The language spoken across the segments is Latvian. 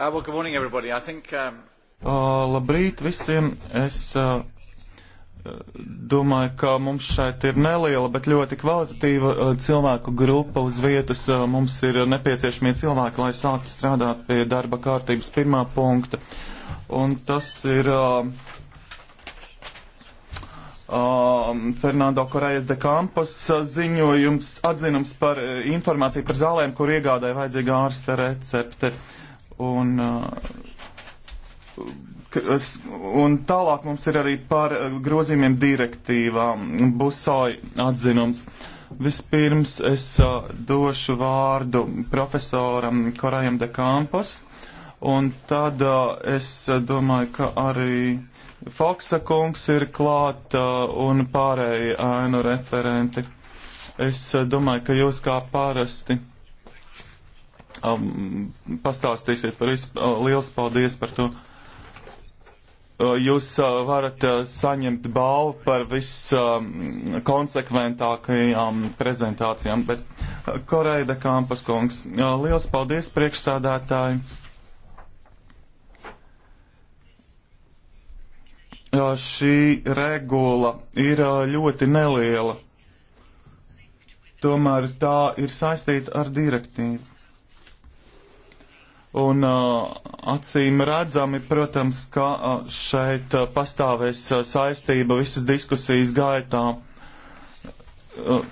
Uh, well, good morning, everybody. I think, um... uh, labrīt visiem! Es uh, domāju, ka mums šeit ir neliela, bet ļoti kvalitatīva uh, cilvēku grupa uz vietas. Uh, mums ir nepieciešamie cilvēki, lai sāktu strādāt pie darba kārtības pirmā punkta. Un tas ir. Uh, um, Fernando Korejas de Campos uh, ziņojums atzinums par uh, informāciju par zālēm, kur iegādāja vajadzīga ārsta recepte. Uh, Un, uh, un tālāk mums ir arī par uh, grozījumiem direktīvām. Busoj atzinums. Vispirms es uh, došu vārdu profesoram Korajam de Kampos, un tad es domāju, ka arī Foksa kungs ir klāt un pārējie ainu referenti. Es domāju, ka jūs kā parasti um, pastāstīsiet par visu. Uh, liels paldies par to. Uh, jūs uh, varat uh, saņemt balvu par viskonsekventākajām um, prezentācijām, bet uh, Koreida Kampas kungs, uh, liels paldies priekšsādātāji. Uh, šī regula ir uh, ļoti neliela tomēr tā ir saistīta ar direktīvu. Un uh, acīm redzami, protams, ka uh, šeit uh, pastāvēs uh, saistība visas diskusijas gaitā. Uh,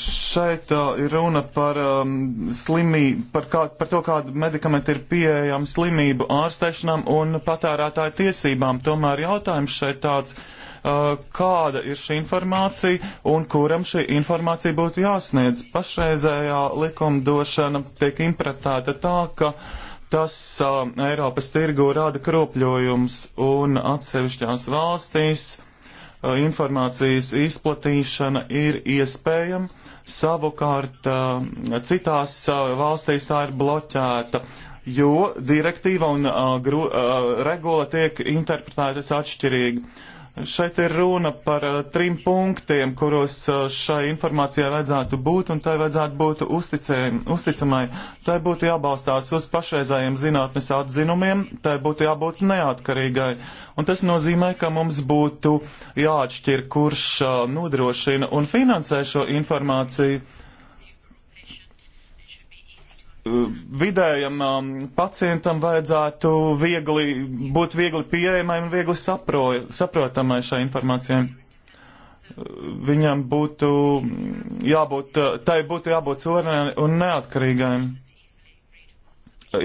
šeit uh, ir runa par, um, slimību, par, kā, par to, kāda medikamenta ir pieejama slimību ārstēšanām un patērētāju tiesībām. Tomēr jautājums šeit tāds. Uh, Eh, kāda ir šī informācija un kuram šī informācija būtu jāsniedz. Pašreizējā likumdošana tiek interpretēta tā, ka tas uh, Eiropas tirgu rada kropļojums un atsevišķās valstīs uh, informācijas izplatīšana ir iespējama. Savukārt uh, citās uh, valstīs tā ir bloķēta, jo direktīva un uh, gru, uh, regula tiek interpretētas atšķirīgi. Uh, Šeit ir runa par uh, trim punktiem, kuros uh, šai informācijai vajadzētu būt, un tai vajadzētu būt uzticē, uzticamai. Tai būtu jābalstās uz pašreizējiem zinātnes atzinumiem, tai būtu jābūt neatkarīgai. Un tas nozīmē, ka mums būtu jāatšķir, kurš uh, nodrošina un finansē šo informāciju vidējam um, pacientam vajadzētu viegli, būt viegli pieejamai un viegli sapro, saprotamai šai informācijai. Viņam būtu jābūt, tai būtu jābūt sorenai un neatkarīgai.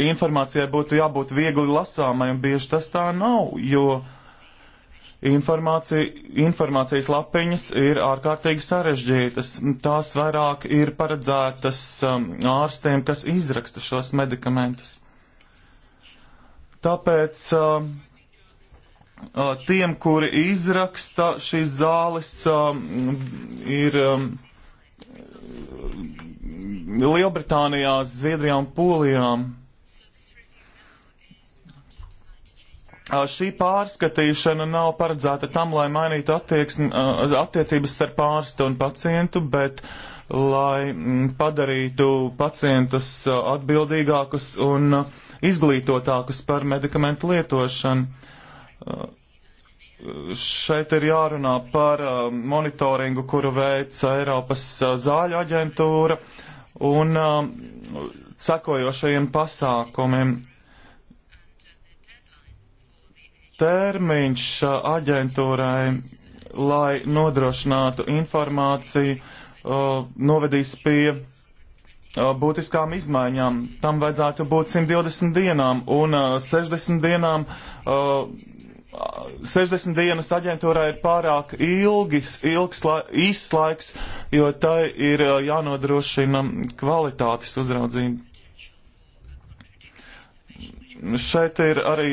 Informācijai būtu jābūt viegli lasāmai, un bieži tas tā nav, jo uh, Informācija, informācijas lapiņas ir ārkārtīgi sarežģītas. Tās vairāk ir paredzētas um, ārstiem, kas izraksta šos medikamentus. Tāpēc um, uh, tiem, kuri izraksta šīs zāles, um, ir um, Lielbritānijā, Zviedrijā un Polijām Šī pārskatīšana nav paredzēta tam, lai mainītu attieksmi, attiecības starp ārstu un pacientu, bet lai mm, padarītu pacientus atbildīgākus un izglītotākus par medikamentu lietošanu. Šeit ir jārunā par monitoringu, kuru veic Eiropas zāļu aģentūra un sekojošajiem pasākumiem termiņš uh, aģentūrai, lai nodrošinātu informāciju, uh, novedīs pie uh, būtiskām izmaiņām. Tam vajadzētu būt 120 dienām un 60 dienām. 60 dienas aģentūrā ir pārāk ilgis, ilgs lai, īsts laiks, jo tai ir jānodrošina kvalitātes uzraudzība šeit ir arī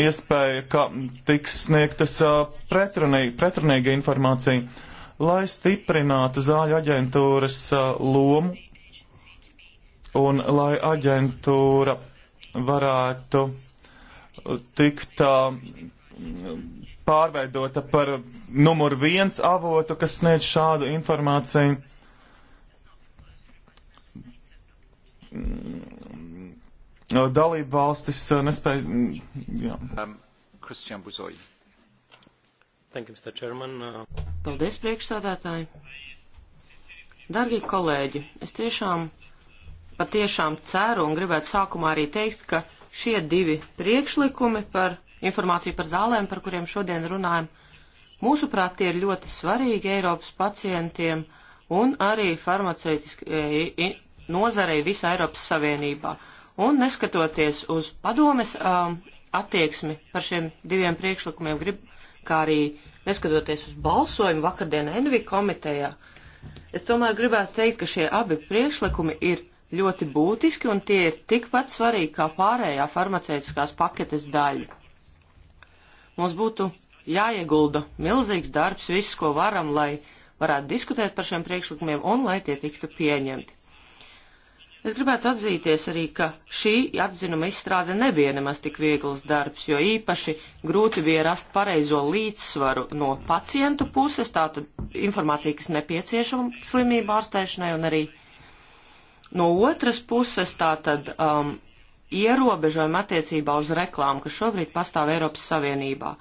iespēja, ka tiks sniegtas pretrunī, pretrunīga informācija, lai stiprinātu zāļu aģentūras lomu un lai aģentūra varētu tikt pārveidota par numur viens avotu, kas sniedz šādu informāciju Uh, dalību valstis uh, nespēja. Mm, jā. Kristian um, Buzoj. Thank you, Mr. Chairman. Uh, Paldies, priekšsādātāji. Dargie kolēģi, es tiešām, patiešām ceru un gribētu sākumā arī teikt, ka šie divi priekšlikumi par informāciju par zālēm, par kuriem šodien runājam, mūsuprāt, tie ir ļoti svarīgi Eiropas pacientiem un arī farmaceitiskajai nozarei visā Eiropas Savienībā. Uh, Un neskatoties uz padomes um, attieksmi par šiem diviem priekšlikumiem, grib, kā arī neskatoties uz balsojumu vakardien Envi komitejā, es tomēr gribētu teikt, ka šie abi priekšlikumi ir ļoti būtiski un tie ir tikpat svarīgi kā pārējā farmaceitiskās paketes daļa. Mums būtu jāiegulda milzīgs darbs, viss, ko varam, lai varētu diskutēt par šiem priekšlikumiem un lai tie tiktu pieņemti. Es gribētu atzīties arī, ka šī atzinuma izstrāde nebija nemaz tik viegls darbs, jo īpaši grūti bija rast pareizo līdzsvaru no pacientu puses, tātad informācija, kas nepieciešama slimību ārstēšanai, un arī no otras puses tātad um, ierobežojumi attiecībā uz reklāmu, kas šobrīd pastāv Eiropas Savienībā.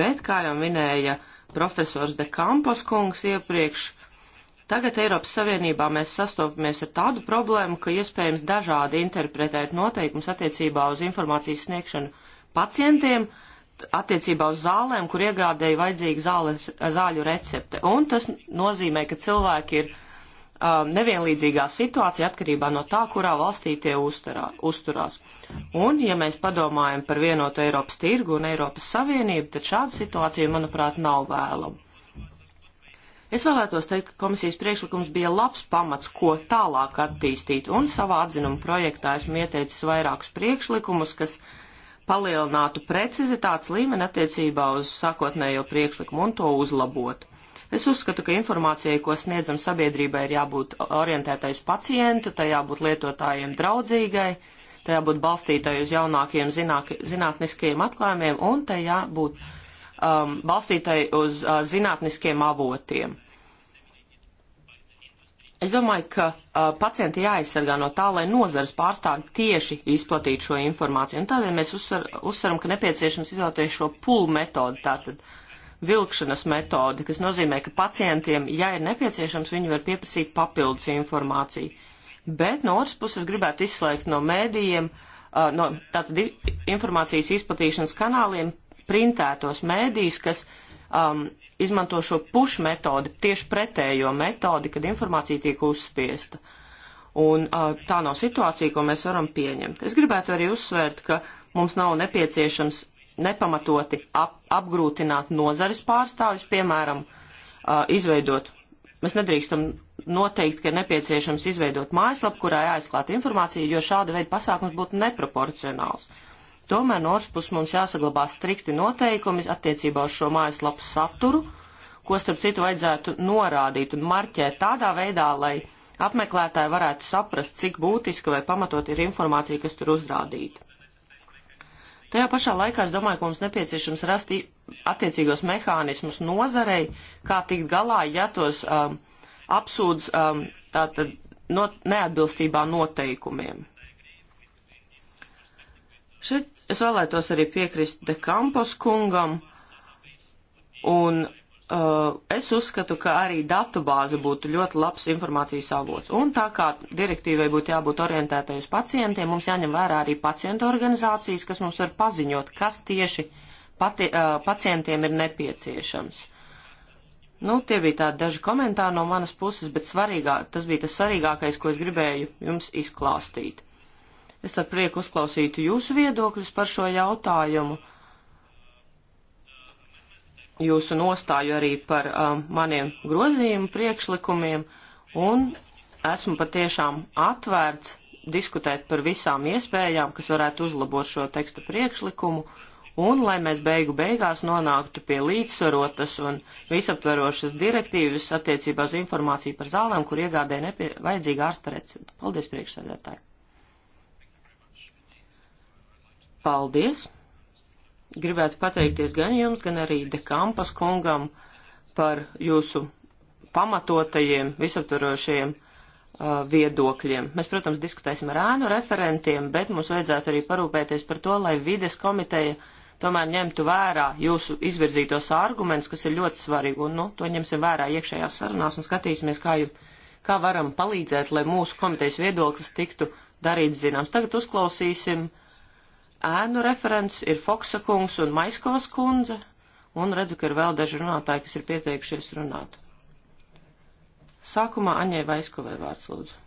Bet, kā jau minēja profesors De Campos kungs iepriekš, uh, Tagad Eiropas Savienībā mēs sastopamies ar tādu problēmu, ka iespējams dažādi interpretēt noteikums attiecībā uz informācijas sniegšanu pacientiem, attiecībā uz zālēm, kur iegādēji vajadzīgi zāles, zāļu recepte. Un tas nozīmē, ka cilvēki ir um, nevienlīdzīgā situācija atkarībā no tā, kurā valstī tie uzturā, uzturās. Un, ja mēs padomājam par vienotu Eiropas tirgu un Eiropas Savienību, tad šāda situācija, manuprāt, nav vēlama. Es vēlētos teikt, ka komisijas priekšlikums bija labs pamats, ko tālāk attīstīt, un savā atzinuma projektā esmu ieteicis vairākus priekšlikumus, kas palielinātu precizitātes līmeni attiecībā uz sākotnējo priekšlikumu un to uzlabotu. Es uzskatu, ka informācijai, ko sniedzam sabiedrībai, ir jābūt orientētai uz pacientu, tai jābūt lietotājiem draudzīgai, tai jābūt balstītai uz jaunākiem zināk, zinātniskajiem atklājumiem un tai jābūt um, balstītai uz uh, zinātniskiem avotiem. Es domāju, ka uh, pacienti jāaizsargā no tā, lai nozares pārstāvi tieši izplatītu šo informāciju. Un tādēļ mēs uzsver, uzsveram, ka nepieciešams izvēlēties šo pulu metodu, tātad vilkšanas metodi, kas nozīmē, ka pacientiem, ja ir nepieciešams, viņi var pieprasīt papildus informāciju. Bet no otras puses gribētu izslēgt no mēdījiem, uh, no tātad informācijas izplatīšanas kanāliem printētos mēdījus, kas um, izmanto šo push metodi, tieši pretējo metodi, kad informācija tiek uzspiesta. Un uh, tā nav situācija, ko mēs varam pieņemt. Es gribētu arī uzsvērt, ka mums nav nepieciešams nepamatoti ap, apgrūtināt nozares pārstāvis, piemēram, uh, izveidot. Mēs nedrīkstam noteikt, ka ir nepieciešams izveidot mājaslapu, kurā jāizklāt informācija, jo šāda veida pasākums būtu neproporcionāls. Uh, Tomēr no otras puses mums jāsaglabā strikti noteikumi attiecībā uz šo mājaslapu saturu, ko starp citu vajadzētu norādīt un marķēt tādā veidā, lai apmeklētāji varētu saprast, cik būtiska vai pamatot ir informācija, kas tur uzrādīta. Tajā pašā laikā es domāju, ka mums nepieciešams rast attiecīgos mehānismus nozarei, kā tikt galā, ja tos um, apsūdz um, tātad not, neatbilstībā noteikumiem. Šeit Es vēlētos arī piekrist De Campos kungam, un uh, es uzskatu, ka arī datubāze būtu ļoti labs informācijas avots. Un tā kā direktīvai būtu jābūt orientētai uz pacientiem, mums jāņem vērā arī pacientu organizācijas, kas mums var paziņot, kas tieši pati, uh, pacientiem ir nepieciešams. Nu, tie bija tādi daži komentāri no manas puses, bet svarīgā, tas bija tas svarīgākais, ko es gribēju jums izklāstīt. Es ar prieku uzklausītu jūsu viedokļus par šo jautājumu, jūsu nostāju arī par um, maniem grozījumu priekšlikumiem, un esmu patiešām atvērts diskutēt par visām iespējām, kas varētu uzlabot šo teksta priekšlikumu, un lai mēs beigu beigās nonāktu pie līdzsvarotas un visaptverošas direktīvas attiecībā uz informāciju par zālēm, kur iegādē nepie... vajadzīga ārsta recepte. Paldies, priekšsēdētāji! Paldies! Gribētu pateikties gan jums, gan arī Dekampas kungam par jūsu pamatotajiem, visaptvarošajiem uh, viedokļiem. Mēs, protams, diskutēsim ar ēnu referentiem, bet mums vajadzētu arī parūpēties par to, lai vides komiteja tomēr ņemtu vērā jūsu izvirzītos argumentus, kas ir ļoti svarīgi, un nu, to ņemsim vērā iekšējās sarunās un skatīsimies, kā, jums, kā varam palīdzēt, lai mūsu komitejas viedoklis tiktu darīts zināms. Tagad uzklausīsim uh, ēnu referents ir Foksa kungs un Maiskos kundze, un redzu, ka ir vēl daži runātāji, kas ir pieteikušies runāt. Sākumā Aņai Vaiskovai vārds lūdzu.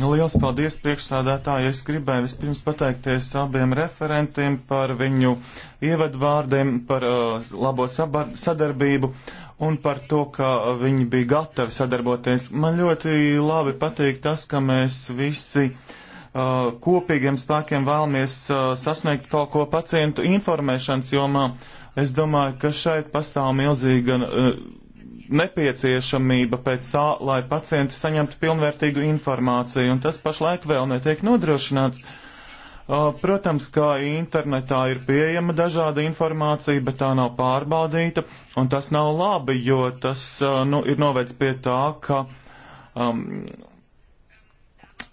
Liels paldies priekšsādātāji. Es gribēju vispirms pateikties abiem referentiem par viņu ievadvārdiem, par uh, labo sabar, sadarbību un par to, ka viņi bija gatavi sadarboties. Man ļoti labi patīk tas, ka mēs visi uh, Uh, kopīgiem spēkiem vēlamies uh, sasniegt kaut ko pacientu informēšanas jomā. Es domāju, ka šeit pastāv milzīga uh, nepieciešamība pēc tā, lai pacienti saņemtu pilnvērtīgu informāciju, un tas pašlaik vēl netiek nodrošināts. Protams, kā internetā ir pieejama dažāda informācija, bet tā nav pārbaudīta, un tas nav labi, jo tas nu, ir novēc pie tā, ka um,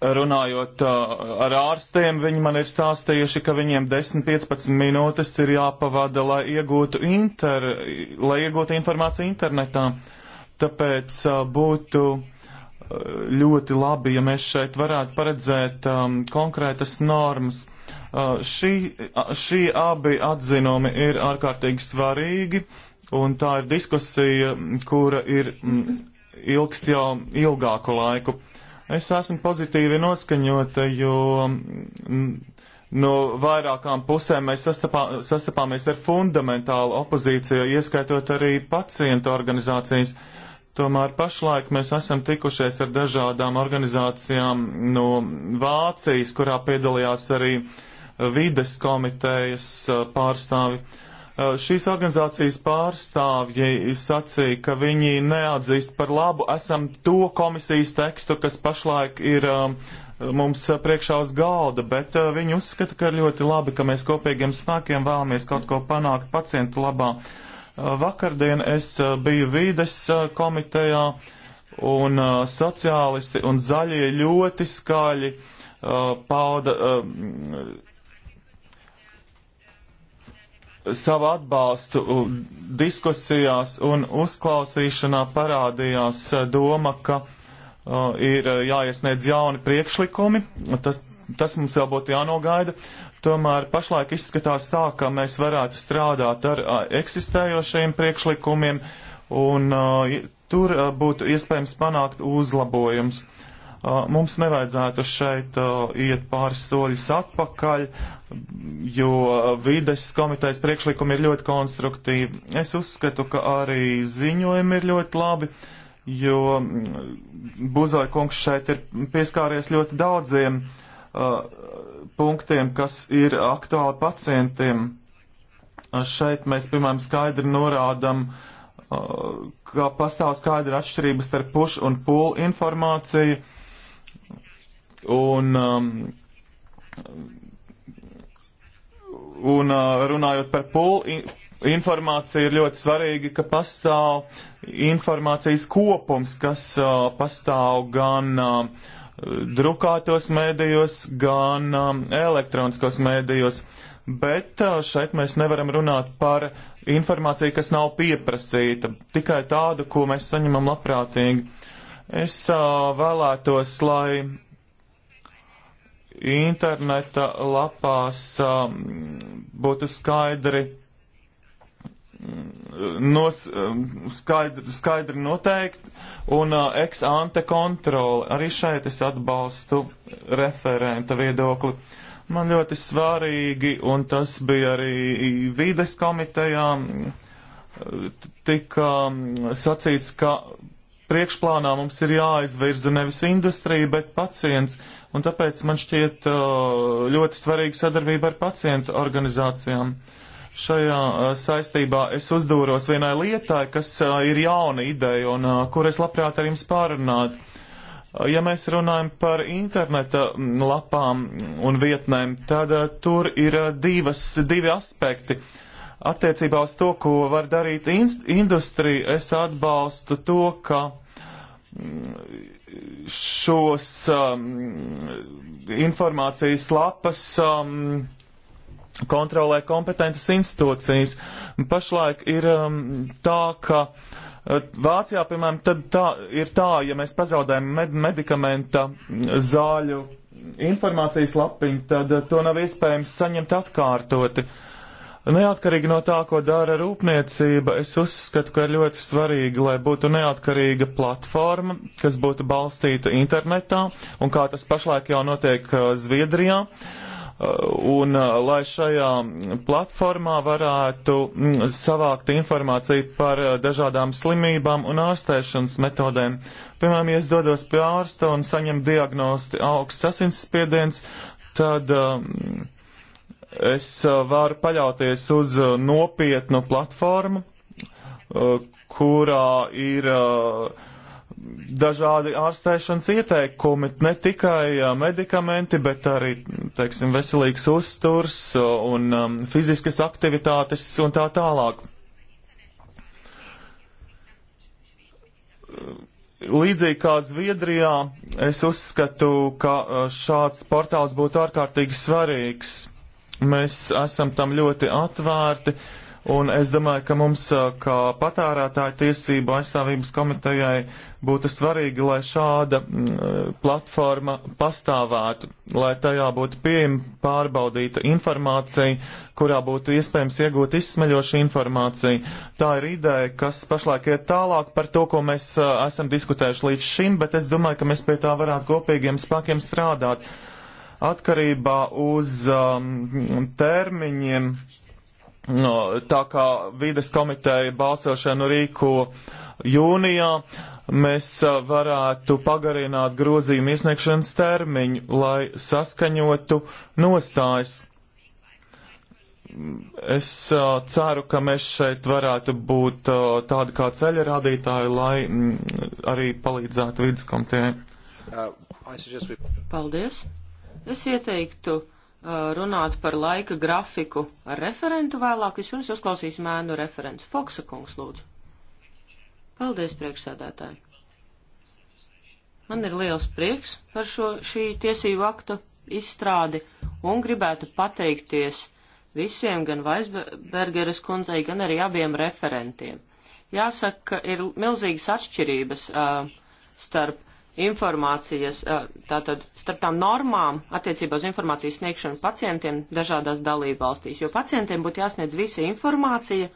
runājot uh, ar ārstiem, viņi man ir stāstījuši, ka viņiem 10-15 minūtes ir jāpavada, lai iegūtu, inter, lai iegūtu informāciju internetā. Tāpēc uh, būtu uh, ļoti labi, ja mēs šeit varētu paredzēt um, konkrētas normas. Uh, šī, šī abi atzinumi ir ārkārtīgi svarīgi, un tā ir diskusija, kura ir mm, ilgst jau ilgāku laiku. Uh, Es esmu pozitīvi noskaņota, jo mm, no vairākām pusēm mēs sastapā, sastapāmies ar fundamentālu opozīciju, ieskaitot arī pacientu organizācijas. Tomēr pašlaik mēs esam tikušies ar dažādām organizācijām no Vācijas, kurā piedalījās arī vides komitejas pārstāvi. Uh, Eh, šīs organizācijas pārstāvji sacīja, ka viņi neatzīst par labu esam to komisijas tekstu, kas pašlaik ir um, mums priekšā uz galda, bet uh, viņi uzskata, ka ir ļoti labi, ka mēs kopīgiem spēkiem vēlamies kaut ko panākt pacientu labā. Uh, vakardien es uh, biju vīdes komitejā un sociālisti un zaļie ļoti skaļi pauda savu atbalstu diskusijās un uzklausīšanā parādījās e, doma, ka uh, ir e, jāiesniedz jauni priekšlikumi. Tas, tas mums vēl būtu jānogaida. Tomēr pašlaik izskatās tā, ka mēs varētu strādāt ar uh, eksistējošajiem priekšlikumiem un uh, tur būtu iespējams panākt uzlabojums. Uh, Mums nevajadzētu šeit iet pāris soļus atpakaļ, jo vides komitejas priekšlikumi ir ļoti konstruktīvi. Es uzskatu, ka arī ziņojumi ir ļoti labi jo mm, Buzoja kungs šeit ir pieskāries ļoti daudziem uh, punktiem, kas ir aktuāli pacientiem. Uh, šeit mēs, piemēram, skaidri norādam, uh, ka pastāv skaidra atšķirības starp push un pull informāciju. Uh, Un, um, un uh, runājot par pulu informāciju, ir ļoti svarīgi, ka pastāv informācijas kopums, kas uh, pastāv gan uh, drukātos mēdījos, gan um, elektroniskos mēdījos. Bet uh, šeit mēs nevaram runāt par informāciju, kas nav pieprasīta, tikai tādu, ko mēs saņemam labprātīgi. Es uh, vēlētos, lai interneta lapās um, būtu skaidri mm, nos, um, skaidri, skaidri noteikti, un uh, ex ante kontrole. Arī šeit es atbalstu referenta viedokli. Man ļoti svarīgi, un tas bija arī vides komitejā, tika um, sacīts, ka priekšplānā mums ir jāizvirza nevis industrija, bet pacients. Un tāpēc man šķiet uh, ļoti svarīga sadarbība ar pacientu organizācijām. Šajā uh, saistībā es uzdūros vienai lietai, kas uh, ir jauna ideja un kur es labprāt ar jums pārunātu. Ja mēs runājam par interneta mm, lapām un vietnēm, tad tur ir divas, divi aspekti. Attiecībā uz to, ko var darīt industrija, es atbalstu to, ka mm, šos um, informācijas lapas um, kontrolē kompetentas institūcijas. Pašlaik ir um, tā, ka uh, Vācijā, piemēram, tad tā ir tā, ja mēs pazaudējam med medikamenta zāļu informācijas lapiņu, tad uh, to nav iespējams saņemt atkārtoti. Uh, Neatkarīgi no tā, ko dara rūpniecība, es uzskatu, ka ir ļoti svarīgi, lai būtu neatkarīga platforma, kas būtu balstīta internetā, un kā tas pašlaik jau notiek uh, Zviedrijā, uh, un uh, lai šajā platformā varētu mm, savākt informāciju par dažādām slimībām un ārstēšanas metodēm. Piemēram, ja es dodos pie ārsta un saņemu diagnosti augsts asinsspiediens, tad um, es varu paļauties uz nopietnu platformu, kurā ir dažādi ārstēšanas ieteikumi, ne tikai medikamenti, bet arī, teiksim, veselīgs uzturs un fiziskas aktivitātes un tā tālāk. līdzīgi kā Zviedrijā, es uzskatu, ka šāds portāls būtu ārkārtīgi svarīgs. Mēs esam tam ļoti atvērti, un es domāju, ka mums, kā patērētāju tiesību aizstāvības komitejai, būtu svarīgi, lai šāda platforma pastāvētu, lai tajā būtu pieejama pārbaudīta informācija, kurā būtu iespējams iegūt izsmeļošu informāciju. Tā ir ideja, kas pašlaik iet tālāk par to, ko mēs esam diskutējuši līdz šim, bet es domāju, ka mēs pie tā varētu kopīgiem spēkiem strādāt atkarībā uz um, termiņiem. No, tā kā vides komiteja balsošanu rīko jūnijā, mēs uh, varētu pagarināt grozījumu iesniegšanas termiņu, lai saskaņotu nostājas. Es uh, ceru, ka mēs šeit varētu būt uh, tādi kā ceļa rādītāji, lai mm, arī palīdzētu vidas komitejai. Uh, Paldies! Es ieteiktu uh, runāt par laika grafiku ar referentu vēlāk. Vispirms uzklausīsim ēnu referents. Foksa kungs, lūdzu. Paldies, priekšsēdētāji. Man ir liels prieks par šo, šī tiesību akta izstrādi un gribētu pateikties visiem, gan Vaisbergeres kundzei, gan arī abiem referentiem. Jāsaka, ka ir milzīgas atšķirības uh, starp informācijas, eh, tātad starp tām normām attiecībā uz informācijas sniegšanu pacientiem dažādās dalību valstīs, jo pacientiem būtu jāsniedz visa informācija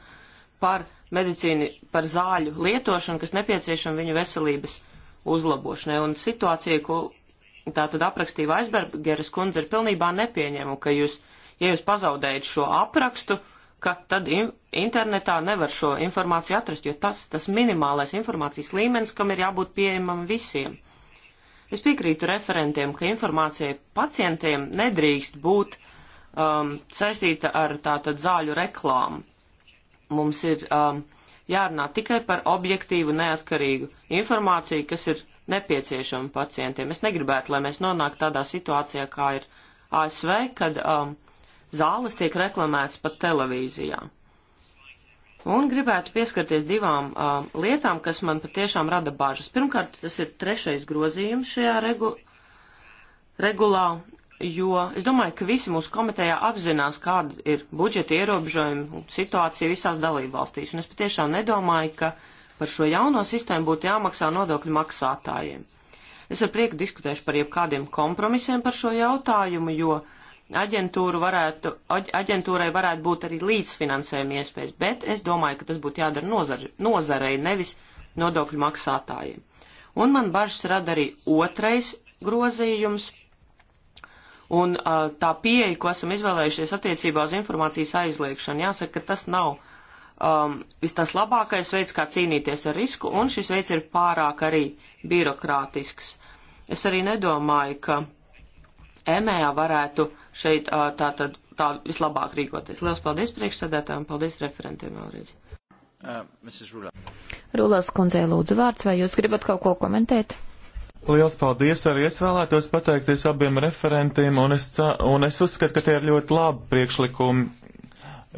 par medicīnu, par zāļu lietošanu, kas nepieciešama viņu veselības uzlabošanai. Un situācija, ko tātad aprakstīja Aizbergeres kundze, ir pilnībā nepieņēmuma, ka jūs, ja jūs pazaudējat šo aprakstu, ka tad in internetā nevar šo informāciju atrast, jo tas tas minimālais informācijas līmenis, kam ir jābūt pieejamam visiem. Es piekrītu referentiem, ka informācija pacientiem nedrīkst būt um, saistīta ar tātad zāļu reklāmu. Mums ir um, jārunā tikai par objektīvu, neatkarīgu informāciju, kas ir nepieciešama pacientiem. Es negribētu, lai mēs nonāktu tādā situācijā, kā ir ASV, kad um, zāles tiek reklamētas pat televīzijā. Un gribētu pieskarties divām uh, lietām, kas man patiešām rada bāžas. Pirmkārt, tas ir trešais grozījums šajā regu regulā, jo es domāju, ka visi mūsu komitejā apzinās, kāda ir budžeta ierobežojuma situācija visās dalībvalstīs. Un es patiešām nedomāju, ka par šo jauno sistēmu būtu jāmaksā nodokļu maksātājiem. Es ar prieku diskutēšu par jebkādiem kompromisiem par šo jautājumu, jo uh, aģentūru varētu, aģentūrai varētu būt arī līdzfinansējuma iespējas, bet es domāju, ka tas būtu jādara nozar, nozarei, nevis nodokļu maksātājiem. Un man bažas rada arī otrais grozījums. Un uh, tā pieeja, ko esam izvēlējušies attiecībā uz informācijas aizliekšanu, jāsaka, ka tas nav um, tas labākais veids, kā cīnīties ar risku, un šis veids ir pārāk arī birokrātisks. Es arī nedomāju, ka EMEA varētu šeit tā tad tā vislabāk rīkoties. Lielas paldies priekšsēdētājiem, paldies referentiem vēlreiz. Uh, Rulās kundzei lūdzu vārds, vai jūs gribat kaut ko komentēt? Liels paldies arī es vēlētos pateikties abiem referentiem, un es, un es uzskatu, ka tie ir ļoti labi priekšlikumi.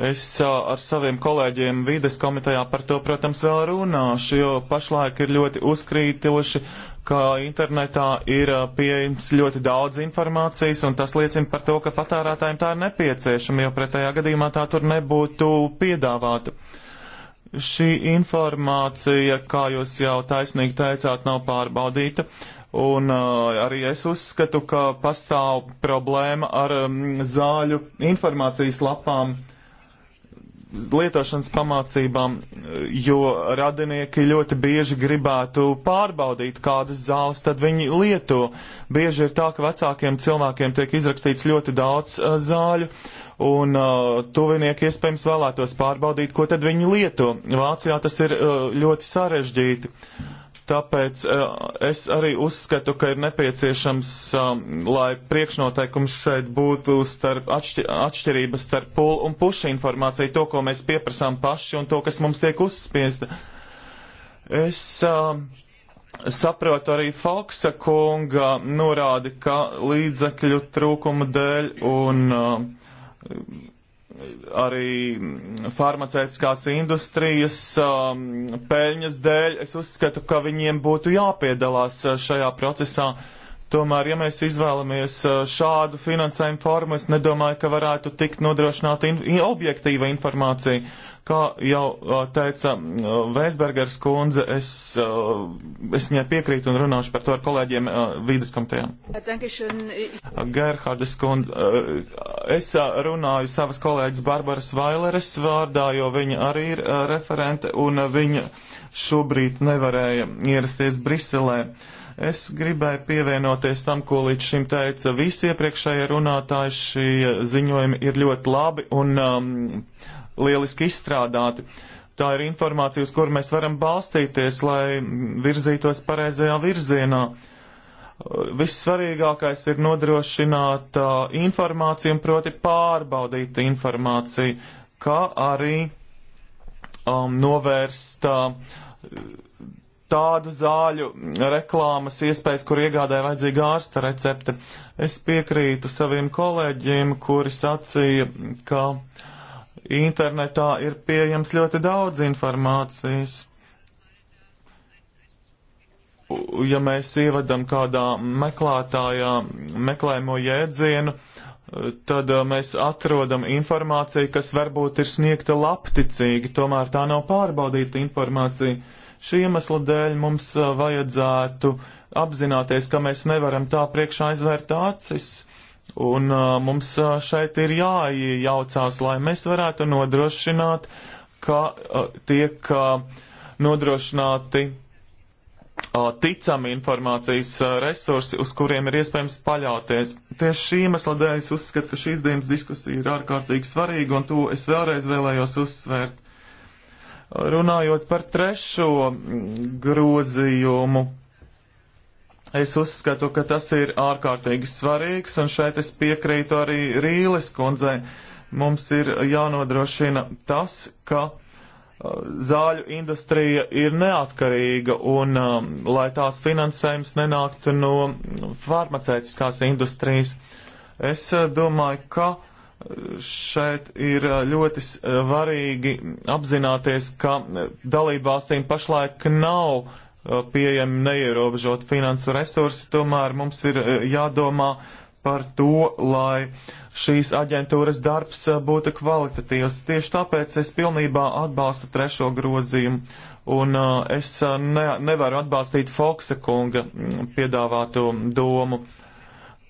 Es ar saviem kolēģiem vides komitejā par to, protams, vēl runāšu, jo pašlaik ir ļoti uzkrītoši, ka internetā ir pieejams ļoti daudz informācijas, un tas liecina par to, ka patērētājiem tā ir nepieciešama, jo pretējā gadījumā tā tur nebūtu piedāvāta. Šī informācija, kā jūs jau taisnīgi teicāt, nav pārbaudīta. Un uh, arī es uzskatu, ka pastāv problēma ar um, zāļu informācijas lapām. Uh, lietošanas pamācībām, jo radinieki ļoti bieži gribētu pārbaudīt, kādas zāles tad viņi lieto. Bieži ir tā, ka vecākiem cilvēkiem tiek izrakstīts ļoti daudz uh, zāļu, un uh, tuvinieki iespējams vēlētos pārbaudīt, ko tad viņi lieto. Vācijā tas ir uh, ļoti sarežģīti. Uh, Tāpēc eh, es arī uzskatu, ka ir nepieciešams, eh, lai priekšnoteikums šeit būtu starp atšķir, atšķirības starp pulu un pušu informāciju, to, ko mēs pieprasām paši un to, kas mums tiek uzspiesta. Es eh, saprotu arī Falksa kunga norādi, ka līdzekļu trūkuma dēļ un arī farmaceitiskās industrijas um, peļņas dēļ, es uzskatu, ka viņiem būtu jāpiedalās uh, šajā procesā. Uh, Tomēr, ja mēs izvēlamies šādu finansējumu formu, es nedomāju, ka varētu tikt nodrošināta in objektīva informācija. Kā jau teica Vēsbergers kundze, es, es viņai piekrītu un runāšu par to ar kolēģiem vīdes komitejām. Gerhardes kundze, es runāju savas kolēģis Barbaras Vaileres vārdā, jo viņa arī ir referente un viņa šobrīd nevarēja ierasties Briselē. Uh, Es gribēju pievienoties tam, ko līdz šim teica visi iepriekšējie runātāji. Šī ziņojumi ir ļoti labi un um, lieliski izstrādāti. Tā ir informācija, uz kuru mēs varam balstīties, lai virzītos pareizajā virzienā. Vissvarīgākais ir nodrošināt uh, informāciju, proti pārbaudīt informāciju, kā arī um, novērst uh, tādu zāļu reklāmas iespējas, kur iegādāja vajadzīga ārsta recepte. Es piekrītu saviem kolēģiem, kuri sacīja, ka internetā ir pieejams ļoti daudz informācijas. Ja mēs ievadam kādā meklētājā meklējumu jēdzienu, tad uh, mēs atrodam informāciju, kas varbūt ir sniegta lapticīgi, tomēr tā nav pārbaudīta informācija Šī iemesla dēļ mums uh, vajadzētu apzināties, ka mēs nevaram tā priekšā aizvērt acis, un uh, mums uh, šeit ir jāiejaucās, lai mēs varētu nodrošināt, ka tiek nodrošināti ticami informācijas resursi, uz kuriem ir iespējams paļauties. Tieši šī iemesla dēļ es uzskatu, ka šīs dienas diskusija ir ārkārtīgi svarīga, un to es vēlreiz vēlējos uzsvērt. Runājot par trešo grozījumu, es uzskatu, ka tas ir ārkārtīgi svarīgs, un šeit es piekrītu arī Rīles kundzei. Mums ir jānodrošina tas, ka uh, zāļu industrija ir neatkarīga un, um, lai tās finansējums nenāktu no farmaceitiskās industrijas, es uh, domāju, ka šeit ir ļoti svarīgi apzināties, ka dalībvalstīm pašlaik nav pieejami neierobežot finansu resursi, tomēr mums ir jādomā par to, lai šīs aģentūras darbs būtu kvalitatīvs. Tieši tāpēc es pilnībā atbalstu trešo grozījumu, un es ne, nevaru atbalstīt Foksa kunga piedāvāto domu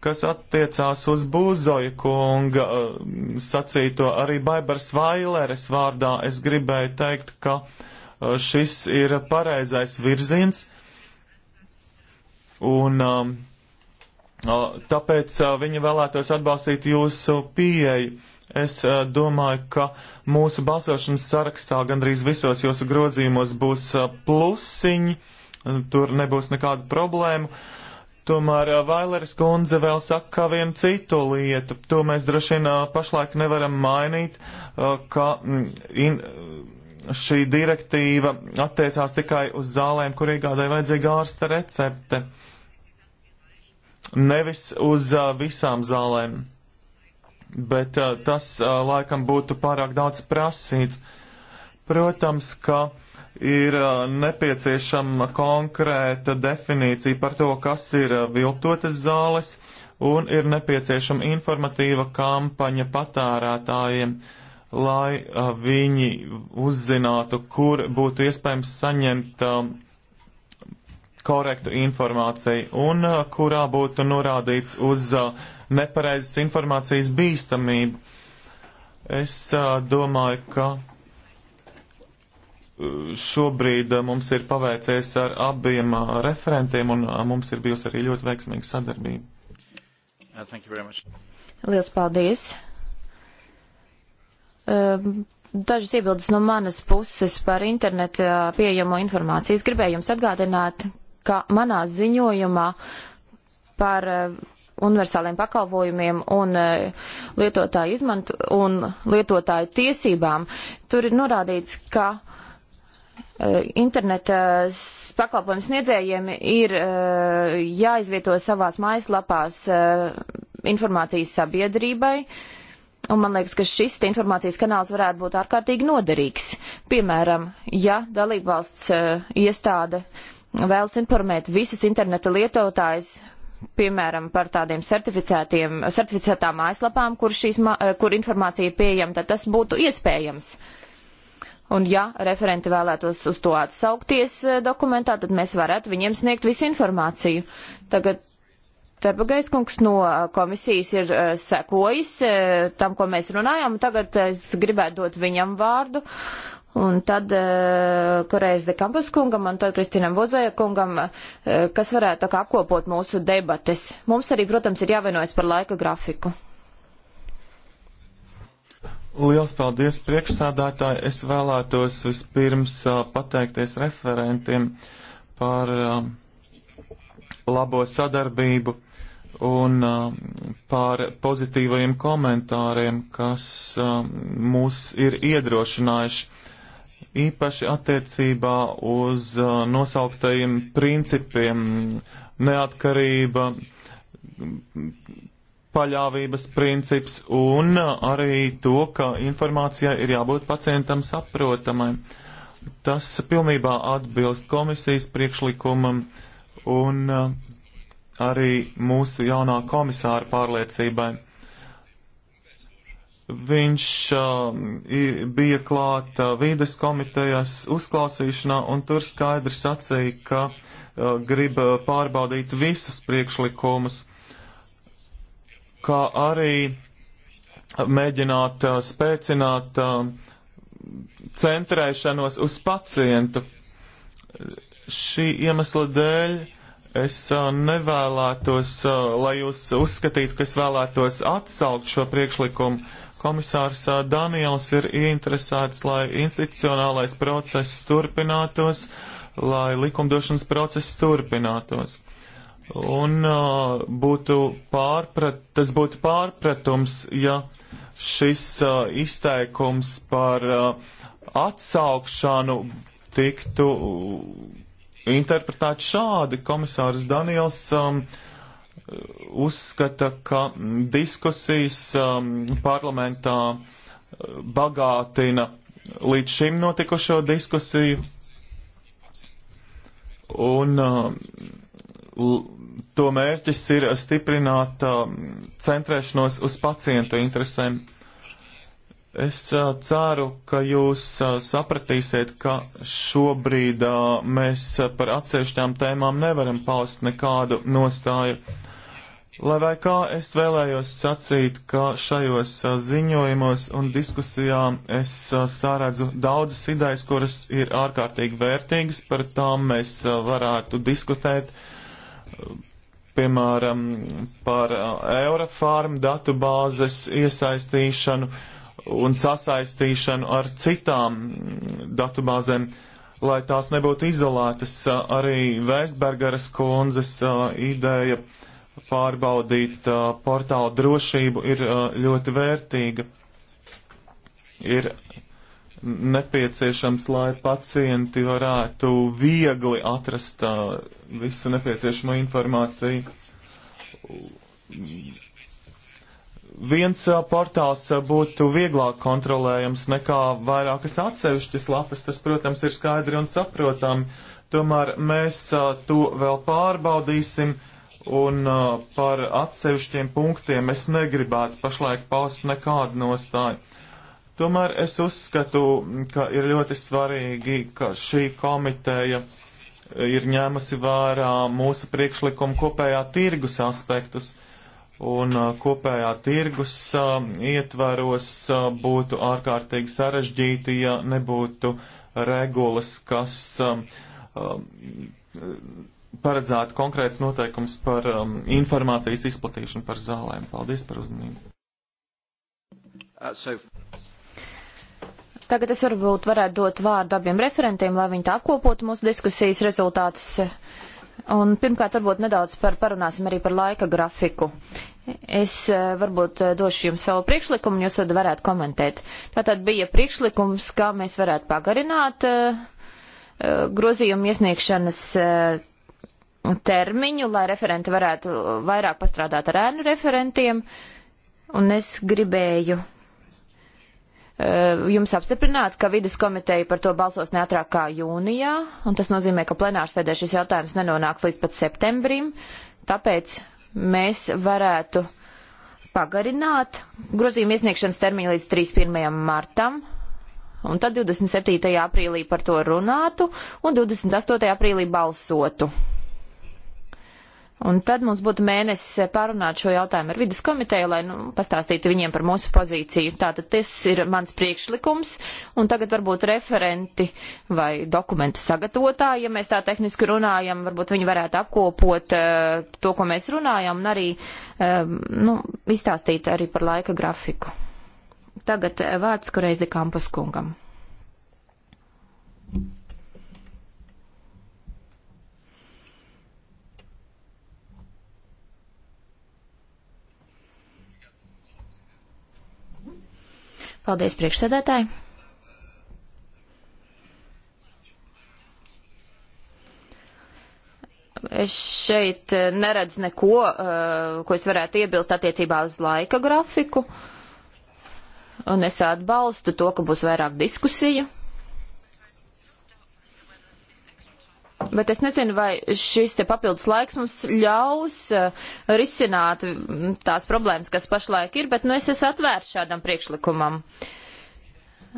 kas attiecās uz Būzoja kunga eh, sacīto arī Baibars Vaileres vārdā, es gribēju teikt, ka eh, šis ir pareizais virziens. Un um, tāpēc eh, viņa vēlētos atbalstīt jūsu pieeju. Es domāju, ka mūsu balsošanas sarakstā gandrīz visos jūsu grozījumos būs plusiņi, tur nebūs nekāda problēma. Uh, Tomēr Vaileris kundze vēl saka vienu citu lietu. To mēs droši vien pašlaik nevaram mainīt, ka mm, in, šī direktīva attiecās tikai uz zālēm, kur iegādai vajadzīga ārsta recepte, nevis uz visām zālēm. Bet tas laikam būtu pārāk daudz prasīts. Protams, ka uh, ir nepieciešama konkrēta definīcija par to, kas ir viltotas zāles, un ir nepieciešama informatīva kampaņa patērētājiem, lai viņi uzzinātu, kur būtu iespējams saņemt korektu informāciju un kurā būtu norādīts uz nepareizas informācijas bīstamību. Es domāju, ka Šobrīd eh, mums ir paveicies ar abiem eh, referentiem un eh, mums ir bijusi arī ļoti veiksmīga sadarbība. Uh, Lielas paldies! Um, dažas iebildes no manas puses par internetā pieejamo informāciju. Es gribēju jums atgādināt, ka manā ziņojumā par uh, universāliem pakalpojumiem un uh, lietotāju izmantu un lietotāju tiesībām tur ir norādīts, ka Eh, interneta pakalpojumu sniedzējiem ir eh, jāizvieto savās mājaslapās eh, informācijas sabiedrībai. Un man liekas, ka šis informācijas kanāls varētu būt ārkārtīgi noderīgs. Piemēram, ja dalībvalsts iestāde vēlas informēt visus interneta lietotājus piemēram, par tādiem certificētām mājaslapām, kur, šīs, kur informācija ir pieejama, tad tas būtu iespējams. Uh, Un ja referenti vēlētos uz to atsaukties eh, dokumentā, tad mēs varētu viņiem sniegt visu informāciju. Tagad Tepagais kungs no eh, komisijas ir eh, sekojis tam, ko mēs runājām, un tagad es gribētu dot viņam vārdu. Un tad Korejas de Kampus kungam un tad Kristīnam Vozēja kungam, kas varētu tā kā apkopot mūsu debates. Mums arī, protams, ir jāvienojas par laika grafiku. Liels paldies priekšsādātāji. Es vēlētos vispirms uh, pateikties referentiem par uh, labo sadarbību un uh, par pozitīvajiem komentāriem, kas mūs ir iedrošinājuši. Īpaši attiecībā uz nosauktajiem principiem - neatkarība, paļāvības princips un uh, arī to, ka informācijai ir jābūt pacientam saprotamai. Tas pilnībā atbilst komisijas priekšlikumam un uh, arī mūsu jaunā komisāra pārliecībai. Viņš uh, bija klāt uh, vīdes komitejas uzklausīšanā un tur skaidri sacīja, ka uh, grib uh, pārbaudīt visus priekšlikumus kā arī mēģināt uh, spēcināt uh, centrēšanos uz pacientu. Šī iemesla dēļ es uh, nevēlētos, uh, lai jūs uzskatītu, ka es vēlētos atsaukt šo priekšlikumu. Komisārs uh, Daniels ir ieinteresēts, lai institucionālais process turpinātos, lai likumdošanas process turpinātos. Un uh, būtu pārprat, tas būtu pārpratums, ja šis uh, izteikums par uh, atsaukšanu tiktu interpretēts šādi. Komisārs Daniels um, uzskata, ka diskusijas um, parlamentā bagātina līdz šim notikušo diskusiju. Un, uh, to mērķis ir stiprināt um, centrēšanos uz pacientu interesēm. Es uh, ceru, ka jūs uh, sapratīsiet, ka šobrīd uh, mēs par atsevišķām tēmām nevaram paust nekādu nostāju. Lai vai kā es vēlējos sacīt, ka šajos ziņojumos un diskusijām es sāredzu daudzas idejas, kuras ir ārkārtīgi vērtīgas, par tām mēs varētu diskutēt. Uh, piemēram, par uh, Eurofarm datu bāzes iesaistīšanu un sasaistīšanu ar citām datu bāzēm lai tās nebūtu izolētas, uh, arī Vēsbergeras kundzes uh, ideja pārbaudīt portālu drošību ir ļoti vērtīga. Ir nepieciešams, lai pacienti varētu viegli atrast uh, visu nepieciešamo informāciju. Viens uh, portāls uh, būtu vieglāk kontrolējams nekā vairākas atsevišķas lapas, tas, protams, ir skaidri un saprotami, tomēr mēs to vēl pārbaudīsim. Un uh, par atsevišķiem punktiem es negribētu pašlaik paust nekādu nostāju. Uh, Tomēr es uzskatu, ka ir ļoti svarīgi, ka šī komiteja ir ņēmusi vērā mūsu priekšlikumu kopējā tirgus aspektus. Un uh, kopējā tirgus uh, ietvaros uh, būtu ārkārtīgi sarežģīti, ja nebūtu regulas, kas uh, paredzētu konkrēts noteikums par um, informācijas izplatīšanu par zālēm. Paldies par uzmanību. Uh, so... Tagad es varbūt varētu dot vārdu abiem referentiem, lai viņi tā apkopotu mūsu diskusijas rezultātus. Un pirmkārt, varbūt nedaudz par, parunāsim arī par laika grafiku. Es eh, varbūt eh, došu jums savu priekšlikumu, jūs tad varētu komentēt. Tātad bija priekšlikums, kā mēs varētu pagarināt eh, grozījumu iesniegšanas termiņu, lai referenti varētu vairāk pastrādāt ar ēnu referentiem. Un es gribēju Eh, jums apstiprināt, ka vidas komiteja par to balsos neatrāk kā jūnijā, un tas nozīmē, ka plenārs sēdē šis jautājums nenonāks līdz pat septembrim, tāpēc mēs varētu pagarināt grozījuma iesniegšanas termiņu līdz 31. martam, un tad 27. aprīlī par to runātu, un 28. aprīlī balsotu. Un tad mums būtu mēnesis eh, pārunāt šo jautājumu ar vidas komiteju, lai nu, pastāstītu viņiem par mūsu pozīciju. Tātad tas ir mans priekšlikums, un tagad varbūt referenti vai dokumenta sagatavotāji, ja mēs tā tehniski runājam, varbūt viņi varētu apkopot uh, to, ko mēs runājam, un arī uh, nu, izstāstīt arī par laika grafiku. Tagad vārds Koreizdekam Puskungam. Paldies, priekšsēdētāji! Es šeit eh, neredzu neko, eh, ko es varētu iebilst attiecībā uz laika grafiku, un es atbalstu to, ka būs vairāk diskusiju. bet es nezinu, vai šis te papildus laiks mums ļaus eh, risināt mm, tās problēmas, kas pašlaik ir, bet nu es esmu atvērts šādam priekšlikumam.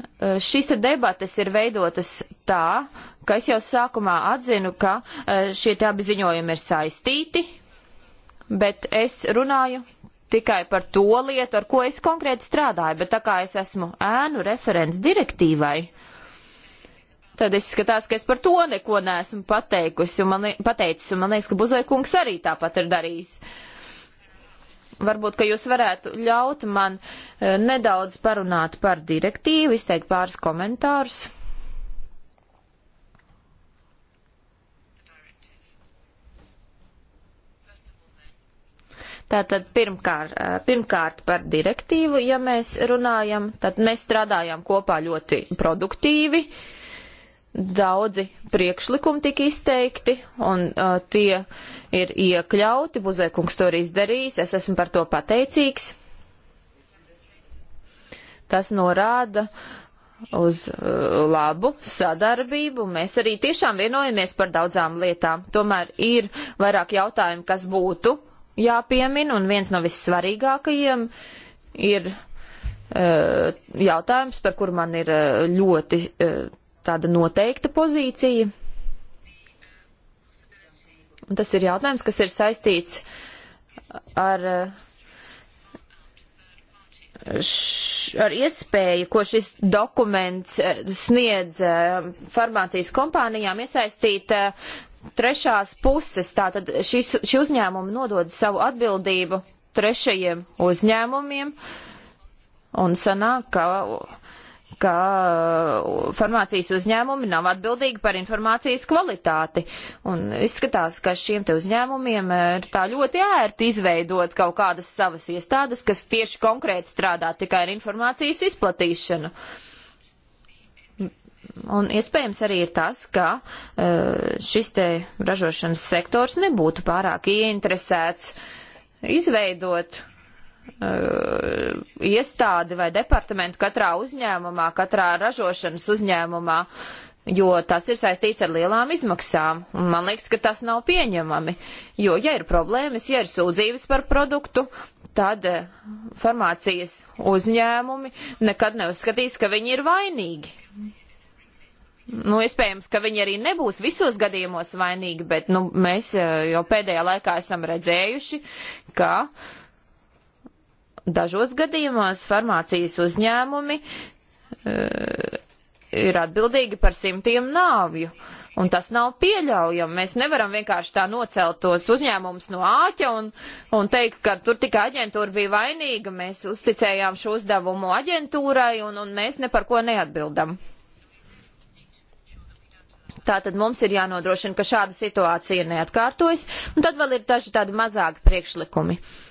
Eh, šīs te debates ir veidotas tā, ka es jau sākumā atzinu, ka eh, šie te abi ziņojumi ir saistīti, bet es runāju tikai par to lietu, ar ko es konkrēti strādāju, bet tā kā es esmu ēnu referents direktīvai, tad izskatās, ka es par to neko neesmu pateikusi, un man, pateicis, un man liekas, ka Buzoja kungs arī tāpat ir darījis. Varbūt, ka jūs varētu ļaut man e, nedaudz parunāt par direktīvu, izteikt pāris komentārus. Tātad pirmkārt, e, pirmkārt par direktīvu, ja mēs runājam, tad mēs strādājām kopā ļoti produktīvi. Uh, Daudzi priekšlikumi tika izteikti, un uh, tie ir iekļauti. Buzēkungs to arī izdarījis. Es esmu par to pateicīgs. Tas norāda uz uh, labu sadarbību. Mēs arī tiešām vienojamies par daudzām lietām. Tomēr ir vairāk jautājumu, kas būtu jāpiemina, un viens no vissvarīgākajiem ir jautājums, par kuru man ir ļoti tāda noteikta pozīcija. Un tas ir jautājums, kas ir saistīts ar, š, ar iespēju, ko šis dokuments eh, sniedz eh, farmācijas kompānijām iesaistīt eh, trešās puses. Tātad šis, šī uzņēmuma nodod savu atbildību trešajiem uzņēmumiem un sanāk, ka ka uh, farmācijas uzņēmumi nav atbildīgi par informācijas kvalitāti. Un izskatās, ka šiem te uzņēmumiem uh, ir tā ļoti ērti izveidot kaut kādas savas iestādes, kas tieši konkrēti strādā tikai ar informācijas izplatīšanu. Un iespējams arī ir tas, ka uh, šis te ražošanas sektors nebūtu pārāk ieinteresēts izveidot Uh, iestādi vai departamentu katrā uzņēmumā, katrā ražošanas uzņēmumā, jo tas ir saistīts ar lielām izmaksām. Man liekas, ka tas nav pieņemami, jo ja ir problēmas, ja ir sūdzības par produktu, tad uh, farmācijas uzņēmumi nekad neuzskatīs, ka viņi ir vainīgi. Nu, iespējams, ka viņi arī nebūs visos gadījumos vainīgi, bet nu, mēs uh, jau pēdējā laikā esam redzējuši, ka uh, Dažos gadījumos farmācijas uzņēmumi e, ir atbildīgi par simtiem nāvju. Un tas nav pieļaujami. Mēs nevaram vienkārši tā nocelt tos uzņēmumus no āķa un, un teikt, ka tur tikai aģentūra bija vainīga. Mēs uzticējām šo uzdevumu aģentūrai un, un mēs ne par ko neatbildam. Tātad mums ir jānodrošina, ka šāda situācija neatkārtojas. Un tad vēl ir daži tādi mazāki priekšlikumi. Uh,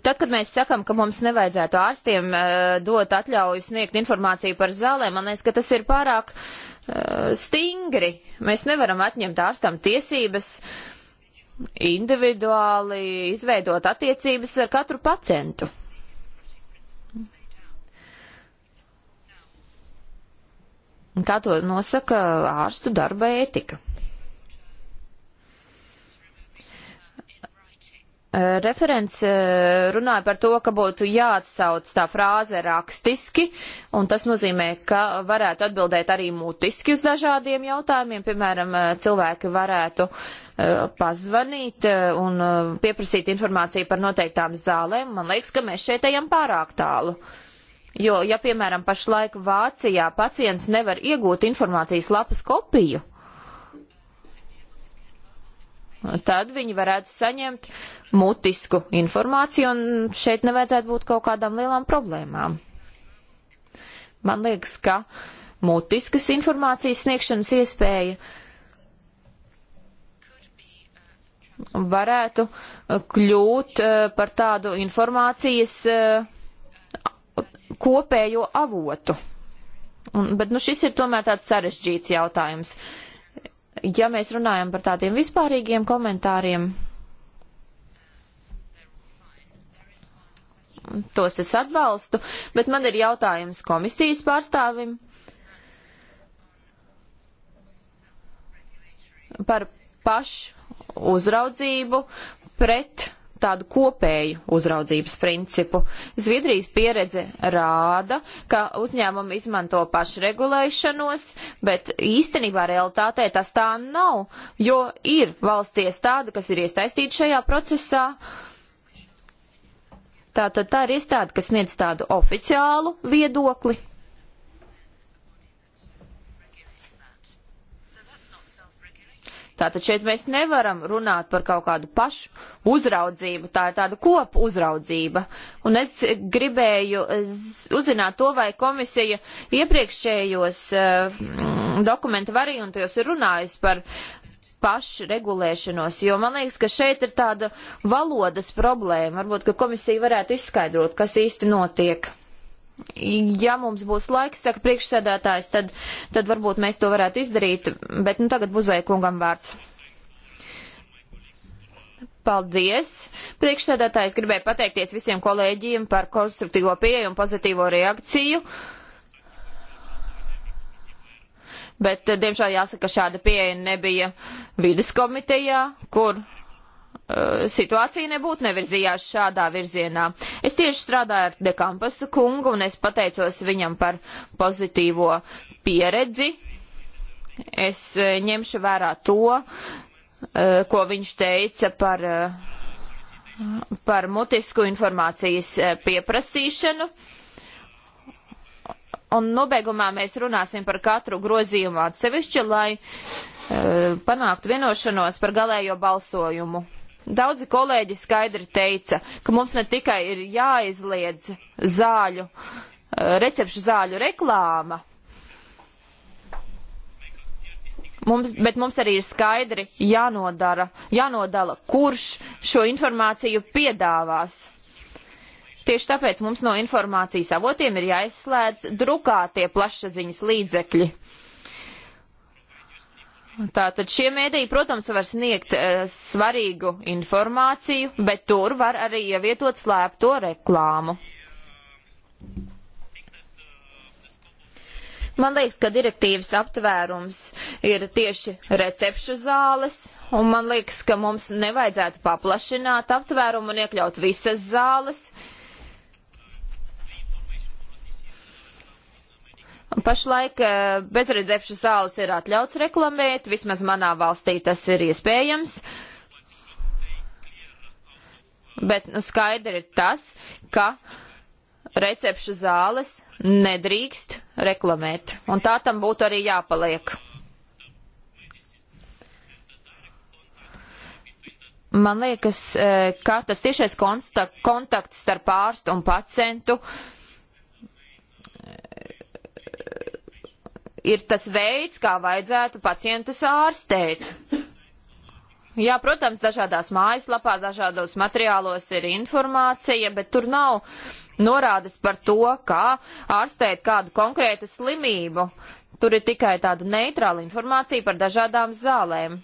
Tad, kad mēs sakam, ka mums nevajadzētu ārstiem eh, dot atļauju sniegt informāciju par zālēm, man liekas, ka tas ir pārāk eh, stingri. Mēs nevaram atņemt ārstam tiesības individuāli izveidot attiecības ar katru pacientu. Kā to nosaka ārstu darba ētika? Eh, referents eh, runāja par to, ka būtu jāatsauc tā frāze rakstiski, un tas nozīmē, ka varētu atbildēt arī mutiski uz dažādiem jautājumiem. Piemēram, eh, cilvēki varētu pazvanīt un pieprasīt informāciju par noteiktām zālēm. Man liekas, ka mēs šeit ejam pārāk tālu. Jo, ja, piemēram, pašlaik Vācijā pacients nevar iegūt informācijas lapas kopiju, tad viņi varētu saņemt mutisku informāciju, un šeit nevajadzētu būt kaut kādām lielām problēmām. Man liekas, ka mutiskas informācijas sniegšanas iespēja varētu uh, kļūt uh, par tādu informācijas uh, kopējo avotu. Un, bet nu, šis ir tomēr tāds sarežģīts jautājums. Uh, ja mēs runājam par tādiem vispārīgiem komentāriem, tos es atbalstu, bet man ir jautājums komisijas pārstāvim par pašu uzraudzību pret tādu kopēju uzraudzības principu. Zviedrijas pieredze rāda, ka uzņēmumi izmanto pašregulēšanos, bet īstenībā realitātē tas tā nav, jo ir valsts iestāde, kas ir iesaistīta šajā procesā. Tātad tā ir iestāde, kas sniedz tādu oficiālu viedokli, Tātad šeit mēs nevaram runāt par kaut kādu pašu uzraudzību, tā ir tāda kopu uzraudzība. Un es gribēju uzzināt to, vai komisija iepriekšējos uh, dokumentu variantos ir runājusi par pašregulēšanos, jo man liekas, ka šeit ir tāda valodas problēma. Varbūt, ka komisija varētu izskaidrot, kas īsti notiek ja mums būs laiks, saka priekšsēdētājs, tad, tad varbūt mēs to varētu izdarīt, bet nu tagad buzēja kungam vārds. Paldies! Priekšsēdētājs gribēja pateikties visiem kolēģiem par konstruktīvo pieeju un pozitīvo reakciju. Bet, diemžēl, jāsaka, šāda pieeja nebija vidas komitejā, kur Eh, situācija nebūtu nevirzījās šādā virzienā. Es tieši strādāju ar Dekampasu kungu un es pateicos viņam par pozitīvo pieredzi. Es eh, ņemšu vērā to, eh, ko viņš teica par, par mutisku informācijas pieprasīšanu. Un nobeigumā mēs runāsim par katru grozījumu atsevišķi, lai panāktu vienošanos par galējo balsojumu. Daudzi kolēģi skaidri teica, ka mums ne tikai ir jāizliedz zāļu, eh, recepšu zāļu reklāma, mums, bet mums arī ir skaidri jānodara, jānodala, kurš šo informāciju piedāvās. Tieši tāpēc mums no informācijas avotiem ir jāizslēdz drukātie plašsaziņas līdzekļi. Tātad šie mēdīji, protams, var sniegt e, svarīgu informāciju, bet tur var arī ievietot slēpto reklāmu. Man liekas, ka direktīvas aptvērums ir tieši recepšu zāles, un man liekas, ka mums nevajadzētu paplašināt aptvērumu un iekļaut visas zāles, Pašlaik eh, bezredzēpšu sāles ir atļauts reklamēt, vismaz manā valstī tas ir iespējams. Bet nu, skaidri ir tas, ka recepšu zāles nedrīkst reklamēt, un tā tam būtu arī jāpaliek. Man liekas, eh, ka tas tiešais kontakts starp ārstu un pacientu uh, ir tas veids, kā vajadzētu pacientus ārstēt. Jā, protams, dažādās mājaslapās, dažādos materiālos ir informācija, bet tur nav norādes par to, kā ārstēt kādu konkrētu slimību. Tur ir tikai tāda neitrāla informācija par dažādām zālēm.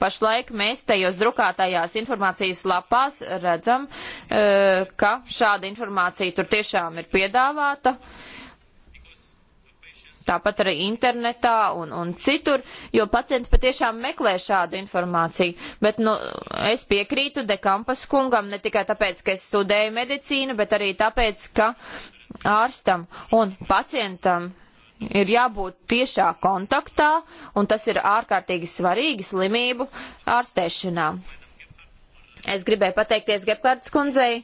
Pašlaik mēs tajos drukātajās informācijas lapās redzam, eh, ka šāda informācija tur tiešām ir piedāvāta. Uh, tāpat arī internetā un, un citur, jo pacients patiešām meklē šādu informāciju. Bet nu, es piekrītu Dekampas kungam ne tikai tāpēc, ka es studēju medicīnu, bet arī tāpēc, ka ārstam un pacientam ir jābūt tiešā kontaktā, un tas ir ārkārtīgi svarīgi slimību ārstēšanā. Es gribēju pateikties Gepkārtas kundzei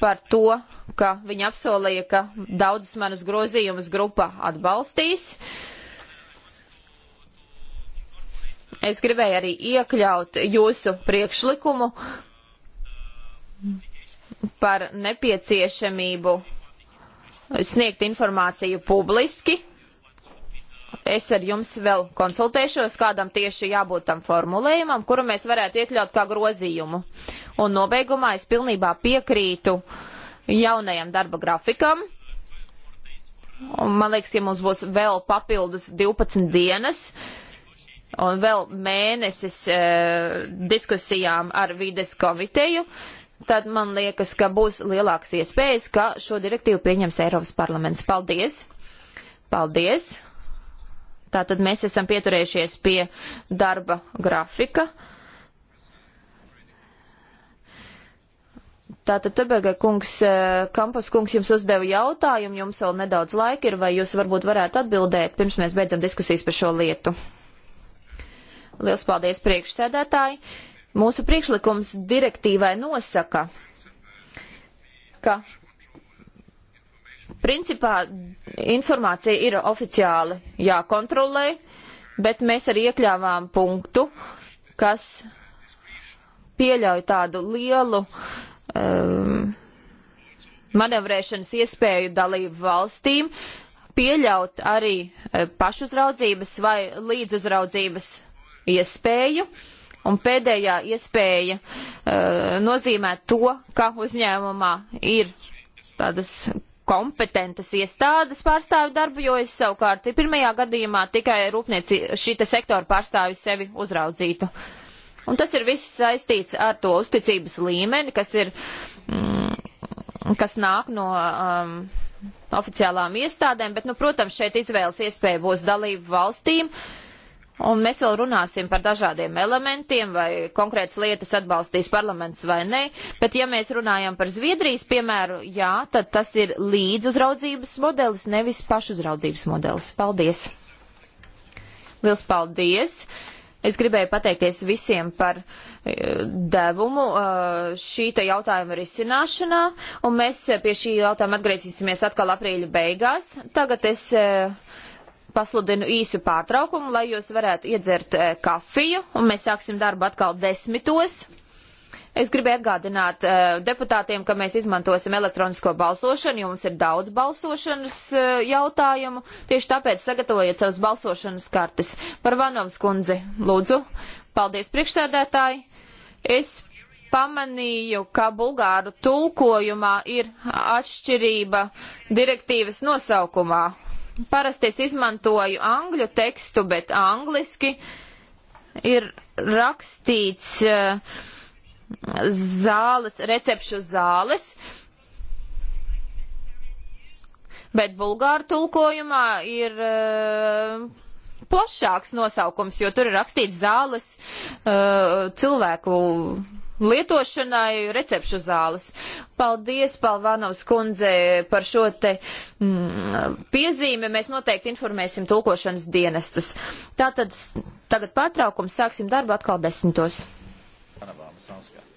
par to, ka viņi apsolīja, ka daudzus manus grozījumus grupa atbalstīs. Es gribēju arī iekļaut jūsu priekšlikumu par nepieciešamību sniegt informāciju publiski. Es ar jums vēl konsultēšos, kādam tieši jābūt tam formulējumam, kuru mēs varētu iekļaut kā grozījumu. Un nobeigumā es pilnībā piekrītu jaunajam darba grafikam. Un, man liekas, ja mums būs vēl papildus 12 dienas un vēl mēnesis e, diskusijām ar vides komiteju, tad man liekas, ka būs lielāks iespējas, ka šo direktīvu pieņems Eiropas parlaments. Paldies! Paldies! Tātad mēs esam pieturējušies pie darba grafika. Tātad, Turberga kungs, eh, Kampas kungs jums uzdeva jautājumu, jums vēl nedaudz laika ir, vai jūs varbūt varētu atbildēt, pirms mēs beidzam diskusijas par šo lietu. Liels paldies priekšsēdētāji. Mūsu priekšlikums direktīvai nosaka, ka principā informācija ir oficiāli jākontrolē, bet mēs arī iekļāvām punktu, kas pieļauj tādu lielu uh, um, manevrēšanas iespēju dalību valstīm pieļaut arī eh, pašuzraudzības vai līdzuzraudzības iespēju. Un pēdējā iespēja uh, nozīmē to, ka uzņēmumā ir tādas kompetentas iestādes pārstāvi darbojas, savukārt pirmajā gadījumā tikai rūpnieci šīta sektora pārstāvi sevi uzraudzītu. Uh, Un tas ir viss saistīts ar to uzticības līmeni, kas ir, mm, kas nāk no um, oficiālām iestādēm, bet, nu, protams, šeit izvēles iespēja būs dalību valstīm. Un mēs vēl runāsim par dažādiem elementiem, vai konkrētas lietas atbalstīs parlaments vai nē. Bet, ja mēs runājam par Zviedrijas piemēru, jā, tad tas ir līdzuzraudzības modelis, nevis pašuzraudzības modelis. Paldies! Liels paldies! Uh, Es gribēju pateikties visiem par eh, devumu eh, šī te jautājuma risināšanā, un mēs eh, pie šī jautājuma atgriezīsimies atkal aprīļa beigās. Tagad es pasludinu īsu pārtraukumu, lai jūs varētu iedzert kafiju, un mēs sāksim darbu atkal desmitos. Es gribēju atgādināt uh, deputātiem, ka mēs izmantosim elektronisko balsošanu, jo mums ir daudz balsošanas uh, jautājumu. Tieši tāpēc sagatavojiet savas balsošanas kartes. Par Vanovas kundzi, lūdzu. Paldies, priekšsēdētāji. Es pamanīju, ka bulgāru tulkojumā ir atšķirība direktīvas nosaukumā. Parasti es izmantoju angļu tekstu, bet angliski ir rakstīts uh, zāles, recepšu zāles, bet bulgāru tulkojumā ir uh, plašāks nosaukums, jo tur ir rakstīts zāles uh, cilvēku lietošanai recepšu zāles. Paldies, Palvanovs kundze, par šo te mm, piezīmi. Mēs noteikti informēsim tulkošanas dienestus. Tātad tagad pārtraukums, sāksim darbu atkal desmitos. Panamā un Sanskā.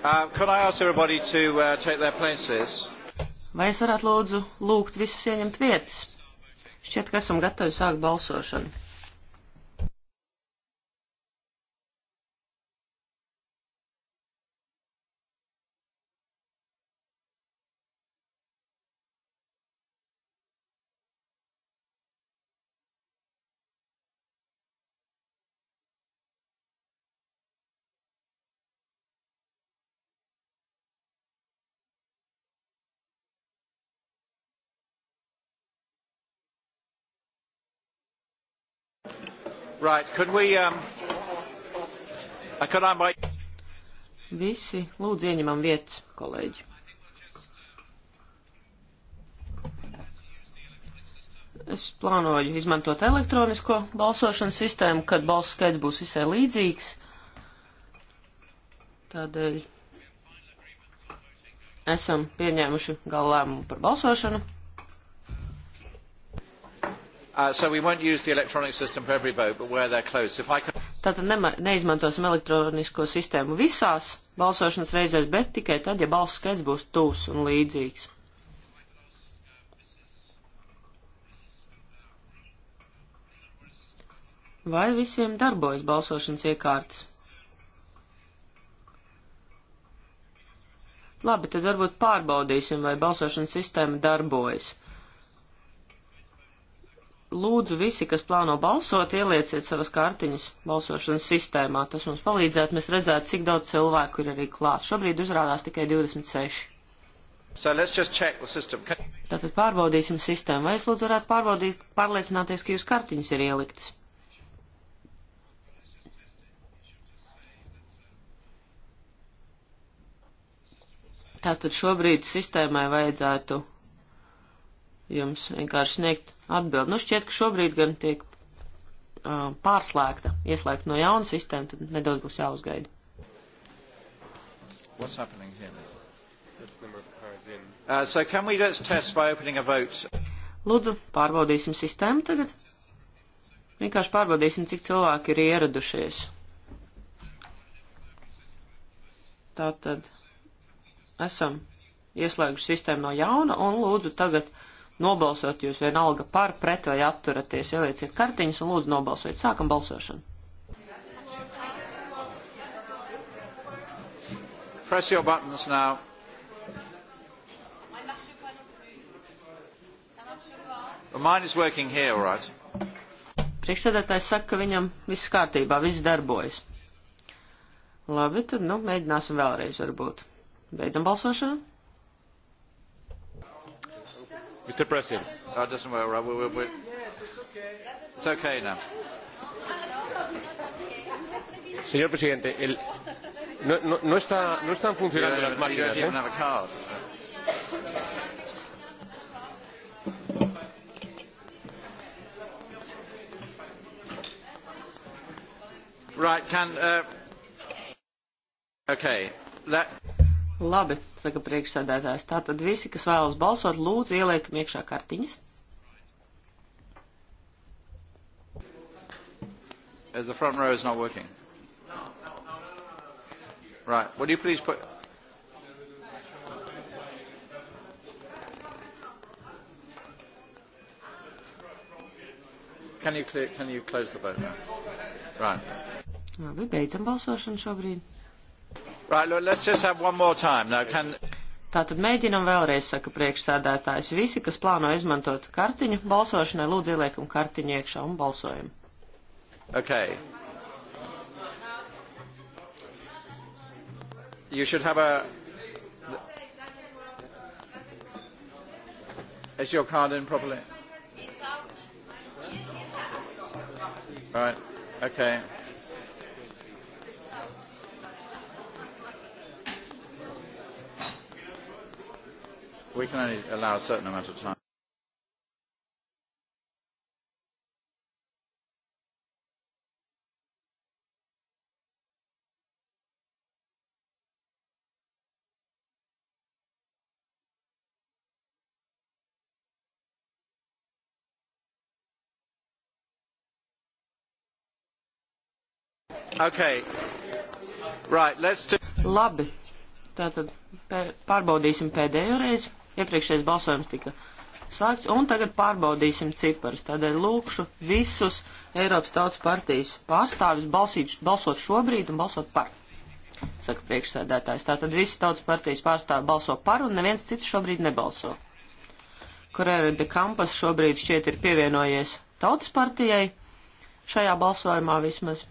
Um, uh, Vai es varētu lūdzu lūgt visus ieņemt vietas? Šķiet, ka esam gatavi sākt balsošanu. Right, could we, um, uh, could I might... Visi, lūdzu, ieņemam vietas, kolēģi. Es plānoju izmantot elektronisko balsošanas sistēmu, kad balss skaits būs visai līdzīgs. Tādēļ esam pieņēmuši galvēmumu par balsošanu. Uh, so we won't use the electronic system for every vote, but where they're close. If I can... Tātad ne, neizmantosim elektronisko sistēmu visās balsošanas reizēs, bet tikai tad, ja balss skaits būs tūs un līdzīgs. Vai visiem darbojas balsošanas iekārtas? Labi, tad varbūt pārbaudīsim, vai balsošanas sistēma darbojas lūdzu visi, kas plāno balsot, ielieciet savas kartiņas balsošanas sistēmā. Tas mums palīdzētu, mēs redzētu, cik daudz cilvēku ir arī klāt. Šobrīd uzrādās tikai 26. So Can... Tātad pārbaudīsim sistēmu. Vai es lūdzu varētu pārbaudīt, pārliecināties, ka jūs kartiņas ir ieliktas? Tātad šobrīd sistēmai vajadzētu jums vienkārši sniegt atbildi. Nu, šķiet, ka šobrīd gan tiek uh, pārslēgta, ieslēgta no jauna sistēma, tad nedaudz būs jāuzgaida. What's happening here now? That's the number of cards in. Uh, so can we just test by opening a vote? Lūdzu, pārbaudīsim sistēmu tagad. Vienkārši pārbaudīsim, cik cilvēki ir ieradušies. Tātad esam ieslēguši sistēmu no jauna un lūdzu tagad nobalsot jūs vienalga par, pret vai atturaties. Ielieciet kartiņas un lūdzu nobalsojiet. Sākam balsošanu. Press your buttons now. Mine is working here, all right. Priekšsēdētājs saka, ka viņam viss kārtībā, viss darbojas. Labi, tad, nu, mēģināsim vēlreiz varbūt. Beidzam balsošanu. Mr. President. Oh, it doesn't work, right? We're, we're, we're... Yes, it's okay. It's okay now. Señor presidente, el... no, no, no, está, no están funcionando yeah, las máquinas. You don't ¿eh? even ¿eh? have a card. Right, can. Uh... Okay. That... Labi, saka priekšsēdētājs. Tātad visi, kas vēlas balsot, lūdzu ieliekam iekšā kartiņas. As the front row is not working. Right. Would you please put? Can you clear, can you close the vote now? Right. Labi, beidzam balsošanu šobrīd. Right, look, let's just have one more time now. Can... Tātad mēģinam vēlreiz, saka priekšsādātājs. Visi, kas plāno izmantot kartiņu balsošanai, lūdzu ieliekam kartiņu iekšā un balsojam. Okay. You should have a... Is your card in properly? Right. Okay. We can only allow a certain amount of time. Okay. Right, let's... Labi, tātad pārbaudīsim pēdējo reizi. Iepriekšējais balsojums tika sākts, un tagad pārbaudīsim ciparus. Tādēļ lūkšu visus Eiropas Tautas partijas pārstāvis balsīt, balsot šobrīd un balsot par. Saka priekšsēdētājs. Tātad visi Tautas partijas pārstāvi balso par, un neviens cits šobrīd nebalso. Korēra de Kampas šobrīd šķiet ir pievienojies Tautas partijai šajā balsojumā vismaz.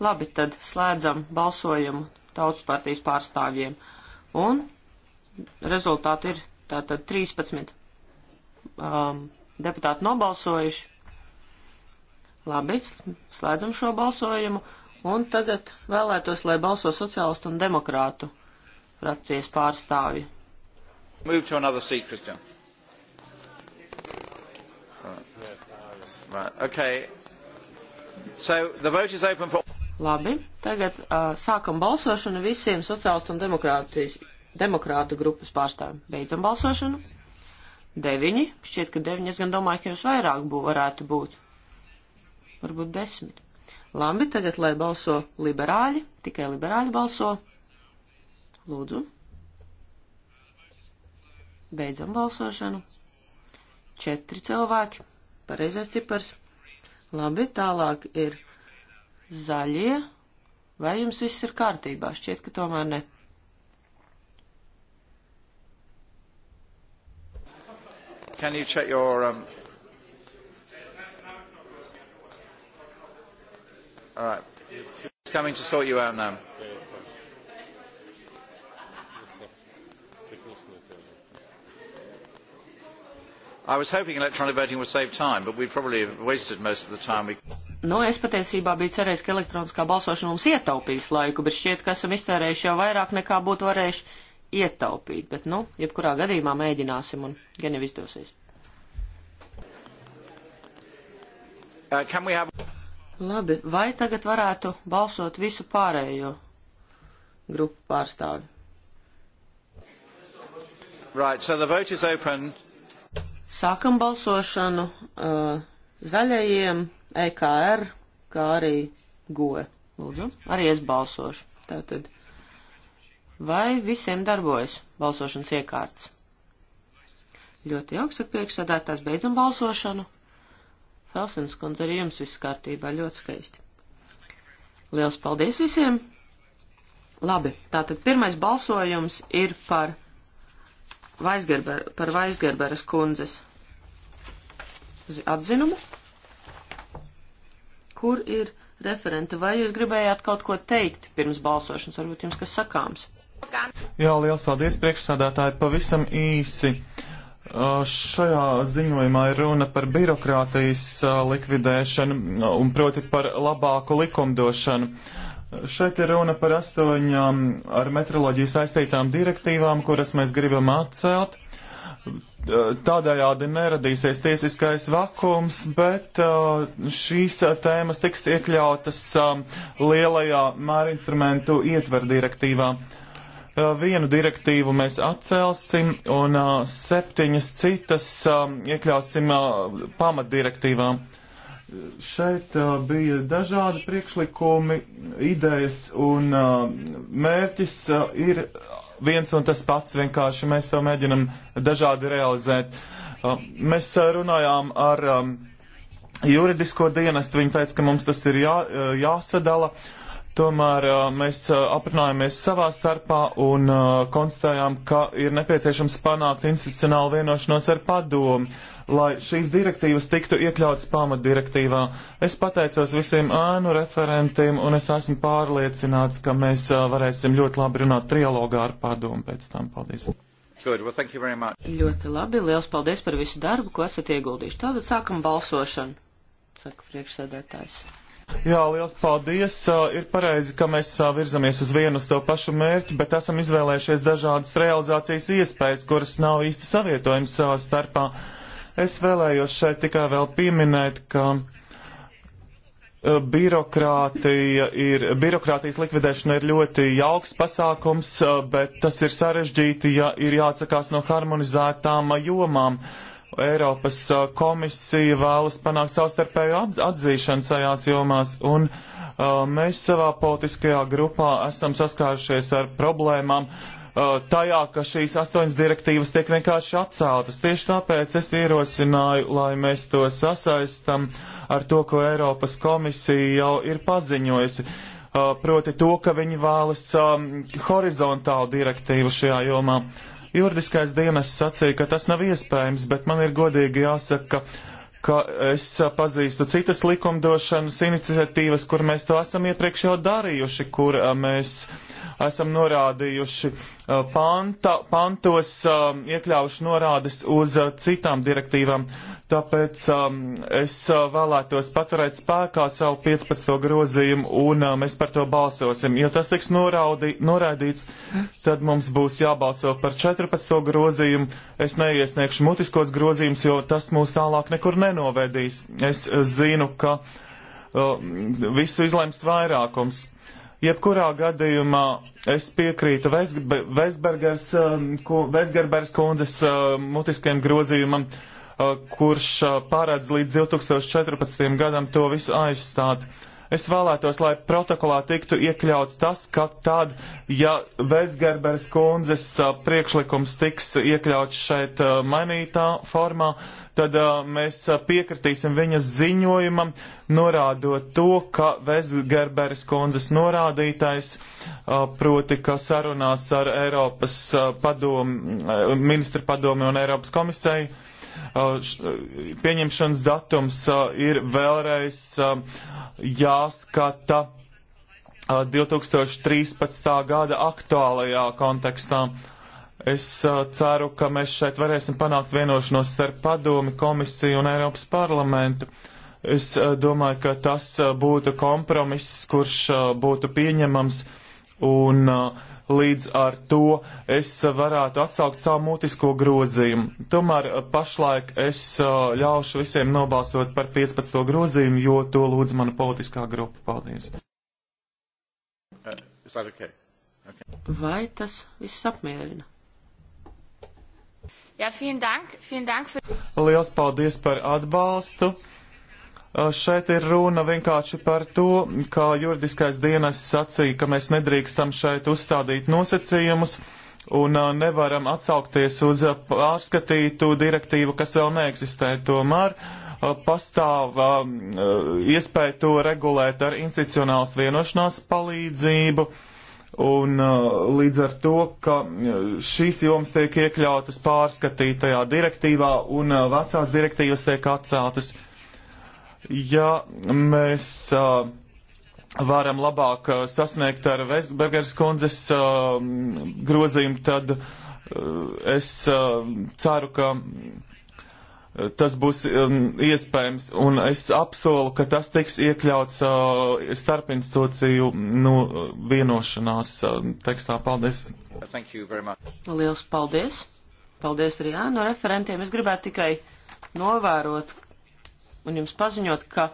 Labi, tad slēdzam balsojumu tautas partijas pārstāvjiem. Un rezultāti ir tātad 13 um, deputāti nobalsojuši. Labi, slēdzam šo balsojumu. Un tagad vēlētos, lai balso sociālistu un demokrātu frakcijas pārstāvi. Move to another seat, Christian. Right. Right. Okay. So the vote is open for. Labi, tagad uh, sākam balsošanu visiem sociālistu un demokrātu grupas pārstāvjiem. Beidzam balsošanu. Deviņi, šķiet, ka deviņi, es gan domāju, ka jūs vairāk bū, varētu būt. Varbūt desmit. Labi, tagad lai balso liberāļi, tikai liberāļi balso. Lūdzu. Beidzam balsošanu. Četri cilvēki. Pareizais cipars. Labi, tālāk ir Zaļie, vai jums viss ir kārtībā? Šķiet, ka tomēr ne. Can you check your um, All right. It's coming to sort you out now. I was hoping electronic voting would save time, but we probably have wasted most of the time we. Nu, es patiesībā biju cerējis, ka elektroniskā balsošana mums ietaupīs laiku, bet šķiet, ka esam iztērējuši jau vairāk nekā būtu varējuši ietaupīt. Bet, nu, jebkurā gadījumā mēģināsim un gan jau izdosies. Uh, have... Labi, vai tagad varētu balsot visu pārējo grupu pārstāvi? Right, so the vote is open. Sākam balsošanu uh, zaļajiem EKR, kā arī GOE. Lūdzu, arī es balsošu. Tātad, vai visiem darbojas balsošanas iekārts? Ļoti jauks, saka priekšsēdētājs, beidzam balsošanu. Felsens kundze, arī jums viss kārtībā, ļoti skaisti. Liels paldies visiem! Labi, tātad pirmais balsojums ir par, Vaisgerber, par Vaisgerberas kundzes atzinumu. Kur ir referente? Vai jūs gribējāt kaut ko teikt pirms balsošanas? Varbūt jums kas sakāms? Jā, liels paldies priekšsādātāji. Pavisam īsi. Šajā ziņojumā ir runa par birokrātijas likvidēšanu un proti par labāku likumdošanu. Šeit ir runa par astoņām ar metroloģiju saistītām direktīvām, kuras mēs gribam atcelt. Uh, Tādējādi neradīsies tiesiskais vakums, bet uh, šīs tēmas tiks iekļautas um, lielajā mēra instrumentu ietver direktīvā. Uh, vienu direktīvu mēs atcelsim un uh, septiņas citas um, iekļausim pamatdirektīvā. Šeit bija dažādi priekšlikumi, idejas un mērķis ir viens un tas pats, vienkārši mēs to mēģinam dažādi realizēt. Uh, mēs uh, runājām ar um, juridisko dienestu, viņi teica, ka mums tas ir jā, uh, jāsadala. Uh, Tomēr mēs aprinājāmies savā starpā un konstatējām, ka ir nepieciešams panākt institucionālu vienošanos ar padomu, lai šīs direktīvas tiktu iekļautas pamatdirektīvā. Es pateicos visiem ēnu referentiem un es esmu pārliecināts, ka mēs varēsim ļoti labi runāt trialogā ar padomu pēc tam. Paldies! Good. Well, thank you very much. Ļoti labi. Liels paldies par visu darbu, ko esat ieguldījuši. Tātad sākam balsošanu, saka priekšsēdētājs. Jā, liels paldies. Ir pareizi, ka mēs virzamies uz vienu uz to pašu mērķi, bet esam izvēlējušies dažādas realizācijas iespējas, kuras nav īsti savietojams savā starpā. Es vēlējos šeit tikai vēl pieminēt, ka birokrātija ir, birokrātijas likvidēšana ir ļoti jauks pasākums, bet tas ir sarežģīti, ja ir jāatsakās no harmonizētām jomām Eiropas komisija vēlas panākt savstarpēju atzīšanu šajās jomās, un uh, mēs savā politiskajā grupā esam saskārušies ar problēmām uh, tajā, ka šīs astoņas direktīvas tiek vienkārši atceltas. Tieši tāpēc es ierosināju, lai mēs to sasaistam ar to, ko Eiropas komisija jau ir paziņojusi. Uh, proti to, ka viņi vēlas um, horizontālu direktīvu šajā jomā. Uh, Juridiskais dienas sacīja, ka tas nav iespējams, bet man ir godīgi jāsaka, ka es pazīstu citas likumdošanas iniciatīvas, kur mēs to esam iepriekš jau darījuši, kur mēs esam norādījuši Eh, panta, pantos um, iekļaušu norādes uz uh, citām direktīvām. Tāpēc um, es uh, vēlētos paturēt spēkā savu 15. grozījumu un uh, mēs par to balsosim. Ja tas tiks noraudi, noraidīts, tad mums būs jābalso par 14. grozījumu. Es neiesniegšu mutiskos grozījumus, jo tas mūs tālāk nekur nenovedīs. Es uh, zinu, ka uh, visu izlems vairākums. Jebkurā gadījumā es piekrītu um, Vesgerbers kundzes um, mutiskajam grozījumam, uh, kurš uh, pārēdz līdz 2014. gadam to visu aizstāt. Es vēlētos, lai protokolā tiktu iekļauts tas, ka tad, ja Vesgerberas kundzes uh, priekšlikums tiks iekļauts šeit mainītā formā, tad uh, mēs piekritīsim viņas ziņojumam, norādot to, ka Vesgerberes kundzes norādītais, uh, proti, ka sarunās ar Eiropas uh, padomu, uh, ministra padomu un Eiropas komisiju, pieņemšanas datums ir vēlreiz jāskata 2013. gada aktuālajā kontekstā. Uh, Es uh, ceru, ka mēs šeit varēsim panākt vienošanos starp padomi, komisiju un Eiropas parlamentu. Es uh, domāju, ka tas uh, būtu kompromiss, kurš uh, būtu pieņemams un uh, līdz ar to es varētu atsaukt savu mutisko grozījumu. Tomēr pašlaik es ļaušu visiem nobalsot par 15. grozījumu, jo to lūdz mana politiskā grupa. Paldies. Uh, okay? Okay. Vai tas viss apmierina? Jā, vielen dank, vielen dank für... Liels paldies par atbalstu. Šeit ir runa vienkārši par to, kā juridiskais dienas sacīja, ka mēs nedrīkstam šeit uzstādīt nosacījumus un nevaram atsaukties uz pārskatītu direktīvu, kas vēl neeksistē. Tomēr pastāv iespēja to regulēt ar institucionāls vienošanās palīdzību Un uh, līdz ar to, ka uh, šīs jomas tiek iekļautas pārskatītajā direktīvā un uh, vecās direktīvas tiek atceltas, ja mēs varam labāk sasniegt ar Vesbergers kundzes um, grozījumu, tad es ceru, ka tas būs um, iespējams, un es apsolu, ka tas tiks iekļauts uh, starp institūciju nu, vienošanās uh, tekstā. Paldies! Lielas paldies! Paldies arī Ānu no referentiem. Es gribētu tikai novērot un jums paziņot, ka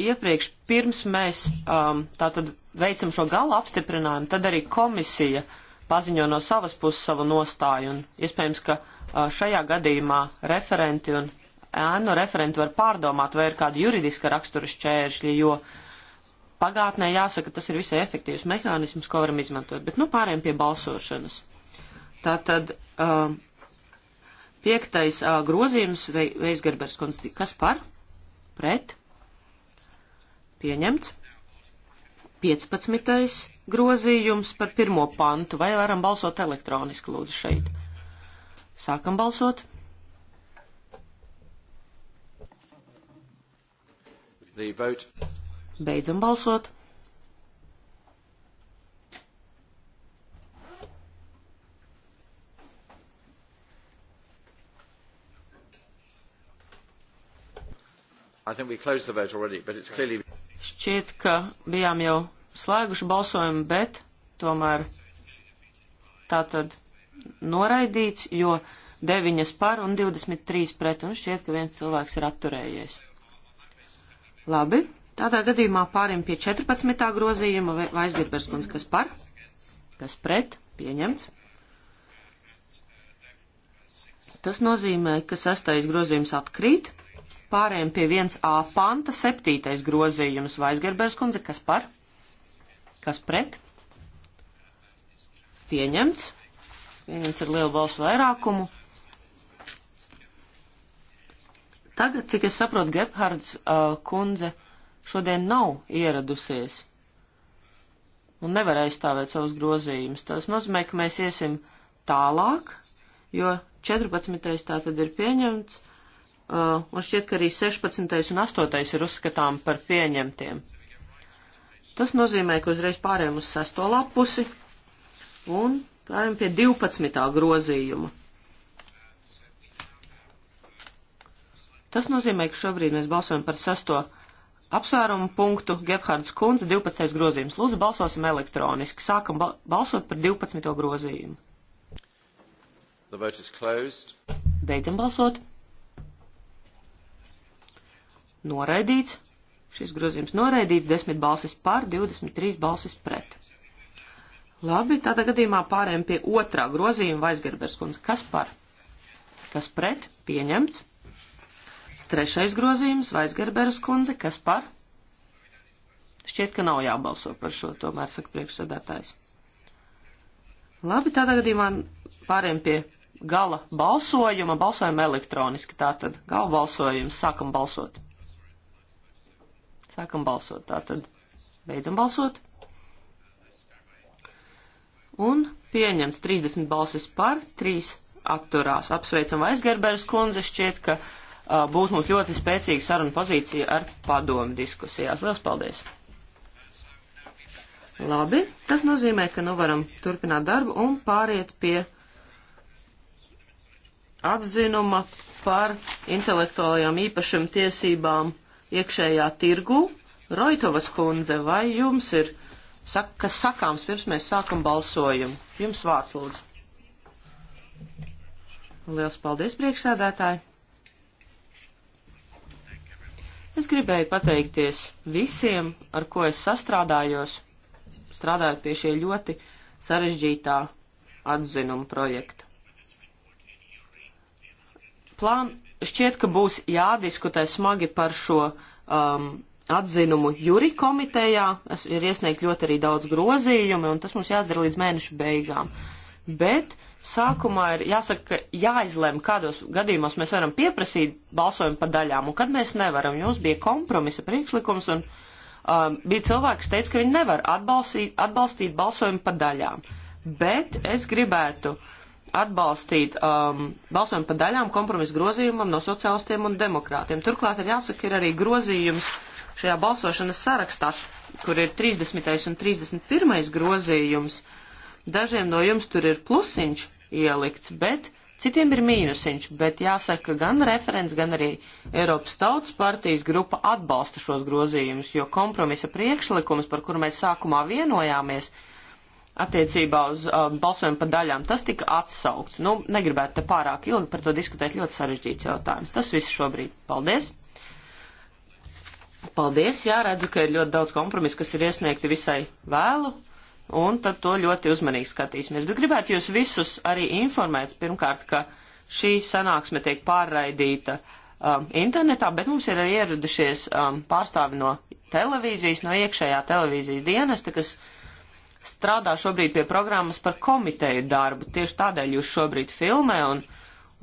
iepriekš pirms mēs um, tātad veicam šo gala apstiprinājumu, tad arī komisija paziņo no savas puses savu nostāju, un iespējams, ka šajā gadījumā referenti un ēnu referenti var pārdomāt, vai ir kāda juridiska rakstura šķēršļi, jo pagātnē jāsaka, tas ir visai efektīvs mehānisms, ko varam izmantot. Bet nu pāriem pie balsošanas. Tātad um, piektais uh, grozījums Ve Veisgerbers konstitūcija. Kas par? Pret? Pieņemts. 15. grozījums par pirmo pantu. Vai varam balsot elektroniski lūdzu šeit? Mm. Sākam balsot. Beidzam balsot. Already, clearly... Šķiet, ka bijām jau slēguši balsojumu, bet tomēr tā tad noraidīts, jo 9 par un 23 pret, un šķiet, ka viens cilvēks ir atturējies. Labi, tādā gadījumā pārim pie 14. grozījuma Vaisdirberskundz, kas par, kas pret, pieņemts. Tas nozīmē, ka sastais grozījums atkrīt, pārējiem pie 1A panta septītais grozījums Vaisgerberskundze, kas par, kas pret, pieņemts pieņemts ar lielu balsu vairākumu. Tagad, cik es saprotu, Gebhards uh, kundze šodien nav ieradusies un nevar aizstāvēt savus grozījumus. Tas nozīmē, ka mēs iesim tālāk, jo 14. tā tad ir pieņemts, uh, un šķiet, ka arī 16. un 8. ir uzskatām par pieņemtiem. Tas nozīmē, ka uzreiz pārējām uz sesto lapusi, un Pārējām pie 12. grozījuma. Tas nozīmē, ka šobrīd mēs balsojam par sesto apsvērumu punktu Gebhards Kunze 12. grozījums. Lūdzu, balsosim elektroniski. Sākam ba balsot par 12. grozījumu. Beidzam balsot. Noraidīts. Šis grozījums noraidīts. 10 balsis par, 23 balsis pret. Labi, tādā gadījumā pārējām pie otrā grozījuma Vaisgerbers kundze. Kas par? Kas pret? Pieņemts. Trešais grozījums Vaisgerberas kundze. Kas par? Šķiet, ka nav jābalso par šo, tomēr saka priekšsēdētājs. Labi, tādā gadījumā pārējām pie gala balsojuma. Balsojam elektroniski, tātad gala balsojums. Sākam balsot. Sākam balsot, tātad beidzam balsot un pieņems 30 balsis par, 3 atturās. Apsveicam Aizgerberas kundze, šķiet, ka uh, būs mums ļoti spēcīga saruna pozīcija ar padomu diskusijās. Lielas paldies! Labi, tas nozīmē, ka nu varam turpināt darbu un pāriet pie atzinuma par intelektuālajām īpašam tiesībām iekšējā tirgu. Roitovas kundze, vai jums ir sak kas sakāms pirms mēs sākam balsojumu. Jums vārds lūdzu. Liels paldies, priekšsēdētāji! Es gribēju pateikties visiem, ar ko es sastrādājos, strādājot pie šie ļoti sarežģītā atzinuma projekta. Plān šķiet, ka būs jādiskutē smagi par šo um, atzinumu juri komitejā, es, ir iesniegt ļoti arī daudz grozījumi, un tas mums jāizdara līdz mēneša beigām. Bet sākumā ir jāsaka, ka jāizlem, kādos gadījumos mēs varam pieprasīt balsojumu pa daļām, un kad mēs nevaram. Jums bija kompromisa priekšlikums, un um, bija cilvēks, kas teica, ka viņi nevar atbalstīt, atbalstīt balsojumu pa daļām. Bet es gribētu atbalstīt um, balsojumu pa daļām kompromisa grozījumam no sociālistiem un demokrātiem. Turklāt ir jāsaka, ir arī grozījums šajā balsošanas sarakstā, kur ir 30. un 31. grozījums, dažiem no jums tur ir plusiņš ielikts, bet citiem ir mīnusiņš, bet jāsaka, gan referents, gan arī Eiropas Tautas partijas grupa atbalsta šos grozījumus, jo kompromisa priekšlikums, par kuru mēs sākumā vienojāmies, attiecībā uz uh, balsojumu pa daļām, tas tika atsaukts. Nu, negribētu te pārāk ilgi par to diskutēt, ļoti sarežģīts jautājums. Tas viss šobrīd. Paldies! Paldies, jā, redzu, ka ir ļoti daudz kompromisu, kas ir iesniegti visai vēlu, un tad to ļoti uzmanīgi skatīsimies. Bet gribētu jūs visus arī informēt, pirmkārt, ka šī sanāksme tiek pārraidīta um, internetā, bet mums ir arī ieradušies um, pārstāvi no televīzijas, no iekšējā televīzijas dienesta, kas strādā šobrīd pie programmas par komiteju darbu. Tieši tādēļ jūs šobrīd filmē un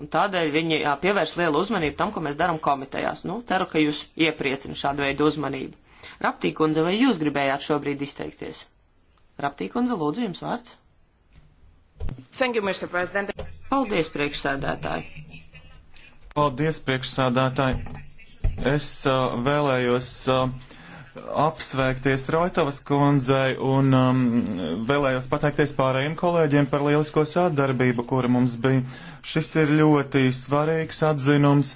Un tādēļ viņi jā, pievērš lielu uzmanību tam, ko mēs darām komitejās. Nu, ceru, ka jūs iepriecina šādu veidu uzmanību. Raptīkundze, vai jūs gribējāt šobrīd izteikties? Raptīkundze, lūdzu, jums vārds. Thank you, Mr. President. Paldies, priekšsēdētāji. Paldies, priekšsēdētāji. Es uh, vēlējos uh, apsveikties Roitovas kundzei un um, vēlējos pateikties pārējiem kolēģiem par lielisko sadarbību, kura mums bija. Šis ir ļoti svarīgs atzinums,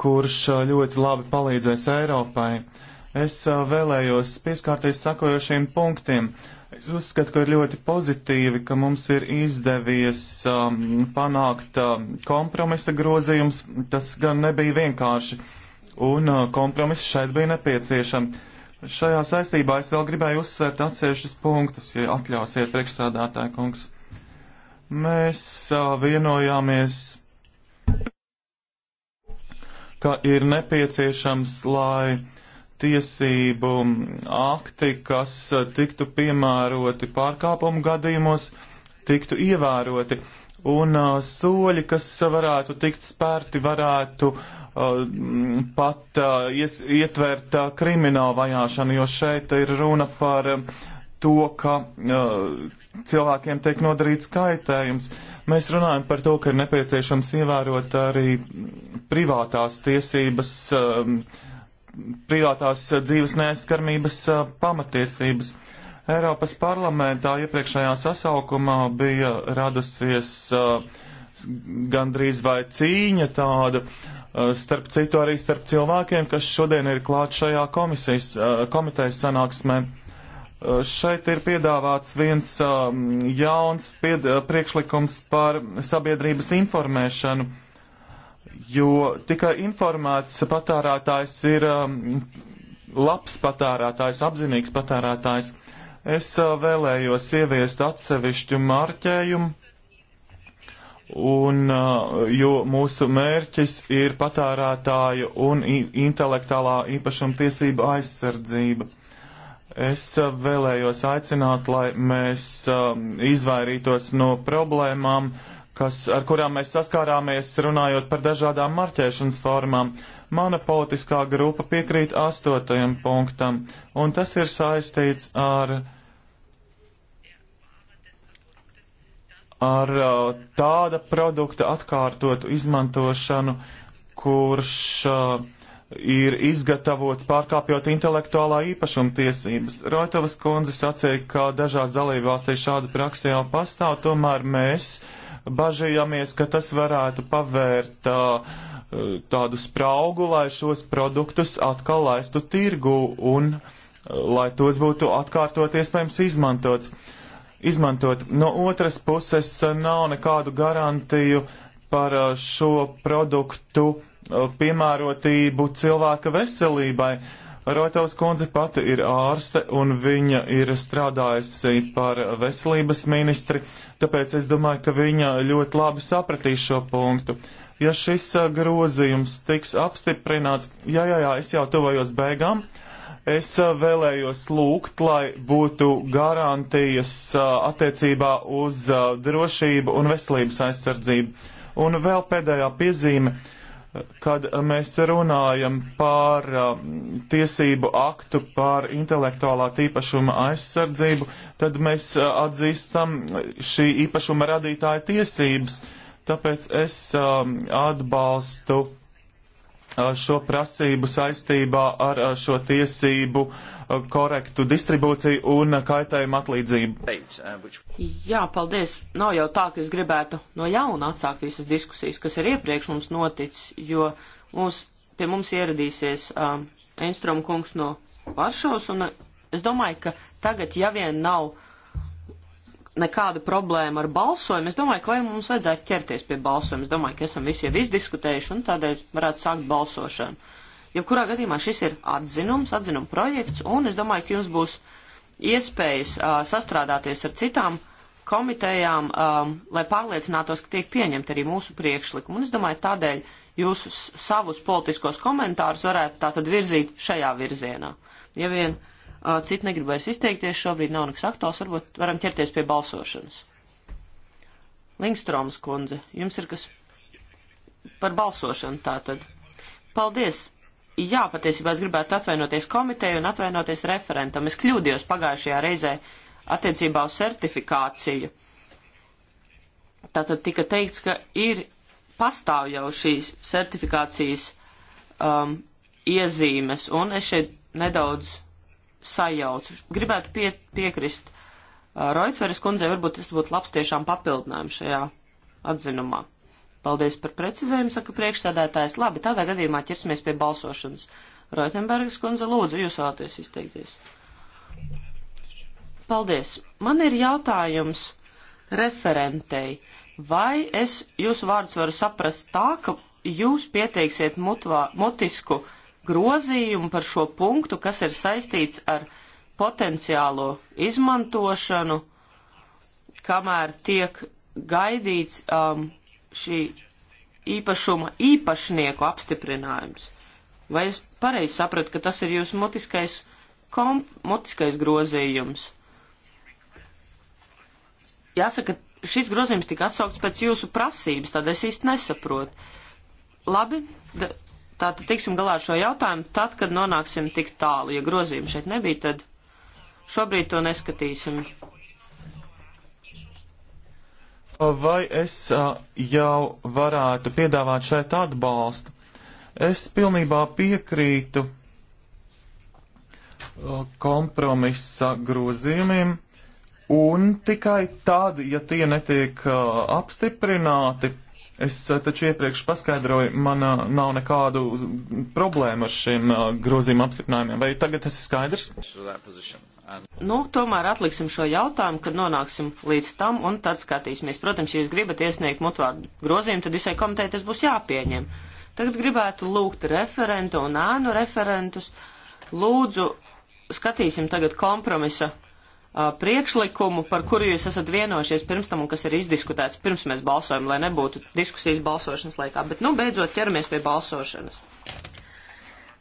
kurš uh, ļoti labi palīdzēs Eiropai. Es uh, vēlējos pieskārties sakojošiem punktiem. Es uzskatu, ka ir ļoti pozitīvi, ka mums ir izdevies um, panākt uh, kompromisa grozījums. Tas gan nebija vienkārši, un uh, kompromiss šeit bija nepieciešams Šajā saistībā es vēl gribēju uzsvērt atsevišķus punktus, ja atļausiet priekšsādātāja kungs. Mēs uh, vienojāmies, ka ir nepieciešams, lai tiesību akti, kas tiktu piemēroti pārkāpumu gadījumos, tiktu ievēroti un uh, soļi, kas varētu tikt spērti, varētu pat ies, ietvert kriminālu vajāšanu, jo šeit ir runa par to, ka cilvēkiem tiek nodarīts kaitējums. Mēs runājam par to, ka ir nepieciešams ievērot arī privātās tiesības, privātās dzīves neaizskarmības pamatiesības. Eiropas parlamentā iepriekšējā sasaukumā bija radusies gandrīz vai cīņa tāda, uh, Eh, starp citu arī starp cilvēkiem, kas šodien ir klāt šajā komisijas, eh, komitejas sanāksmē. Eh, šeit ir piedāvāts viens ehm, jauns pied, priekšlikums par sabiedrības informēšanu, jo tikai informēts patērētājs ir ehm, labs patērētājs, apzinīgs patērētājs. Es vēlējos ieviest atsevišķu marķējumu Un, uh, jo mūsu mērķis ir patērētāju un intelektuālā īpašuma tiesība aizsardzība. Es uh, vēlējos aicināt, lai mēs um, izvairītos no problēmām, kas, ar kurām mēs saskārāmies runājot par dažādām marķēšanas formām. Mana politiskā grupa piekrīt astotajam punktam, un tas ir saistīts ar ar uh, tāda produkta atkārtotu izmantošanu, kurš uh, ir izgatavots pārkāpjot intelektuālā īpašuma tiesības. Roitovas kundze sacīja, ka dažās dalībvalstīs šāda praksa jau pastāv, tomēr mēs bažījāmies, ka tas varētu pavērt uh, tādu spraugu, lai šos produktus atkal laistu tirgu un uh, lai tos būtu atkārtot iespējams izmantots. Uh, izmantot. No otras puses, eh, nav nekādu garantiju par eh, šo produktu eh, piemērotību cilvēka veselībai. Rotovs kundze pati ir ārste un viņa ir strādājusi par veselības ministri, tāpēc es domāju, ka viņa ļoti labi sapratīs šo punktu. Ja šis grozījums tiks apstiprināts, jā, jā, jā, es jau tuvojos beigām. Uh, Es vēlējos lūgt, lai būtu garantijas attiecībā uz drošību un veselības aizsardzību. Un vēl pēdējā piezīme, kad mēs runājam par tiesību aktu par intelektuālā tīpašuma aizsardzību, tad mēs atzīstam šī īpašuma radītāja tiesības. Tāpēc es atbalstu šo prasību saistībā ar šo tiesību korektu distribūciju un kaitējumu atlīdzību. Uh, Jā, paldies. Nav jau tā, ka es gribētu no jauna atsākt visas diskusijas, kas ir iepriekš mums noticis, jo mūs, pie mums ieradīsies um, Enstrom kungs no Varšos, un es domāju, ka tagad, ja vien nav uh, nekādu problēmu ar balsojumu. Es domāju, ka vai mums vajadzētu ķerties pie balsojuma. Es domāju, ka esam visi jau izdiskutējuši un tādēļ varētu sākt balsošanu. Jebkurā gadījumā šis ir atzinums, atzinuma projekts, un es domāju, ka jums būs iespējas uh, sastrādāties ar citām komitejām, um, lai pārliecinātos, ka tiek pieņemti arī mūsu priekšlikumi. Un es domāju, tādēļ jūs savus politiskos komentārus varētu tātad virzīt šajā virzienā. Ja vien uh, Citi negrib vairs izteikties, šobrīd nav nekas aktuāls, varbūt varam ķerties pie balsošanas. Lingstroms kundze, jums ir kas par balsošanu tātad. Paldies! Jā, patiesībā es gribētu atvainoties komiteju un atvainoties referentam. Es kļūdījos pagājušajā reizē attiecībā uz certifikāciju. Tātad tika teikts, ka ir pastāv jau šīs certifikācijas um, iezīmes, un es šeit nedaudz sajauc. Gribētu pie, piekrist uh, Roitsveres kundzei, varbūt tas būtu labs tiešām papildinājums šajā atzinumā. Paldies par precizējumu, saka priekšsēdētājs. Labi, tādā gadījumā ķersimies pie balsošanas. Roitenbergas kundze, lūdzu, jūs vēlaties izteikties. Paldies. Man ir jautājums referentei. Vai es jūsu vārdus varu saprast tā, ka jūs pieteiksiet mutvā, mutisku uh, grozījumu par šo punktu, kas ir saistīts ar potenciālo izmantošanu, kamēr tiek gaidīts um, šī īpašuma īpašnieku apstiprinājums. Vai es pareizi sapratu, ka tas ir jūsu motiskais, kom, motiskais grozījums? Jāsaka, šis grozījums tika atsaukts pēc jūsu prasības, tad es īsti nesaprotu. Labi, Tātad tiksim galā ar šo jautājumu tad, kad nonāksim tik tālu. Ja grozījumi šeit nebija, tad šobrīd to neskatīsim. Vai es jau varētu piedāvāt šeit atbalstu? Es pilnībā piekrītu kompromisa grozījumiem, un tikai tad, ja tie netiek apstiprināti, Es eh, taču iepriekš paskaidroju, man eh, nav nekādu problēmu ar šiem eh, grozījuma apstiprinājumiem. Vai tagad tas ir skaidrs? Nu, tomēr atliksim šo jautājumu, kad nonāksim līdz tam, un tad skatīsimies. Protams, ja jūs gribat iesniegt mutvārdu grozījumu, tad visai komitejai tas būs jāpieņem. Tagad gribētu lūgt referentu un ēnu referentus. Lūdzu, skatīsim tagad kompromisa priekšlikumu, par kuru jūs esat vienojušies pirms tam un kas ir izdiskutēts pirms mēs balsojam, lai nebūtu diskusijas balsošanas laikā. Bet, nu, beidzot ķeramies pie balsošanas.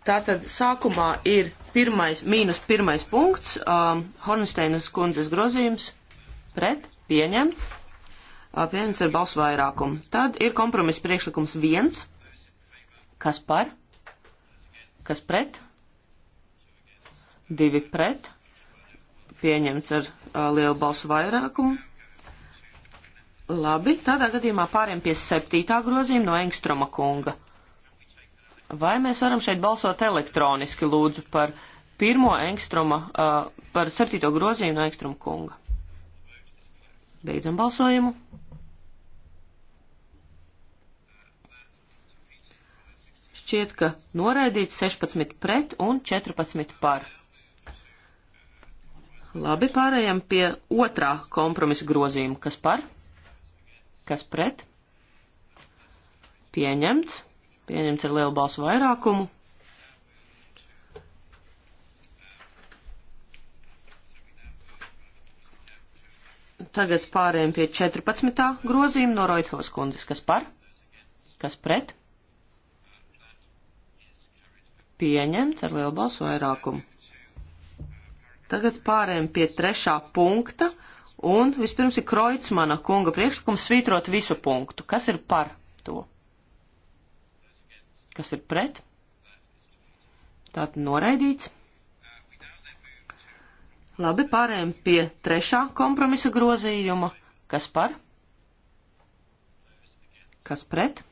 Tātad sākumā ir pirmais, mīnus pirmais punkts, um, Hornsteinas kundzes grozījums pret pieņemts, uh, pieņemts ar balsu vairākumu. Tad ir kompromiss priekšlikums viens, kas par, kas pret, divi pret, pieņemts ar uh, lielu balsu vairākumu. Labi, tādā gadījumā pāriem pie septītā grozījuma no Engstroma kunga. Vai mēs varam šeit balsot elektroniski, lūdzu, par pirmo Engstroma, uh, par septīto grozījumu no Engstroma kunga? Beidzam balsojumu. Šķiet, ka noraidīts 16 pret un 14 par. Labi, pārējām pie otrā kompromisa grozījuma. Kas par? Kas pret? Pieņemts. Pieņemts ar lielu balsu vairākumu. Tagad pārējām pie 14. grozījuma no Roithos kundzes. Kas par? Kas pret? Pieņemts ar lielu balsu vairākumu. Tagad pārējām pie trešā punkta, un vispirms ir Kreutzmana kunga priekšlikums svītrot visu punktu. Kas ir par to? Kas ir pret? Tātad noraidīts. Labi, pārējām pie trešā kompromisa grozījuma. Kas par? Kas pret?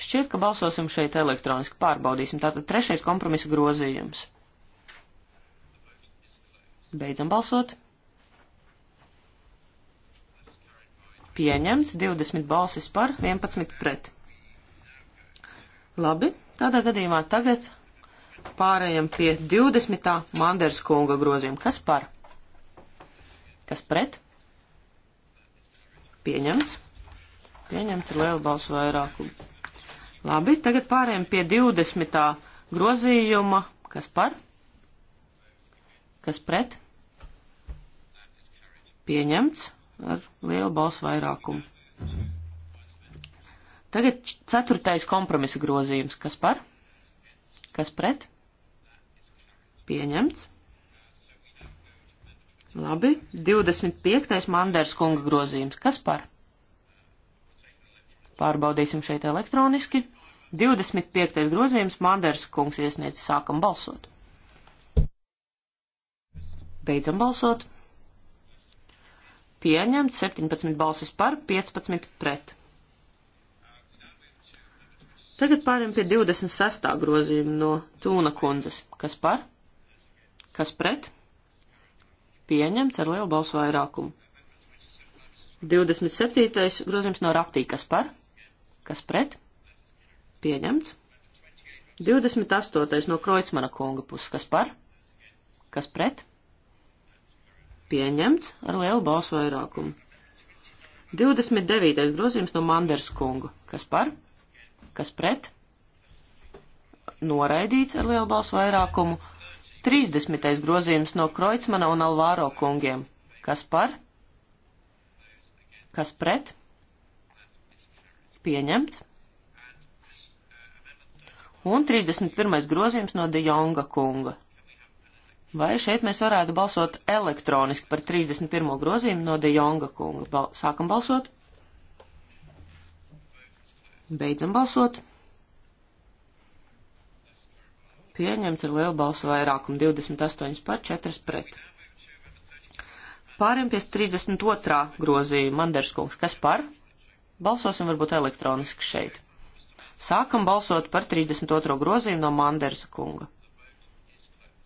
Šķiet, ka balsosim šeit elektroniski pārbaudīsim. Tātad trešais kompromisa grozījums. Beidzam balsot. Pieņemts 20 balsis par, 11 pret. Labi, tādā gadījumā tagad pārējam pie 20. Manders kunga grozījuma. Kas par? Kas pret? Pieņemts. Pieņemts ar lielu balsu vairākumu. Labi, tagad pārējam pie 20. grozījuma. Kas par? Kas pret? Pieņemts ar lielu balsu vairākumu. Tagad ceturtais kompromisa grozījums. Kas par? Kas pret? Pieņemts. Labi. 25. Manders kunga grozījums. Kas par? Pārbaudīsim šeit elektroniski. 25. grozījums Manders kungs iesniedz. Sākam balsot. Beidzam balsot. Pieņemts 17 balsis par, 15 pret. Tagad pāriem pie 26. grozījuma no Tūna kundzes. Kas par? Kas pret? Pieņemts ar lielu balsu vairākumu. 27. grozījums no Raptī. Kas par? Kas pret? Pieņemts. 28. no Kreutzmana kunga puses. Kas par? Kas pret? Pieņemts ar lielu balsu vairākumu. 29. grozījums no Manders kunga. Kas par? Kas pret? Noraidīts ar lielu balsu vairākumu. 30. grozījums no Kreutzmana un Alvāro kungiem. Kas par? Kas pret? Pieņemts. Un 31. grozījums no De Jonga kunga. Vai šeit mēs varētu balsot elektroniski par 31. grozījumu no De Jonga kunga? Bal sākam balsot. Beidzam balsot. Pieņemts ar lielu balsu vairākumu 28 par 4 pret. Pāriem pie 32. grozījuma Manders kungs. Kas par? Balsosim varbūt elektroniski šeit. Sākam balsot par 32. grozījumu no Mandersa kunga.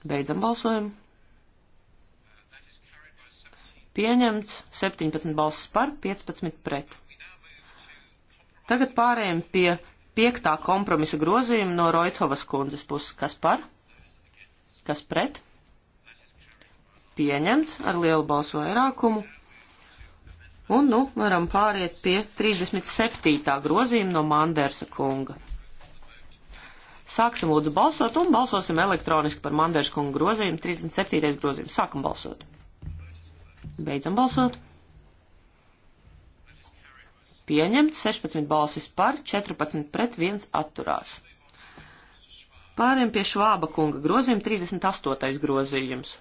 Beidzam balsojumu. Pieņemts 17 balsis par, 15 pret. Tagad pārējiem pie piektā kompromisa grozījuma no Roithovas kundzes puses. Kas par? Kas pret? Pieņemts ar lielu balsu vairākumu. Un nu varam pāriet pie 37. grozījuma no Mandersa kunga. Sāksim lūdzu balsot un balsosim elektroniski par Mandēškungu grozījumu 37. grozījumu. Sākam balsot. Beidzam balsot. Pieņemts 16 balsis par, 14 pret, 1 atturās. Pāriem pie Švāba kunga grozījuma 38. grozījums.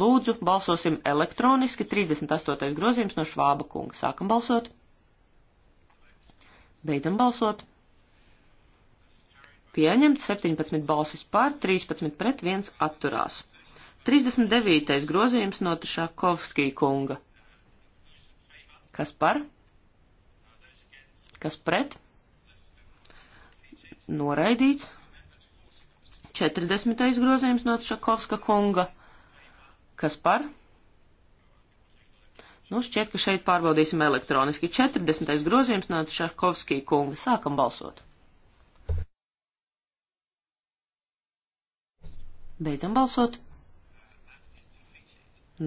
Lūdzu, balsosim elektroniski 38. grozījums no Švāba kunga. Sākam balsot. Beidzam balsot pieņemts 17 balsis par, 13 pret 1 atturās. 39. grozījums no Tšakovskī kunga. Kas par? Kas pret? Noraidīts. 40. grozījums no Tšakovska kunga. Kas par? Nu, šķiet, ka šeit pārbaudīsim elektroniski. 40. grozījums no Tšakovskī kunga. Sākam balsot. Beidzam balsot.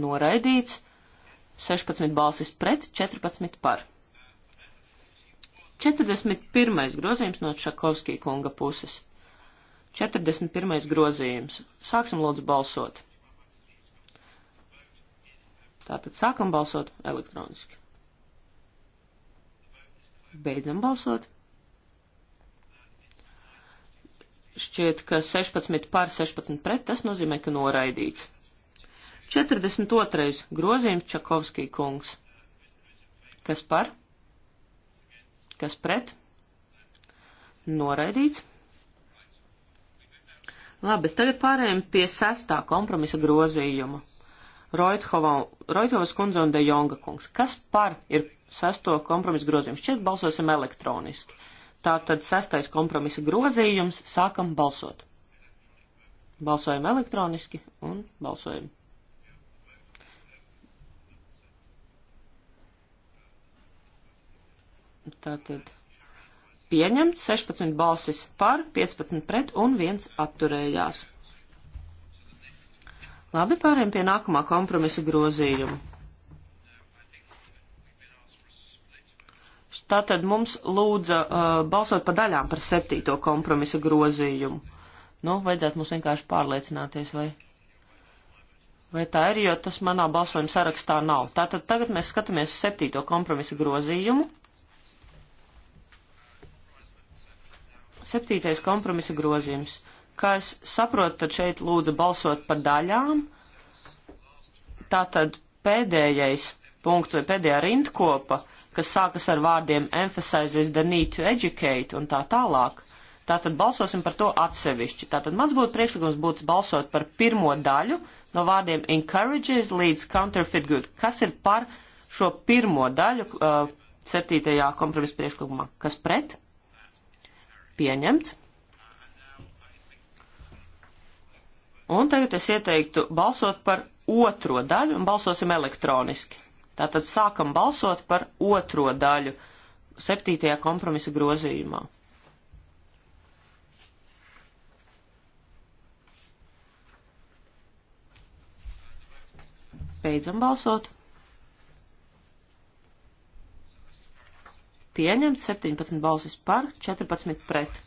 Noraidīts. 16 balsis pret, 14 par. 41. grozījums no Čakovskī kunga puses. 41. grozījums. Sāksim lūdzu balsot. Tātad sākam balsot elektroniski. Beidzam balsot. Šķiet, ka 16 pār 16 pret, tas nozīmē, ka noraidīts. 42. grozījums Čakovskij kungs. Kas par? Kas pret? Noraidīts. Labi, tagad pārējām pie sestā kompromisa grozījuma. Roithovas kundze un De Jonga kungs. Kas par ir sesto kompromisu grozījumu? Šķiet, balsosim elektroniski. Tātad sestais kompromisa grozījums. Sākam balsot. Balsojam elektroniski un balsojam. Tātad pieņemts 16 balsis par, 15 pret un 1 atturējās. Labi, pāriem pie nākamā kompromisa grozījuma. Tātad mums lūdza uh, balsot pa daļām par septīto kompromisa grozījumu. Nu, vajadzētu mums vienkārši pārliecināties, vai, vai tā ir, jo tas manā balsojuma sarakstā nav. Tātad tagad mēs skatāmies uz septīto kompromisa grozījumu. Septītais kompromisa grozījums. Kā es saprotu, tad šeit lūdza balsot pa daļām. Tātad pēdējais punkts vai pēdējā rindkopa kas sākas ar vārdiem emphasizes the need to educate un tā tālāk. Tātad balsosim par to atsevišķi. Tātad mans būtu priekšlikums būtu balsot par pirmo daļu no vārdiem encourages līdz counterfeit good. Kas ir par šo pirmo daļu uh, septītajā kompromisa priekšlikumā? Kas pret? Pieņemts. Un tagad es ieteiktu balsot par otro daļu un balsosim elektroniski. Tātad sākam balsot par otro daļu septītajā kompromisa grozījumā. Beidzam balsot. Pieņemt 17 balsis par, 14 pret.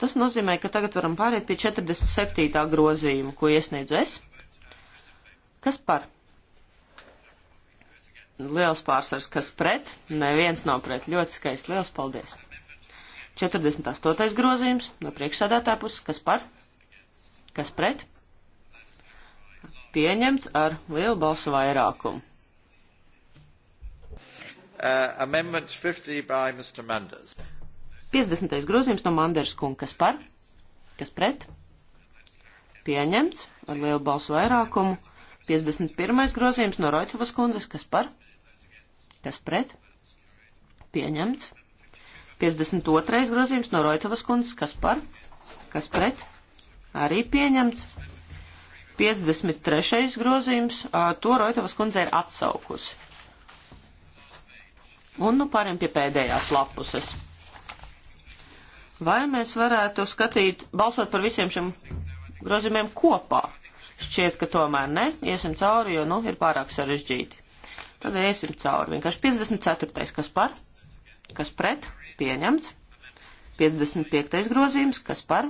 Tas nozīmē, ka tagad varam pāriet pie 47. grozījuma, ko iesniedzu es. Kas par? Liels pārsvars, kas pret? Neviens nav pret. Ļoti skaisti. Liels paldies. 48. grozījums no priekšsēdētāja puses. Kas par? Kas pret? Pieņemts ar lielu balsu vairākumu. Uh, amendment 50 by Mr. Manders. 50. grozījums no Manders kunga. Kas par? Kas pret? Pieņemts ar lielu balsu vairākumu. 51. grozījums no Roitovas kundzes, kas par? Kas pret? Pieņemts. 52. grozījums no Roitovas kundzes, kas par? Kas pret? Arī pieņemts. 53. grozījums, to Roitovas kundze ir atsaukusi. Un nu pāriem pie pēdējās lapuses. Vai mēs varētu skatīt, balsot par visiem šiem grozījumiem kopā? Šķiet, ka tomēr ne. Iesim cauri, jo, nu, ir pārāk sarežģīti. Tad iesim cauri. Vienkārši 54. kas par, kas pret, pieņemts. 55. grozījums, kas par,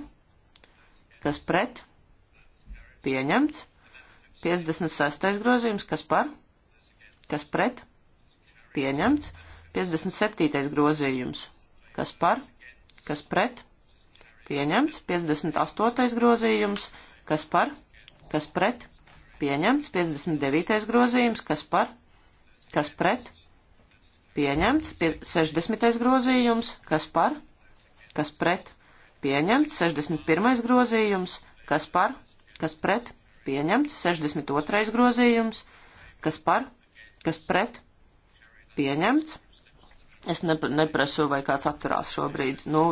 kas pret, pieņemts. 56. grozījums, kas par, kas pret, pieņemts. 57. grozījums, kas par, kas pret, pieņemts. 58. grozījums, kas par, kas pret, pieņemts. 59. grozījums, kas par, kas pret, pieņemts. 60. grozījums, kas par, kas pret, pieņemts. 61. grozījums, kas par, kas pret, pieņemts. 62. grozījums, kas par, kas pret, pieņemts. Es nepr neprasu, vai kāds atturās šobrīd. Nu,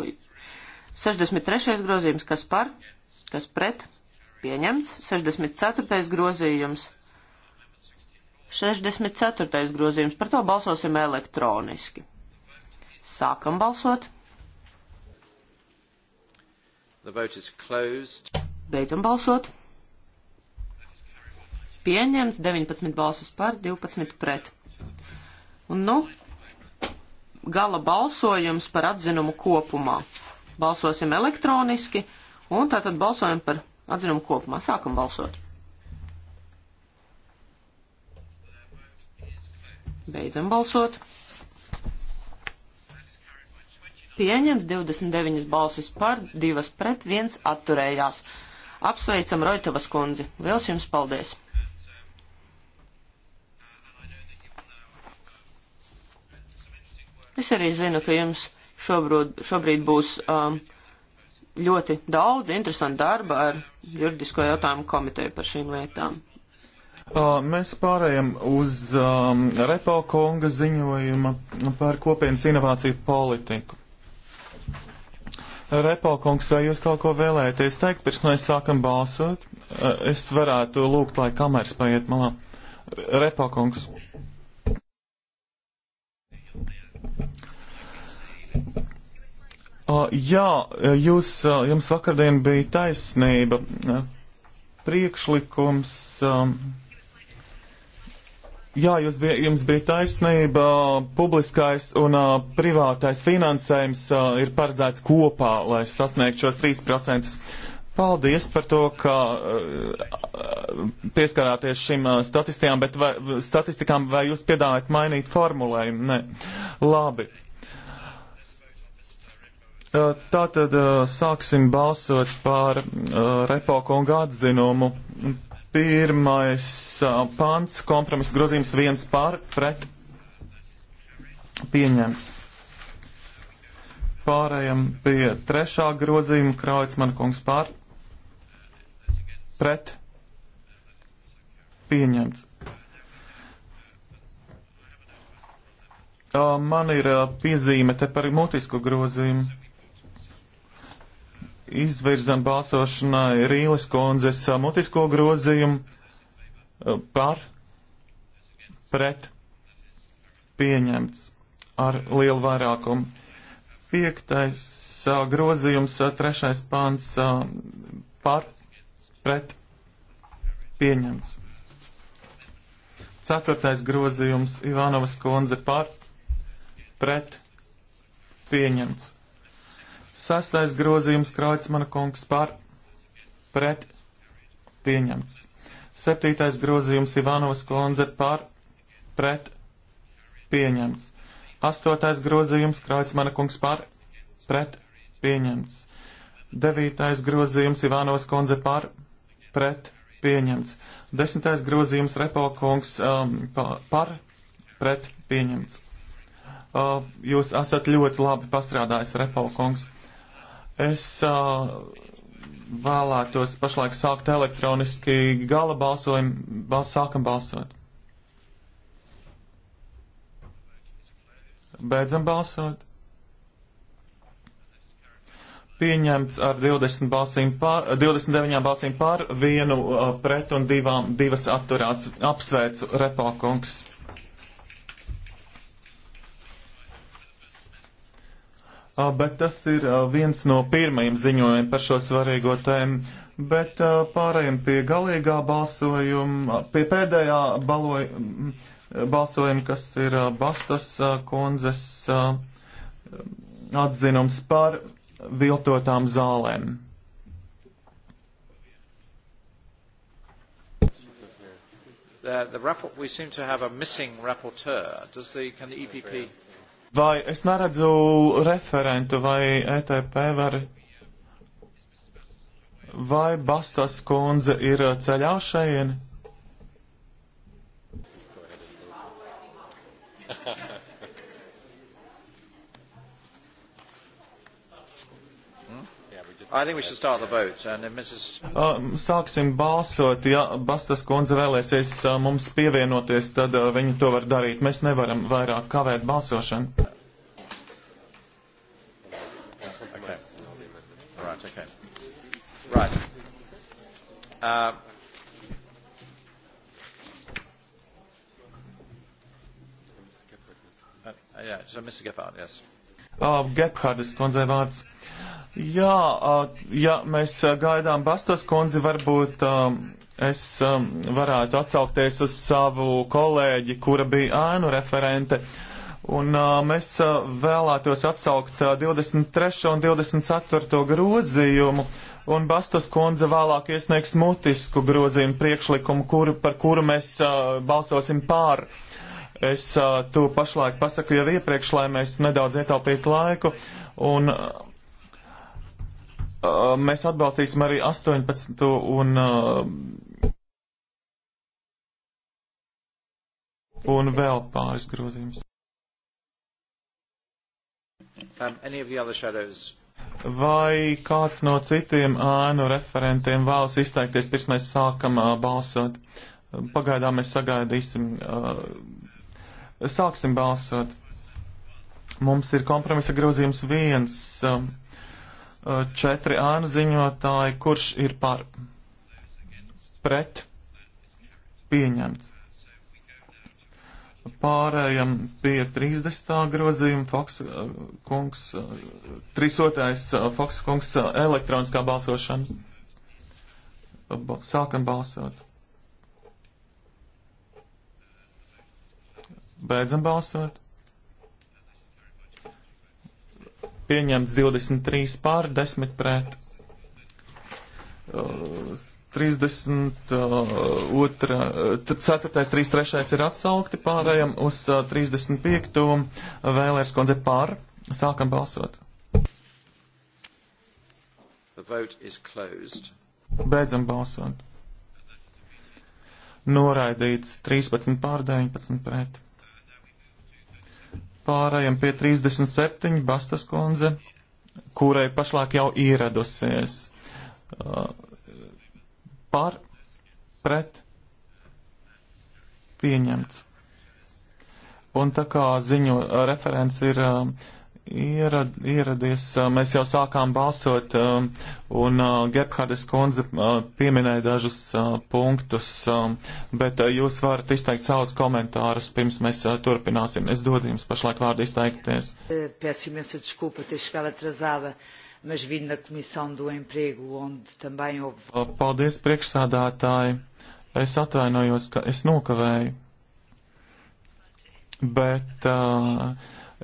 63. grozījums, kas par, kas pret, pieņemts. 64. grozījums. 64. grozījums. Par to balsosim elektroniski. Sākam balsot. Beidzam balsot. Pieņemts 19 balsus par, 12 pret. Un nu, gala balsojums par atzinumu kopumā. Balsosim elektroniski un tātad balsojam par Atzinām kopumā. Sākam balsot. Beidzam balsot. Pieņems 29 balsis par, 2 pret, 1 atturējās. Apsveicam Roitavas kundzi. Liels jums paldies! Es arī zinu, ka jums šobrīd, šobrīd būs um, ļoti daudz interesanta darba ar juridisko jautājumu komiteju par šīm lietām. Mēs pārējām uz um, Repo Konga ziņojuma par kopienas inovāciju politiku. Repo Kongs, vai jūs kaut ko vēlēties teikt, pirms mēs sākam balsot? Es varētu lūgt, lai kameras paiet malā. Repo Kongs. Uh, jā, uh, jūs, uh, jums vakardien bija taisnība. Uh, priekšlikums. Um, jā, jūs bija, jums bija taisnība. Publiskais un uh, privātais finansējums uh, ir paredzēts kopā, lai sasniegtu šos 3%. Paldies par to, ka uh, pieskarāties šim uh, statistikām, bet vai, statistikām vai jūs piedāvājat mainīt formulējumu? Nē. Labi. Uh, Tā tad sāksim balsot par repokongu atzinumu. Pirmais pants, kompromiss grozījums viens pār, pret, pieņemts. Pārējam pie trešā grozījuma, kraujas man kungs pār, pret, pieņemts. Man ir piezīme te par mutisku grozījumu izvirzam balsošanai Rīles kundzes mutisko grozījumu eh, par pret pieņemts ar lielu vairākumu. Piektais eh, grozījums, eh, trešais pants par pret pieņemts. Ceturtais grozījums Ivanovas kundze par pret pieņemts. Sastais grozījums Kraucmana kungs par pret pieņemts. Septītais grozījums Ivanovas kundze par pret pieņemts. Astotais grozījums Kraucmana kungs par pret pieņemts. Devītais grozījums Ivanovas kundze par pret pieņemts. Desmitais grozījums Repo kungs um, par pret pieņemts. Uh, jūs esat ļoti labi pastrādājis, Repo kungs. Es uh, vēlētos pašlaik sākt elektroniski gala balsojumu, bals, sākam balsot. Beidzam balsot. Pieņemts ar 20 balsīm pār, 29 balsīm pār, vienu uh, pret un divām, divas atturās. Apsveicu, Repā kungs. bet tas ir viens no pirmajiem ziņojumiem par šo svarīgo tēmu. Bet pārējiem pie galīgā balsojuma, pie pēdējā baloj, balsojuma, kas ir Bastas kundzes atzinums par viltotām zālēm. The, the rapport, we seem to have a missing rapporteur. Does the, can the EPP? Yes. Vai es neredzu referentu vai ETP var. Vai Bastas kundze ir uh, ceļā šajien? Uh, sāksim balsot. Ja Bastas kundze vēlēsies uh, mums pievienoties, tad uh, viņa to var darīt. Mēs nevaram vairāk kavēt balsošanu. Okay. Right, okay. Right. Uh, uh, yeah, so Mr. Gephardt, yes. Uh, Gephardt, kundzei vārds. Uh, Jā, ja mēs gaidām Bastos kundzi, varbūt es varētu atsaukties uz savu kolēģi, kura bija ēnu referente. Un mēs vēlētos atsaukt 23. un 24. grozījumu, un Bastos kundze vēlāk iesniegs mutisku grozījumu priekšlikumu, kuru, par kuru mēs balsosim pār. Es to pašlaik pasaku jau iepriekš, lai mēs nedaudz ietaupītu laiku. Un, uh, Uh, mēs atbalstīsim arī 18. un, uh, un vēl pāris grozījumus. Um, any of the other shadows Vai kāds no citiem ēnu referentiem vēlas izteikties, pirms mēs sākam uh, balsot? Pagaidām mēs sagaidīsim, uh, sāksim balsot. Mums ir kompromisa grozījums viens. Uh, četri ānu ziņotāji, kurš ir par pret pieņemts. Pārējam pie 30. grozījuma Foks uh, kungs, uh, trisotais uh, Foks kungs elektroniskā balsošana. Sākam balsot. Beidzam balsot. pieņemts 23 pār 10 pret. 32, 4, 3, 3 ir atsaukti, pārējām uz 35. Uh, Vēlērs kundze pār. Sākam balsot. Beidzam balsot. Noraidīts 13 pār 19 pret. Pārējiem pie 37 Bastas kundze, kurai pašlaik jau ieradusies. Uh, par, pret, pieņemts. Un tā kā ziņu referents ir um, ierad, ieradies, mēs jau sākām balsot, un Gebhardes kundze pieminēja dažus punktus, bet jūs varat izteikt savus komentārus, pirms mēs turpināsim. Es dodu jums pašlaik vārdu izteikties. Paldies, priekšsādātāji. Es atvainojos, ka es nokavēju. Bet uh,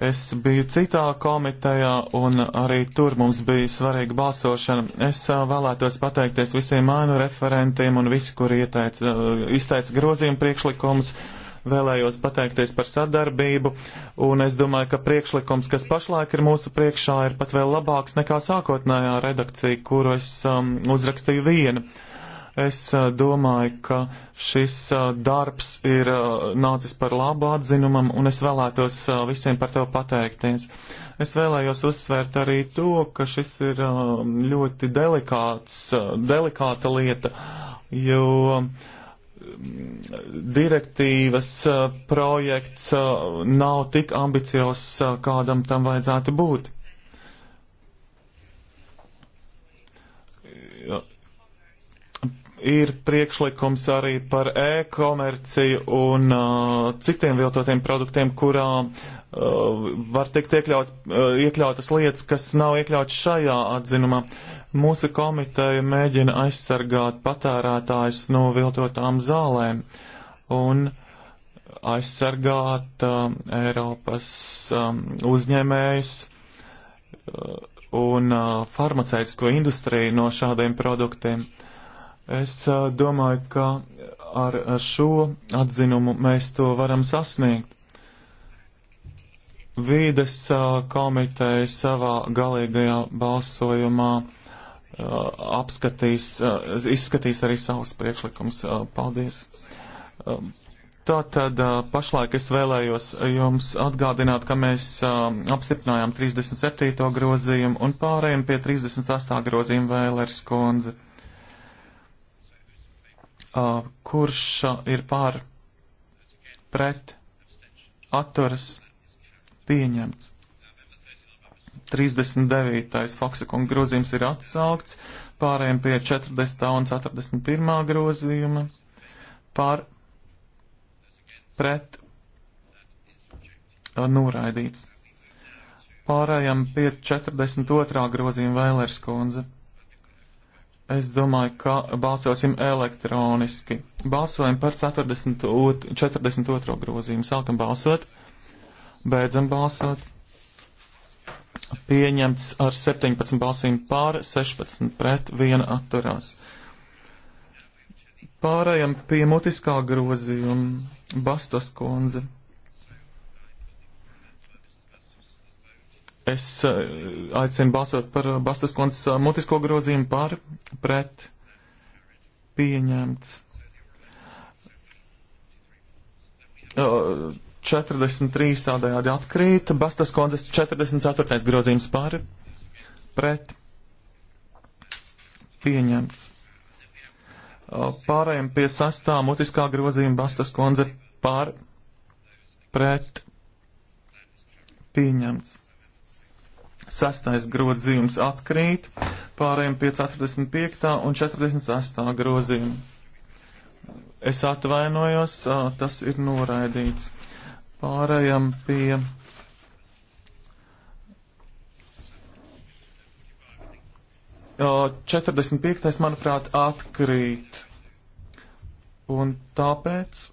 Es biju citā komitejā, un arī tur mums bija svarīga balsošana. Es vēlētos pateikties visiem mānu referentiem un visi, kuri ieteica, izteica grozījumu priekšlikumus. Vēlējos pateikties par sadarbību, un es domāju, ka priekšlikums, kas pašlaik ir mūsu priekšā, ir pat vēl labāks nekā sākotnējā redakcija, kuru es um, uzrakstīju vienu. Uh, Es domāju, ka šis darbs ir nācis par labu atzinumam, un es vēlētos visiem par to pateikties. Es vēlējos uzsvērt arī to, ka šis ir ļoti delikāts, delikāta lieta, jo direktīvas projekts nav tik ambiciozs, kādam tam vajadzētu būt ir priekšlikums arī par e-komerciju un uh, citiem viltotiem produktiem, kurā uh, var tikt iekļaut, uh, iekļautas lietas, kas nav iekļautas šajā atzinumā. Mūsu komiteja mēģina aizsargāt patērētājs no viltotām zālēm un aizsargāt uh, Eiropas um, uzņēmējs. Uh, un uh, farmaceitisko industriju no šādiem produktiem. Uh, Es domāju, ka ar šo atzinumu mēs to varam sasniegt. Vīdes komiteja savā galīgajā balsojumā apskatīs, izskatīs arī savus priekšlikumus. Paldies! Tātad pašlaik es vēlējos jums atgādināt, ka mēs apstiprinājām 37. grozījumu un pārējiem pie 38. grozījuma vēlērs kundze kurš ir pār pret atturas pieņemts. 39. Foksakunga grozījums ir atsaukts, pārējiem pie 40. un 41. grozījuma pār pret noraidīts. Pārējām pie 42. grozījuma Vēlers kundze. Es domāju, ka balsosim elektroniski. Balsojam par 42, 42. grozījumu. Sākam balsot. Beidzam balsot. Pieņemts ar 17 balsīm pār, 16 pret, 1 atturās. Pārējam pie mutiskā grozījuma. Bastas kundze. Es eh, aicinu balsot par eh, Bastas kundzes eh, mutisko grozījumu par pret pieņemts. 43 tādējādi atkrīt, Bastas kundzes 44. grozījums par pret pieņemts. Pārējiem pie sastā mutiskā grozījuma Bastas kundze par pret pieņemts. Sastais grozījums atkrīt, pārējiem pie 45. un 48. grozījuma. Es atvainojos, tas ir noraidīts. Pārējām pie. Uh, 45. manuprāt, atkrīt. Un tāpēc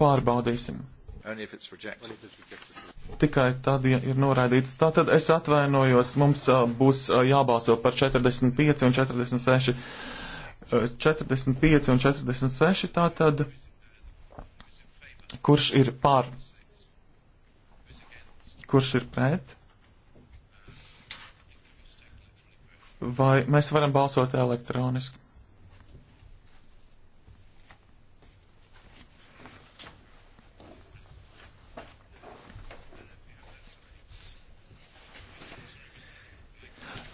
pārbaudīsim. Only if it's rejected. Only if it's rejected tikai tad, ja ir noraidīts. Tātad es atvainojos, mums būs jābalso par 45 un 46. 45 un 46 tātad, kurš ir pār, kurš ir pret, vai mēs varam balsot elektroniski?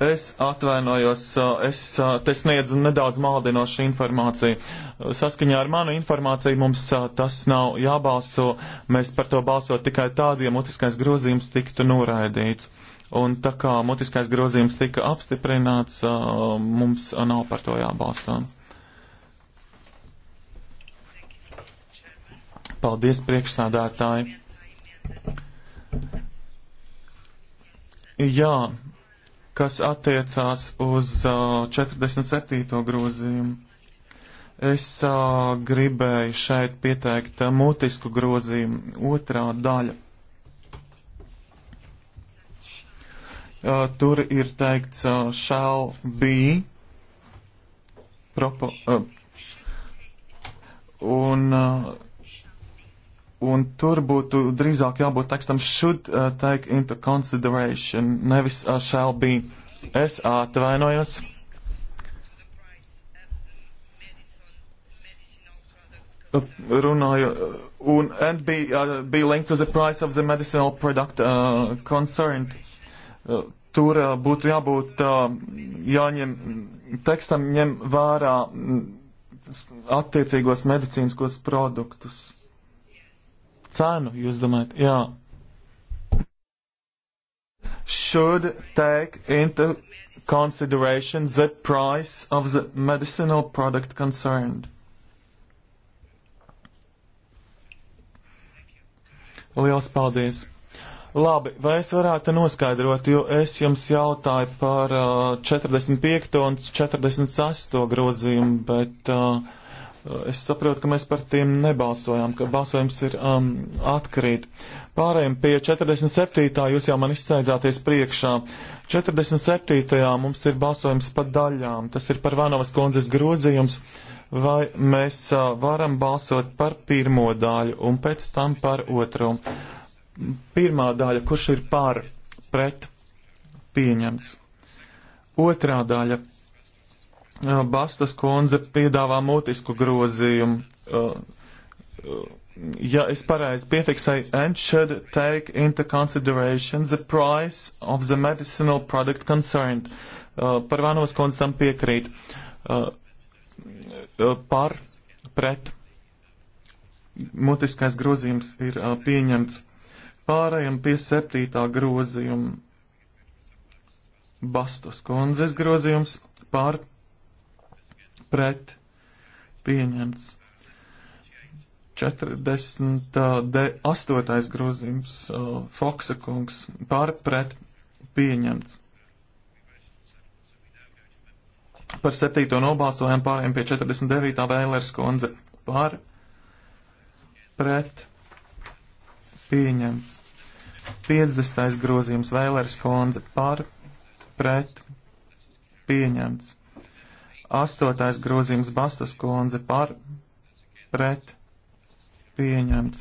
Es atvainojos, es te sniedzu nedaudz maldinošu informāciju. Saskaņā ar manu informāciju mums tas nav jābalso. Mēs par to balsot tikai tādā, ja mutiskais grozījums tiktu noraidīts. Un tā kā mutiskais grozījums tika apstiprināts, mums nav par to jābalso. Paldies, priekšsādātāji. Jā, kas attiecās uz uh, 47. grozījumu. Es uh, gribēju šeit pieteikt uh, mutisku grozījumu otrā daļa. Uh, tur ir teikts uh, shall be propo, uh, un uh, Un tur būtu drīzāk jābūt tekstam should uh, take into consideration, nevis uh, shall be. Es atvainojos. Uh, runāju, uh, un and be, uh, be linked to the price of the medicinal product uh, concerned. Uh, tur uh, būtu jābūt uh, jāņem tekstam ņem vērā mm, attiecīgos medicīniskos produktus cenu, jūs domājat, jā. Should take into consideration the price of the medicinal product concerned. Liels paldies! Labi, vai es varētu noskaidrot, jo es jums jautāju par uh, 45. un 46. grozījumu, bet uh, Es saprotu, ka mēs par tiem nebalsojām, ka balsojums ir um, atkrīt. Pārējiem pie 47. jūs jau man izsteidzāties priekšā. 47. mums ir balsojums pa daļām. Tas ir par Vanovas kundzes grozījums. Vai mēs uh, varam balsot par pirmo daļu un pēc tam par otro? Pirmā daļa, kurš ir par, pret, pieņemts. Otrā daļa Bastas kundze piedāvā mutisku grozījumu. Uh, uh, ja es pareizi piefiksēju, and should take into consideration the price of the medicinal product concerned. Uh, par Vānos kundze tam piekrīt. Par, pret. Mutiskais grozījums ir pieņemts. Pārējam pie septītā grozījuma. Bastas kundzes grozījums par pret pieņemts. 48. grozījums Foksa kungs par pret pieņemts. Par 7. nobalsojām pārējiem pie 49. vēlērs kundze par pret pieņemts. 50. grozījums vēlērs kundze par pret pieņemts. Astotais grozījums Bastas kundze par pret pieņemts.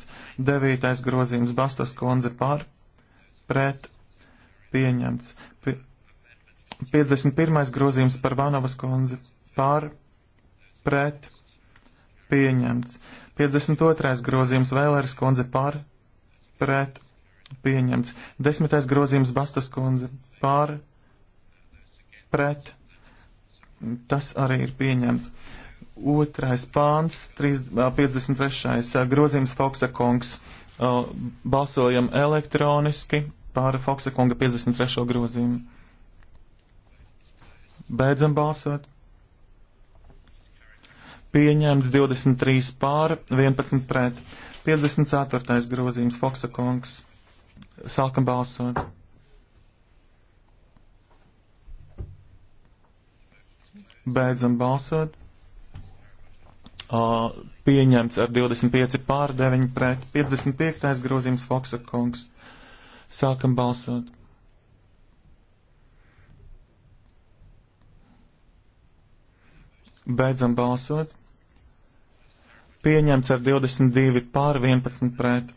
Devītais grozījums Bastas kundze par pret pieņemts. P 51. grozījums par Vanovas kundzi par pret pieņemts. 52. grozījums Vēlēras kundze par pret pieņemts. 10. grozījums Bastas kundze par pret Tas arī ir pieņemts. Otrais pāns, 53. grozījums Foksa kungs. Balsojam elektroniski par Foksa kunga 53. grozījumu. Beidzam balsot. Pieņemts 23 pār, 11 pret. 54. grozījums Foksa kungs. Sākam balsot. Beidzam balsot. Uh, pieņemts ar 25 pār 9 pret 55. grozījums Foksa kungs. Sākam balsot. Beidzam balsot. Pieņemts ar 22 pār 11 pret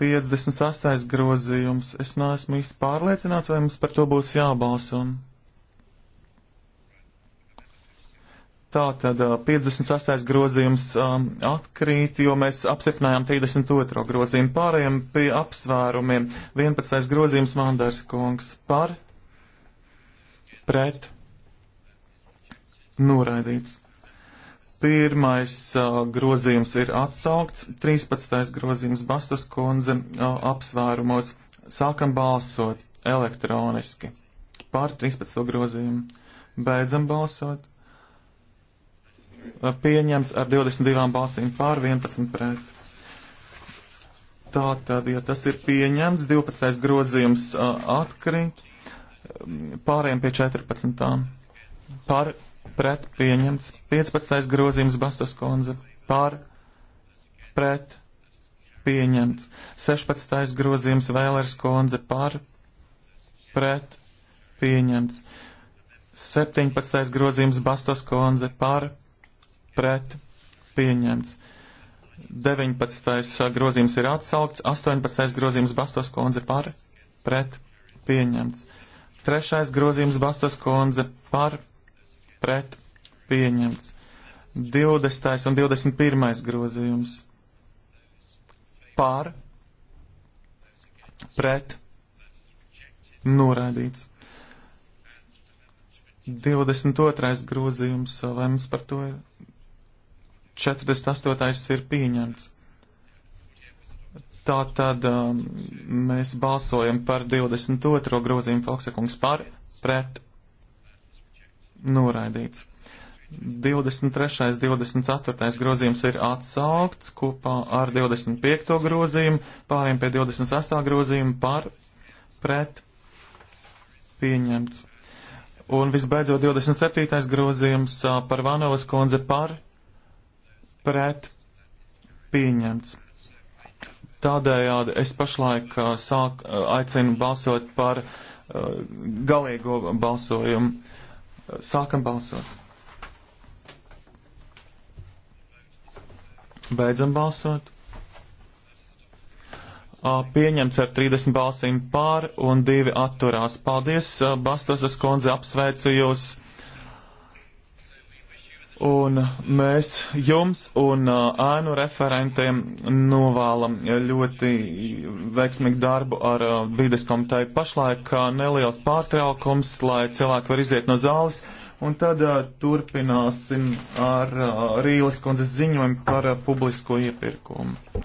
58. grozījums. Es neesmu īsti pārliecināts, vai mums par to būs jābalso. Un... Tā tad 58. grozījums um, atkrīt, jo mēs apstiprinājām 32. grozījumu. Pārējiem pie apsvērumiem. 11. grozījums Vandārs kungs par, pret, noraidīts. Pirmais uh, grozījums ir atsaukts, 13. grozījums Bastas kundze uh, apsvērumos. Sākam balsot elektroniski par 13. grozījumu. Beidzam balsot pieņemts ar 22 balsīm pār 11 pret. Tā tad, ja tas ir pieņemts, 12. grozījums atkrīt, pāriem pie 14. Par pret pieņemts, 15. grozījums Bastos Konze, par pret pieņemts, 16. grozījums Vēlers Konze, par pret pieņemts, 17. grozījums Bastos Konze, par pret pret pieņemts. 19. Uh, grozījums ir atsaukts, 18. grozījums Bastos kundze par pret pieņemts. 3. grozījums Bastos kundze par pret pieņemts. 20. un 21. grozījums par pret noraidīts. 22. grozījums, uh, vai mums par to ir 48. ir pieņemts. Tā tad um, mēs balsojam par 22. grozījumu Falksekungs par, pret, noraidīts. 23. 24. grozījums ir atsaukts kopā ar 25. grozījumu, pāriem pie 28. grozījumu par, pret, pieņemts. Un visbeidzot 27. grozījums uh, par Vanovas kundze par, pret pret pieņemts. Tādējādi es pašlaik uh, sāk, uh, aicinu balsot par uh, galīgo balsojumu. Sākam balsot. Beidzam balsot. Pieņemts ar 30 balsīm pār un divi atturās. Paldies, Bastosas kundze, apsveicu jūs Un mēs jums un uh, ēnu referentiem novēlam uh, ļoti veiksmīgu darbu ar uh, vides komiteju. Pašlaik neliels pārtraukums, lai cilvēki var iziet no zāles. Un tad uh, turpināsim ar uh, Rīles kundzes ziņojumu par uh, publisko iepirkumu.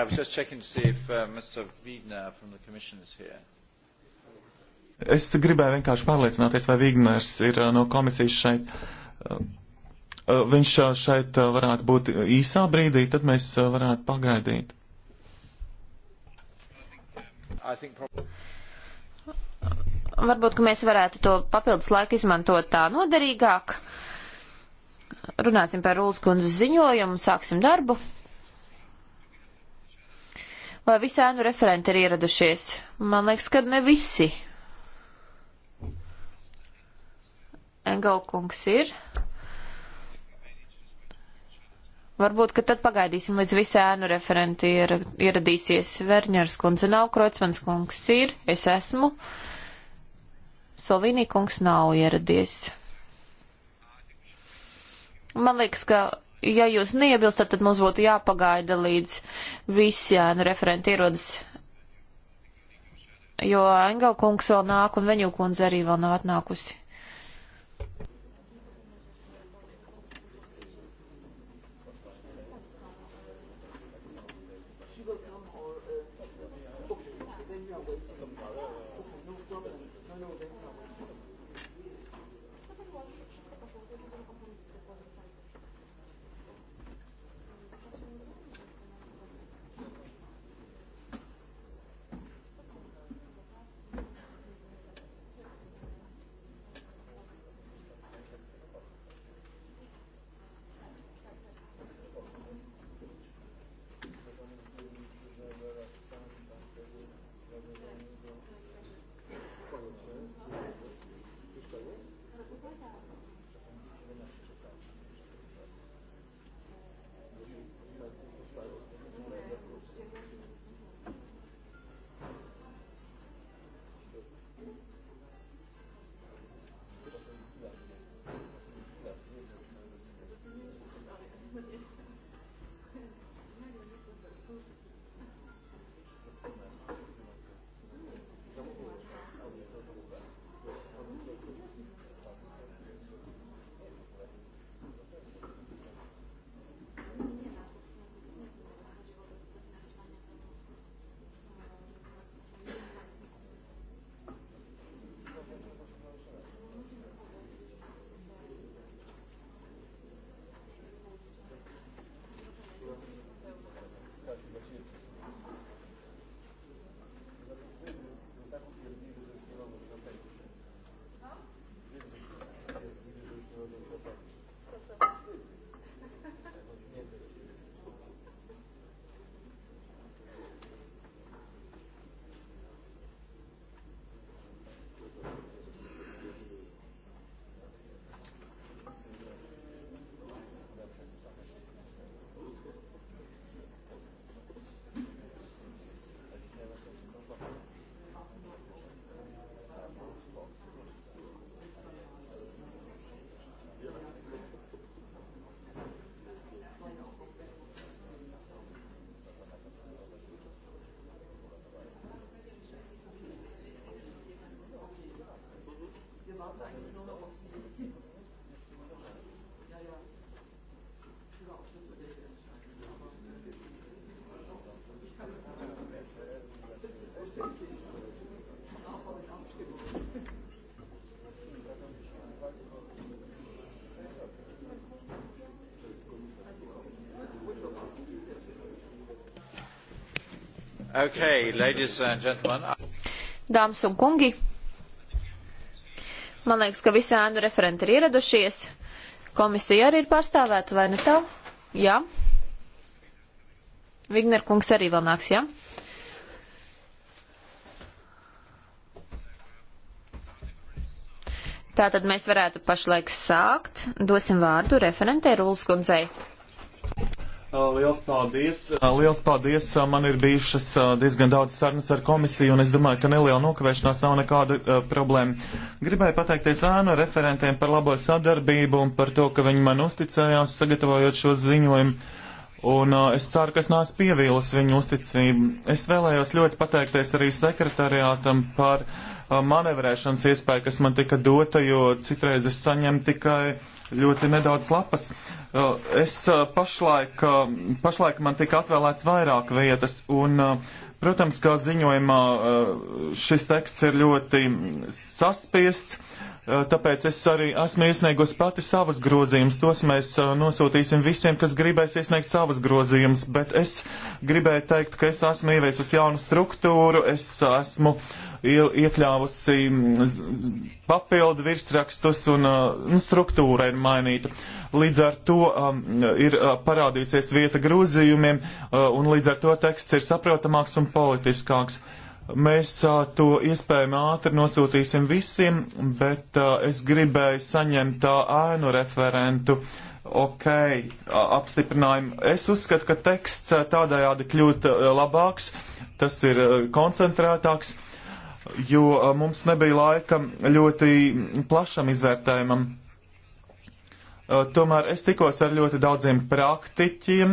Sorry, I was just checking to see if uh, Mr. Wiedner from the Commission is here. Es gribēju vienkārši pārliecināties, vai Vigners ir uh, no komisijas šeit. Uh, uh, viņš uh, šeit uh, varētu būt īsā brīdī, tad mēs uh, varētu pagaidīt. Varbūt, ka mēs varētu to papildus laiku izmantot tā noderīgāk. Runāsim par Rūlas kundzes ziņojumu, sāksim darbu. Vai visi ēnu referenti ir ieradušies? Man liekas, ka ne visi. Engelkungs ir. Varbūt, ka tad pagaidīsim, līdz visi ēnu referenti ir, ieradīsies. Verņers kundze nav, Krocmans kungs ir, es esmu. Solvīnī kungs nav ieradies. Man liekas, ka ja jūs neiebilstat, tad mums būtu jāpagaida līdz visi ēnu referenti ierodas, jo Engela kungs vēl nāk un viņu kundze arī vēl nav atnākusi. Okay, ladies and gentlemen. Dāmas un kungi, man liekas, ka visi ēnu referenti ir ieradušies. Komisija arī ir pārstāvēta, vai ne nu tā? Jā. Vigner kungs arī vēl nāks, jā? Tātad mēs varētu pašlaik sākt. Dosim vārdu referentē Rūlas kundzei. Uh, liels paldies! Uh, liels paldies! Uh, man ir bijušas diezgan daudz sarunas ar komisiju, un es domāju, ka neliela nokavēšanās nav nekāda uh, problēma. Gribēju pateikties ēnu referentiem par labo sadarbību un par to, ka viņi man uzticējās sagatavojot šo ziņojumu. Un uh, es ceru, ka es nāc pievīlas viņu uzticību. Es vēlējos ļoti pateikties arī sekretariātam par uh, manevrēšanas iespēju, kas man tika dota, jo citreiz es saņemu tikai uh, ļoti nedaudz lapas. Uh, es uh, pašlaik, uh, pašlaik man tika atvēlēts vairāk vietas, un, protams, kā ziņojumā šis teksts ir ļoti saspiests, tāpēc es arī esmu iesniegusi pati savas grozījumus. Tos mēs nosūtīsim visiem, kas gribēs iesniegt savas grozījumus, bet es gribēju teikt, ka es esmu ieviesusi jaunu struktūru, es esmu uh, iekļāvusi mm, papildu virsrakstus un uh, nu, struktūra ir mainīta. Līdz ar to um, ir uh, parādījusies vieta grozījumiem uh, un līdz ar to teksts ir saprotamāks un politiskāks. Mēs uh, to iespējami ātri nosūtīsim visiem, bet uh, es gribēju saņemt tā ēnu referentu. Ok, apstiprinājumu. Es uzskatu, ka teksts tādējādi kļūt labāks, tas ir koncentrētāks. Uh, jo mums nebija laika ļoti plašam izvērtējumam. Tomēr es tikos ar ļoti daudziem praktiķiem,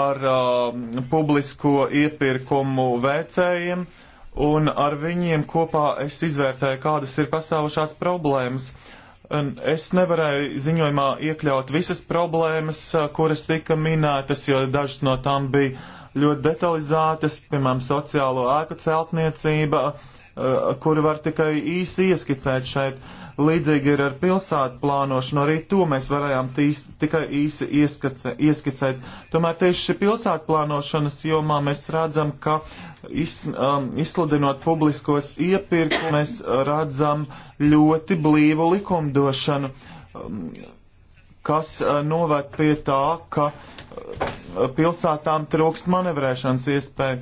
ar publisko iepirkumu veicējiem, un ar viņiem kopā es izvērtēju, kādas ir pastāvušās problēmas. Es nevarēju ziņojumā iekļaut visas problēmas, kuras tika minētas, jo dažas no tām bija ļoti detalizētas, piemēram, sociālo ēku celtniecība, eh, kuru var tikai īsi ieskicēt šeit. Līdzīgi ir ar pilsētu plānošanu, arī to mēs varējām tīs, tikai īsi ieskace, ieskicēt. Tomēr tieši pilsētu plānošanas jomā mēs redzam, ka iz, um, izsludinot publiskos iepirkumus, mēs redzam ļoti blīvu likumdošanu, um, kas uh, eh, novērt pie tā, ka uh, pilsētām trūkst manevrēšanas iespēju.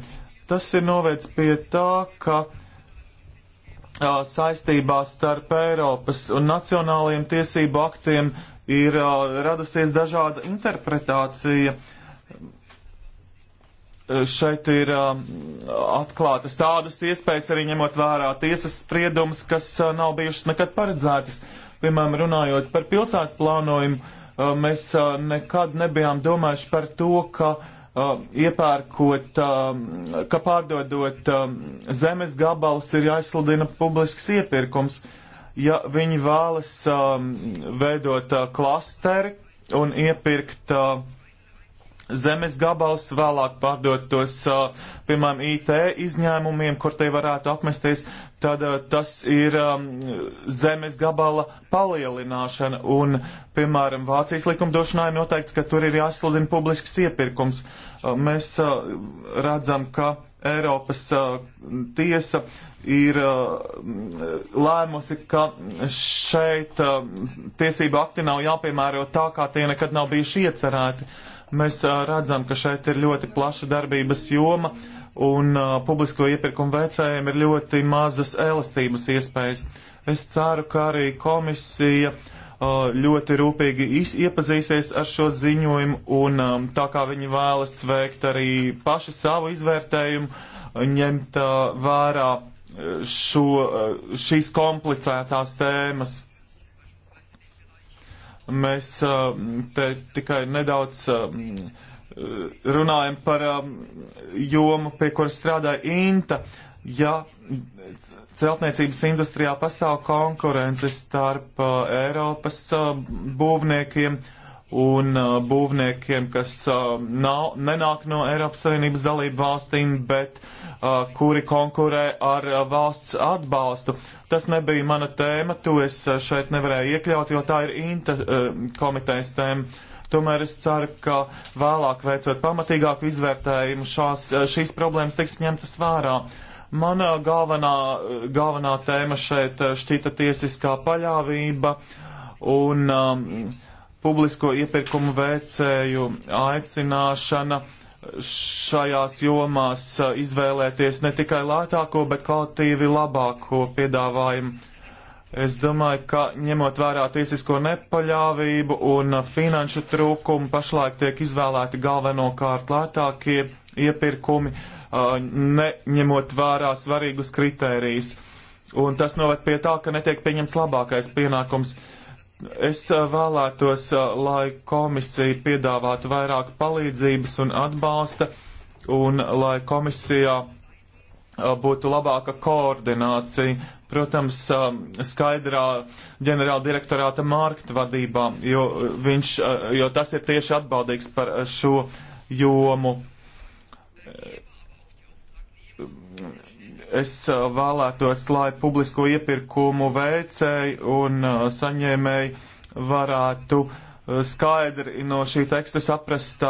Tas ir novēc pie tā, ka a, saistībās starp Eiropas un nacionālajiem tiesību aktiem ir a, radusies dažāda interpretācija. Šeit ir a, atklātas tādas iespējas, arī ņemot vērā tiesas spriedumus, kas nav bijušas nekad paredzētas. Piemēram, runājot par pilsētu plānojumu, Uh, mēs uh, nekad nebijām domājuši par to, ka uh, iepērkot, ka pārdodot um, zemes gabalus ir jāizsludina publisks iepirkums. Ja viņi vēlas um, veidot klasteri un iepirkt uh, zemes gabals, vēlāk pārdot tos, piemēram, IT izņēmumiem, kur tie varētu apmesties, tad tas ir um, zemes gabala palielināšana. Un, piemēram, Vācijas likumdošanā ir noteikts, ka tur ir jāsludina publisks iepirkums. Mēs uh, redzam, ka Eiropas uh, tiesa ir uh, lēmusi, ka šeit tiesība akti nav jāpiemēro tā, kā tie nekad nav bijuši iecerēti. Uh, Mēs redzam, ka šeit ir ļoti plaša darbības joma un publisko iepirkumu veicējiem ir ļoti mazas elastības iespējas. Es ceru, ka arī komisija ļoti rūpīgi iepazīsies ar šo ziņojumu, un tā kā viņi vēlas veikt arī paši savu izvērtējumu, ņemt vērā šo, šīs komplicētās tēmas. Mēs te tikai nedaudz runājam par jomu, pie kuras strādāja Inta. Ja celtniecības industrijā pastāv konkurence starp Eiropas būvniekiem un būvniekiem, kas nav, nenāk no Eiropas Savienības dalību valstīm, bet uh, kuri konkurē ar valsts atbalstu. Tas nebija mana tēma, to es šeit nevarēju iekļaut, jo tā ir Inta komitejas tēma. Tomēr es ceru, ka vēlāk veicot pamatīgāku izvērtējumu šās, šīs problēmas tiks ņemtas vērā. Mana galvenā, galvenā tēma šeit šķita tiesiskā paļāvība un um, publisko iepirkumu veicēju aicināšana uh, šajās jomās izvēlēties ne tikai lētāko, bet kvalitīvi labāko piedāvājumu. Es domāju, ka ņemot vērā tiesisko nepaļāvību un finanšu trūkumu, pašlaik tiek izvēlēti galvenokārt lētākie iepirkumi, neņemot vērā svarīgus kritērijus. Un tas noved pie tā, ka netiek pieņemts labākais pienākums. Uh, Es eh, vēlētos, eh, lai komisija piedāvātu vairāk palīdzības un atbalsta, un lai komisijā eh, būtu labāka koordinācija. Protams, skaidrā ģenerāla direktorāta Mārkta vadībā, jo, viņš, jo tas ir tieši atbaldīgs par šo jomu. Es uh, vēlētos, lai publisko iepirkumu veicēji un uh, saņēmēji varētu uh, skaidri no šī teksta saprast,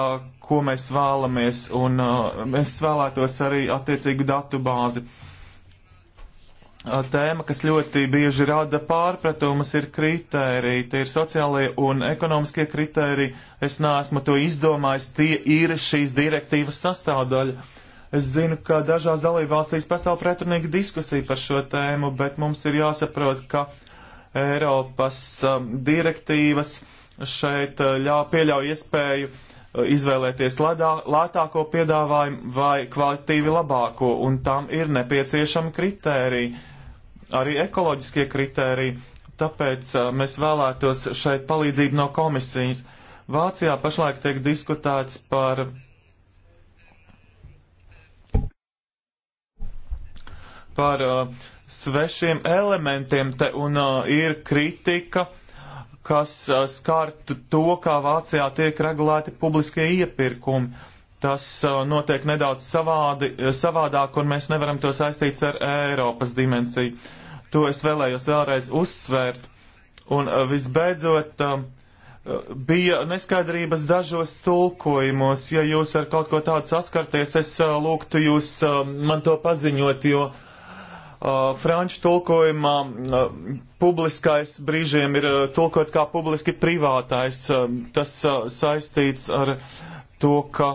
ko mēs vēlamies, un mēs vēlētos arī attiecīgu datu bāzi. Tēma, kas ļoti bieži rada pārpratumus, ir kritērija. Tie ir sociālie un ekonomiskie kritēriji. Es neesmu to izdomājis. Tie ir šīs direktīvas sastāvdaļa. Es zinu, ka dažās dalībvalstīs pastāv pretrunīga diskusija par šo tēmu, bet mums ir jāsaprot, ka Eiropas um, direktīvas šeit uh, ļā, pieļauj iespēju uh, izvēlēties ledā, lētāko piedāvājumu vai kvalitīvi labāko, un tam ir nepieciešama kritērija, arī ekoloģiskie kritēriji. Tāpēc uh, mēs vēlētos šeit palīdzību no komisijas. Vācijā pašlaik tiek diskutēts par par uh, svešiem elementiem te un uh, ir kritika, kas uh, skārtu to, kā Vācijā tiek regulēti publiskie iepirkumi. Tas uh, notiek nedaudz savādi, savādāk un mēs nevaram to saistīt ar Eiropas dimensiju. To es vēlējos vēlreiz uzsvērt. Un uh, visbeidzot, uh, bija neskaidrības dažos tulkojumos. Ja jūs ar kaut ko tādu saskarties, es uh, lūgtu jūs uh, man to paziņot, jo Uh, franču tulkojumā uh, publiskais brīžiem ir uh, tulkots kā publiski privātais. Tas saistīts ar to, ka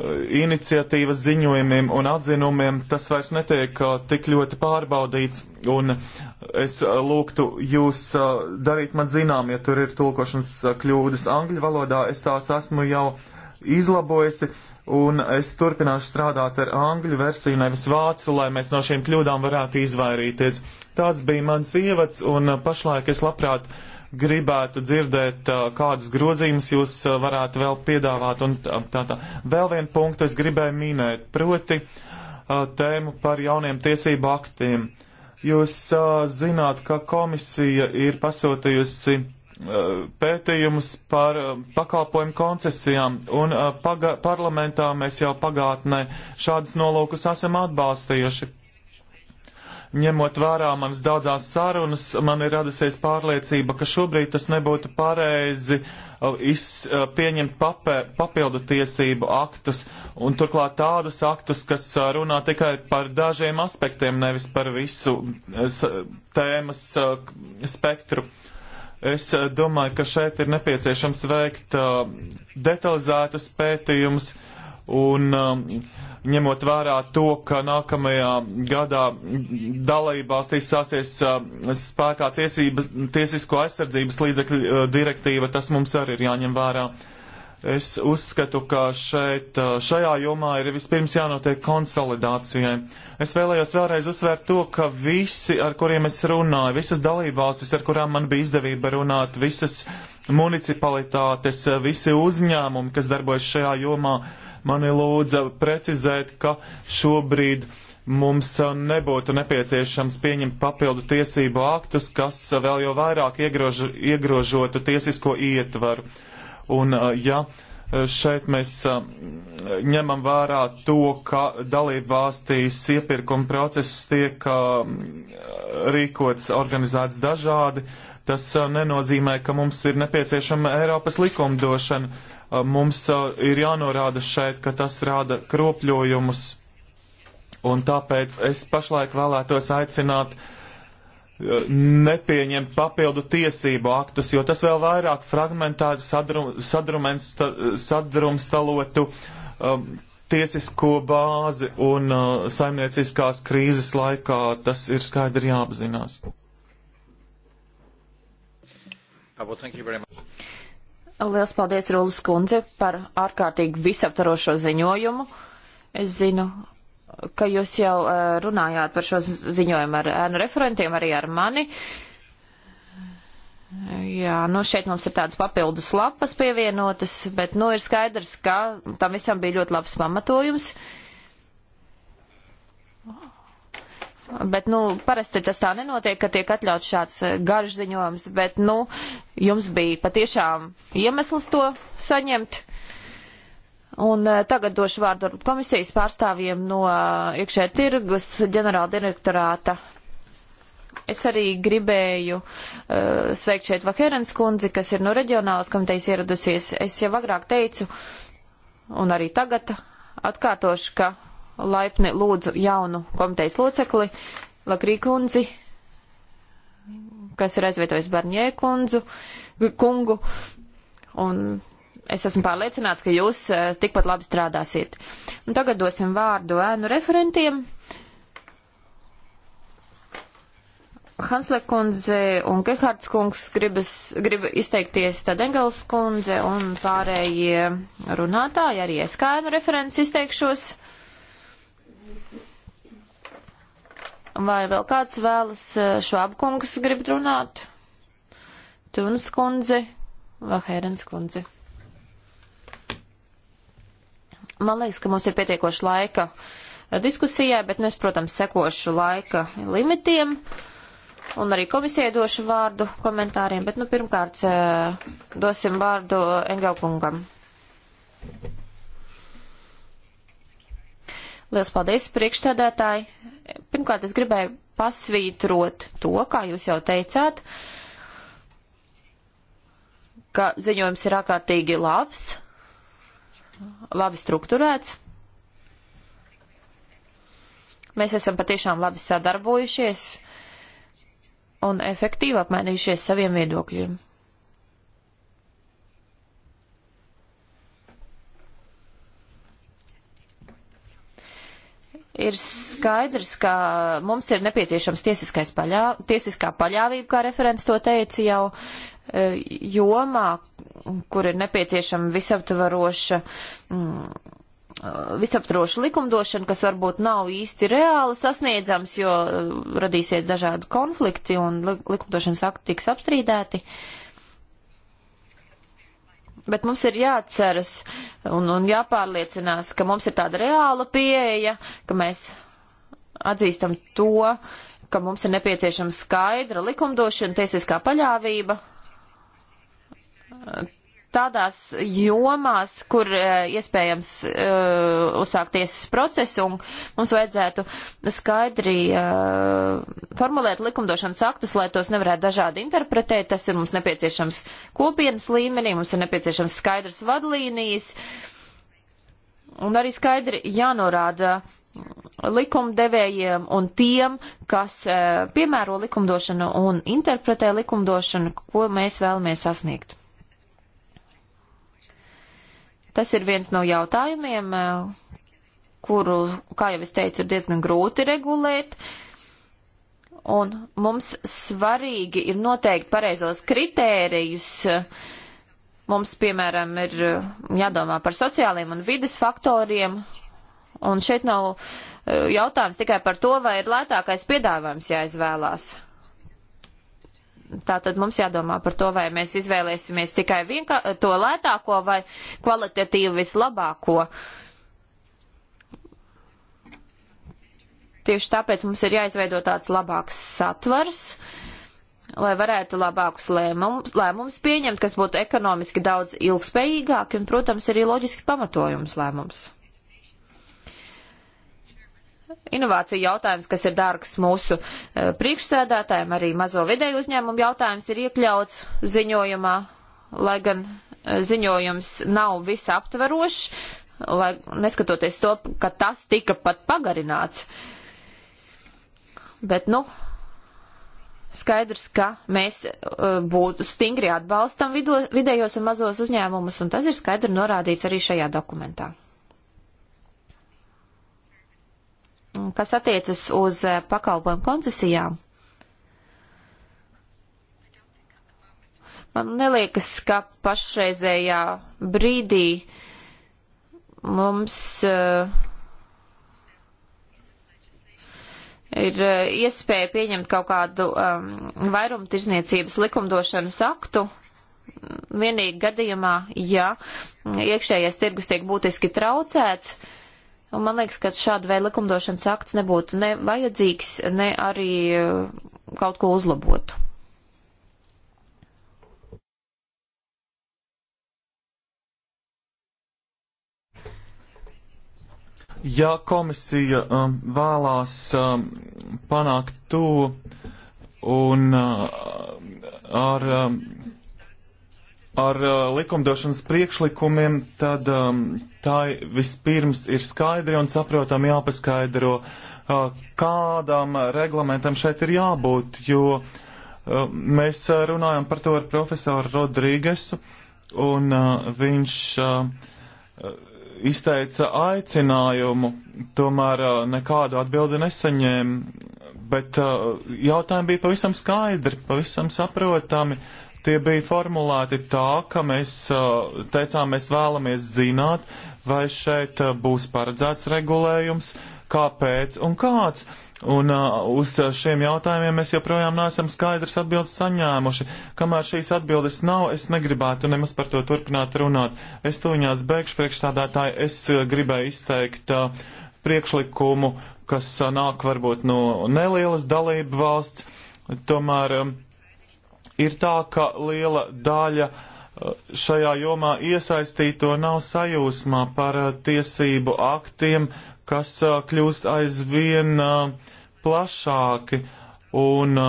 iniciatīvas ziņojumiem un atzinumiem tas vairs netiek tik ļoti pārbaudīts, un es lūgtu jūs darīt man zinām, ja tur ir tulkošanas kļūdas angļu valodā, es tās esmu jau izlabojusi, un es turpināšu strādāt ar angļu versiju, nevis vācu, lai mēs no šīm kļūdām varētu izvairīties. Tāds bija mans ievads, un pašlaik es labprāt gribētu dzirdēt, kādus grozījumus jūs varētu vēl piedāvāt, un tā tā. Vēl vienu punktu es gribēju minēt, proti tēmu par jauniem tiesību aktiem. Jūs zināt, ka komisija ir pasūtījusi Uh, pētījumus par uh, pakalpojumu koncesijām, un uh, paga, parlamentā mēs jau pagātnē šādas nolūkus esam atbalstījuši. Ņemot vērā manas daudzās sarunas, man ir radusies pārliecība, ka šobrīd tas nebūtu pareizi iz, pieņemt papē, papildu tiesību aktus, un turklāt tādus aktus, kas runā tikai par dažiem aspektiem, nevis par visu tēmas spektru. Uh, Es eh, domāju, ka šeit ir nepieciešams veikt uh, detalizētas pētījumus un um, ņemot vērā to, ka nākamajā gadā dalībās tīsāsies uh, spēkā tiesības, tiesisko aizsardzības līdzekļu uh, direktīva, tas mums arī ir jāņem vērā. Uh, Es uzskatu, ka šeit, šajā jomā ir vispirms jānotiek konsolidācijai. Es vēlējos vēlreiz uzsvērt to, ka visi, ar kuriem es runāju, visas dalībvalstis, ar kurām man bija izdevība runāt, visas municipalitātes, visi uzņēmumi, kas darbojas šajā jomā, mani lūdza precizēt, ka šobrīd mums nebūtu nepieciešams pieņemt papildu tiesību aktus, kas vēl jau vairāk iegrož, iegrožotu tiesisko ietvaru. Un, uh, ja uh, šeit mēs uh, ņemam vērā to, ka dalību valstīs iepirkuma process tiek rīkots, organizēts dažādi, tas nenozīmē, ka mums ir nepieciešama Eiropas likumdošana. Mums ir jānorāda šeit, ka tas rāda kropļojumus. Un tāpēc es pašlaik vēlētos aicināt uh, nepieņemt papildu tiesību aktus, jo tas vēl vairāk fragmentāri sadrum, sadrumstalotu um, tiesisko bāzi un uh, saimnieciskās krīzes laikā tas ir skaidri jāapzinās. Uh, Lielas paldies Rūlas kundze par ārkārtīgi visaptarošo ziņojumu. Es zinu, ka jūs jau eh, runājāt par šo ziņojumu ar ēnu referentiem, arī ar mani. Jā, nu šeit mums ir tādas papildus lapas pievienotas, bet nu ir skaidrs, ka tam visam bija ļoti labs pamatojums. Bet, nu, parasti tas tā nenotiek, ka tiek atļauts šāds eh, garš ziņojums, bet, nu, jums bija patiešām iemesls to saņemt. Uh, Un eh, tagad došu vārdu komisijas pārstāvjiem no eh, iekšē tirgus ģenerāla direktorāta. Es arī gribēju uh, sveikt šeit Vaherens kundzi, kas ir no reģionālas komitejas ieradusies. Es jau agrāk teicu, un arī tagad atkārtošu, ka laipni lūdzu jaunu komitejas locekli Lakrī kundzi, kas ir aizvietojis Barņē kundzu, kungu, un es esmu pārliecināts, ka jūs eh, tikpat labi strādāsiet. Un tagad dosim vārdu ēnu referentiem. Hanslek kundze un Gehards kungs gribas, grib izteikties, tad Engels kundze un pārējie runātāji, arī es kā ēnu referents izteikšos. Vai vēl kāds vēlas eh, švābkungs grib runāt? Tunas kundze, Vahērens kundze. Man liekas, ka mums ir pietiekoši laika diskusijai, bet nu, es, protams, sekošu laika limitiem un arī komisijai došu vārdu komentāriem, bet nu pirmkārt eh, dosim vārdu Engelkungam. Liels paldies, priekšsēdētāji. Pirmkārt, es gribēju pasvītrot to, kā jūs jau teicāt, ka ziņojums ir ārkārtīgi labs, labi strukturēts. Mēs esam patiešām labi sadarbojušies un efektīvi apmainījušies saviem viedokļiem. ir skaidrs, ka mums ir nepieciešams tiesiskais paļā, tiesiskā paļāvība, kā referents to teica jau, E, jomā, kur ir nepieciešama visaptvaroša mm, visaptroša likumdošana, kas varbūt nav īsti reāli sasniedzams, jo radīsies dažādi konflikti un likumdošanas akti tiks apstrīdēti. Bet mums ir jāatceras un, un jāpārliecinās, ka mums ir tāda reāla pieeja, ka mēs atzīstam to, ka mums ir nepieciešama skaidra likumdošana, tiesiskā paļāvība, tādās jomās, kur eh, iespējams eh, uzsākt tiesas procesu, un mums vajadzētu skaidri eh, formulēt likumdošanas aktus, lai tos nevarētu dažādi interpretēt. Tas ir mums nepieciešams kopienas līmenī, mums ir nepieciešams skaidrs vadlīnijas, un arī skaidri jānorāda likumdevējiem un tiem, kas piemēro likumdošanu un interpretē likumdošanu, ko mēs vēlamies sasniegt. Tas ir viens no jautājumiem, eh, kuru, kā jau es teicu, ir diezgan grūti regulēt. Un mums svarīgi ir noteikt pareizos kritērijus. Mums, piemēram, ir eh, jādomā par sociāliem un vides faktoriem. Un šeit nav eh, jautājums tikai par to, vai ir lētākais piedāvājums jāizvēlās. Ja Tātad mums jādomā par to, vai mēs izvēlēsimies tikai to lētāko vai kvalitatīvi vislabāko. Tieši tāpēc mums ir jāizveido tāds labāks satvars, lai varētu labākus lēmumus, lēmumus pieņemt, kas būtu ekonomiski daudz ilgspējīgāki un, protams, arī loģiski pamatojums lēmums inovāciju jautājums, kas ir dārgs mūsu e, priekšsēdētājiem, arī mazo vidēju uzņēmumu jautājums ir iekļauts ziņojumā, lai gan e, ziņojums nav visaptverošs, lai neskatoties to, ka tas tika pat pagarināts. Bet, nu, skaidrs, ka mēs e, būtu stingri atbalstam vidējos un mazos uzņēmumus, un tas ir skaidri norādīts arī šajā dokumentā. Mm, kas attiecas uz eh, pakalpojumu koncesijām. Man neliekas, ka pašreizējā brīdī mums uh, ir eh, iespēja pieņemt kaut kādu um, ehm, vairumtirzniecības likumdošanas aktu, vienīgi gadījumā, ja mm, iekšējais tirgus tiek būtiski traucēts, Un man liekas, ka šāda veida likumdošanas akts nebūtu ne vajadzīgs, ne arī eh, kaut ko uzlabotu. Ja komisija um, vēlās um, panākt to un uh, ar um, ar uh, likumdošanas priekšlikumiem, tad um, tā vispirms ir skaidri un saprotami jāpaskaidro, uh, kādam reglamentam šeit ir jābūt, jo uh, mēs uh, runājam par to ar profesoru Rodrīgesu, un uh, viņš uh, izteica aicinājumu, tomēr uh, nekādu atbildi nesaņēma, bet uh, jautājumi bija pavisam skaidri, pavisam saprotami Tie bija formulēti tā, ka mēs uh, teicām, mēs vēlamies zināt, vai šeit uh, būs paredzēts regulējums, kāpēc un kāds. Un uh, uz šiem jautājumiem mēs joprojām neesam skaidrs atbildes saņēmuši. Kamēr šīs atbildes nav, es negribētu nemaz par to turpināt runāt. Es tuņās beigšu priekšstādātāji, es uh, gribēju izteikt uh, priekšlikumu, kas uh, nāk varbūt no nelielas dalību valsts, tomēr. Uh, um, ir tā, ka liela daļa eh, šajā jomā iesaistīto nav sajūsmā par eh, tiesību aktiem, kas eh, kļūst aizvien plašāki, un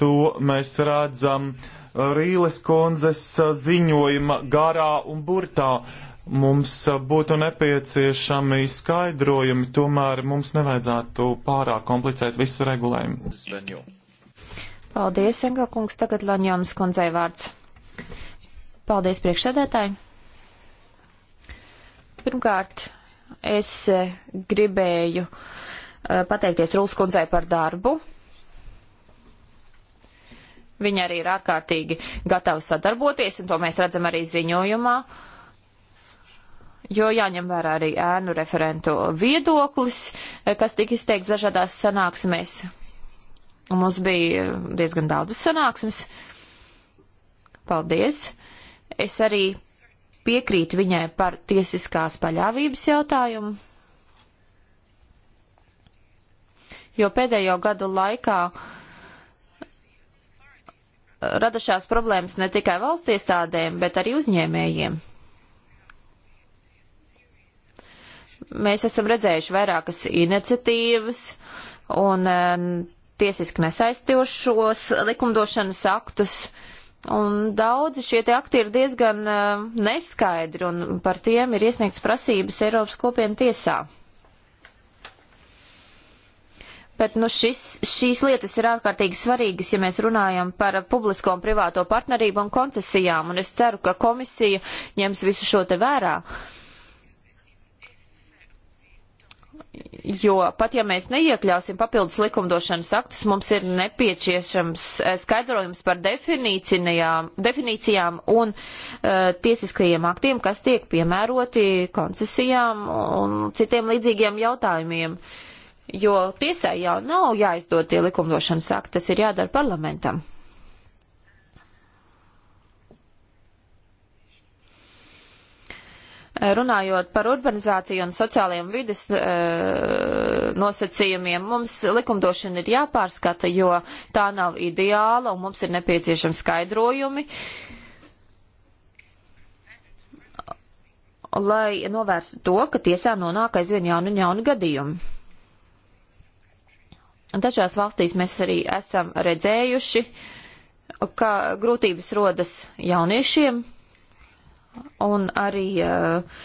to mēs redzam Rīles kundzes ziņojuma garā un burtā. Mums būtu nepieciešami skaidrojumi, tomēr mums nevajadzētu pārāk komplicēt visu regulējumu. Zvenju. Paldies, Enga kungs. Tagad Lanjonas kundzei vārds. Paldies priekšsēdētāji. Pirmkārt, es e, gribēju e, pateikties Rūlas kundzei par darbu. Viņa arī ir ārkārtīgi gatava sadarboties, un to mēs redzam arī ziņojumā, jo jāņem vērā arī ēnu referentu viedoklis, e, kas tika izteikts dažādās sanāksmēs. Un mums bija diezgan daudz sanāksmes. Paldies! Es arī piekrītu viņai par tiesiskās paļāvības jautājumu, jo pēdējo gadu laikā radušās problēmas ne tikai valsts iestādēm, bet arī uzņēmējiem. Mēs esam redzējuši vairākas iniciatīvas, un eh, tiesiski nesaistījošos likumdošanas aktus. Un daudzi šie te akti ir diezgan uh, neskaidri, un par tiem ir iesniegts prasības Eiropas kopienu tiesā. Bet nu, šis, šīs lietas ir ārkārtīgi svarīgas, ja mēs runājam par publisko un privāto partnerību un koncesijām, un es ceru, ka komisija ņems visu šo te vērā. Uh, jo pat ja mēs neiekļausim papildus likumdošanas aktus, mums ir nepieciešams eh, skaidrojums par definīcijām, definīcijām un uh, tiesiskajiem aktiem, kas tiek piemēroti koncesijām un citiem līdzīgiem jautājumiem. Jo tiesai jau nav jāizdod tie likumdošanas akti, tas ir jādara parlamentam. runājot par urbanizāciju un sociālajiem vides e, nosacījumiem, mums likumdošana ir jāpārskata, jo tā nav ideāla un mums ir nepieciešami skaidrojumi, lai novērstu to, ka tiesā nonāk aizvien jauni un jauni gadījumi. Dažās valstīs mēs arī esam redzējuši, ka grūtības rodas jauniešiem, un arī uh,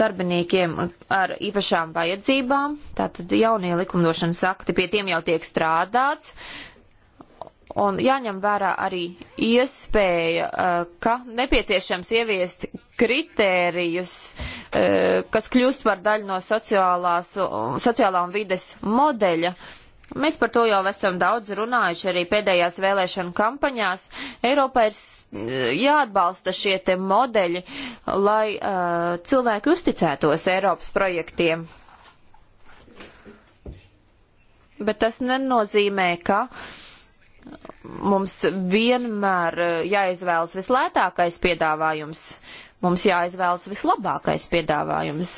darbiniekiem ar īpašām vajadzībām. Tātad jaunie likumdošanas akti pie tiem jau tiek strādāts. Un jāņem vērā arī iespēja, uh, ka nepieciešams ieviest kritērijus, uh, kas kļūst par daļu no sociālās, sociālā un vides modeļa. Uh, Mēs par to jau esam daudz runājuši arī pēdējās vēlēšanu kampaņās. Eiropā ir eh, jāatbalsta šie te modeļi, lai uh, cilvēki uzticētos Eiropas projektiem. Bet tas nenozīmē, ka mums vienmēr eh, jāizvēlas vislētākais piedāvājums. Mums jāizvēlas vislabākais piedāvājums.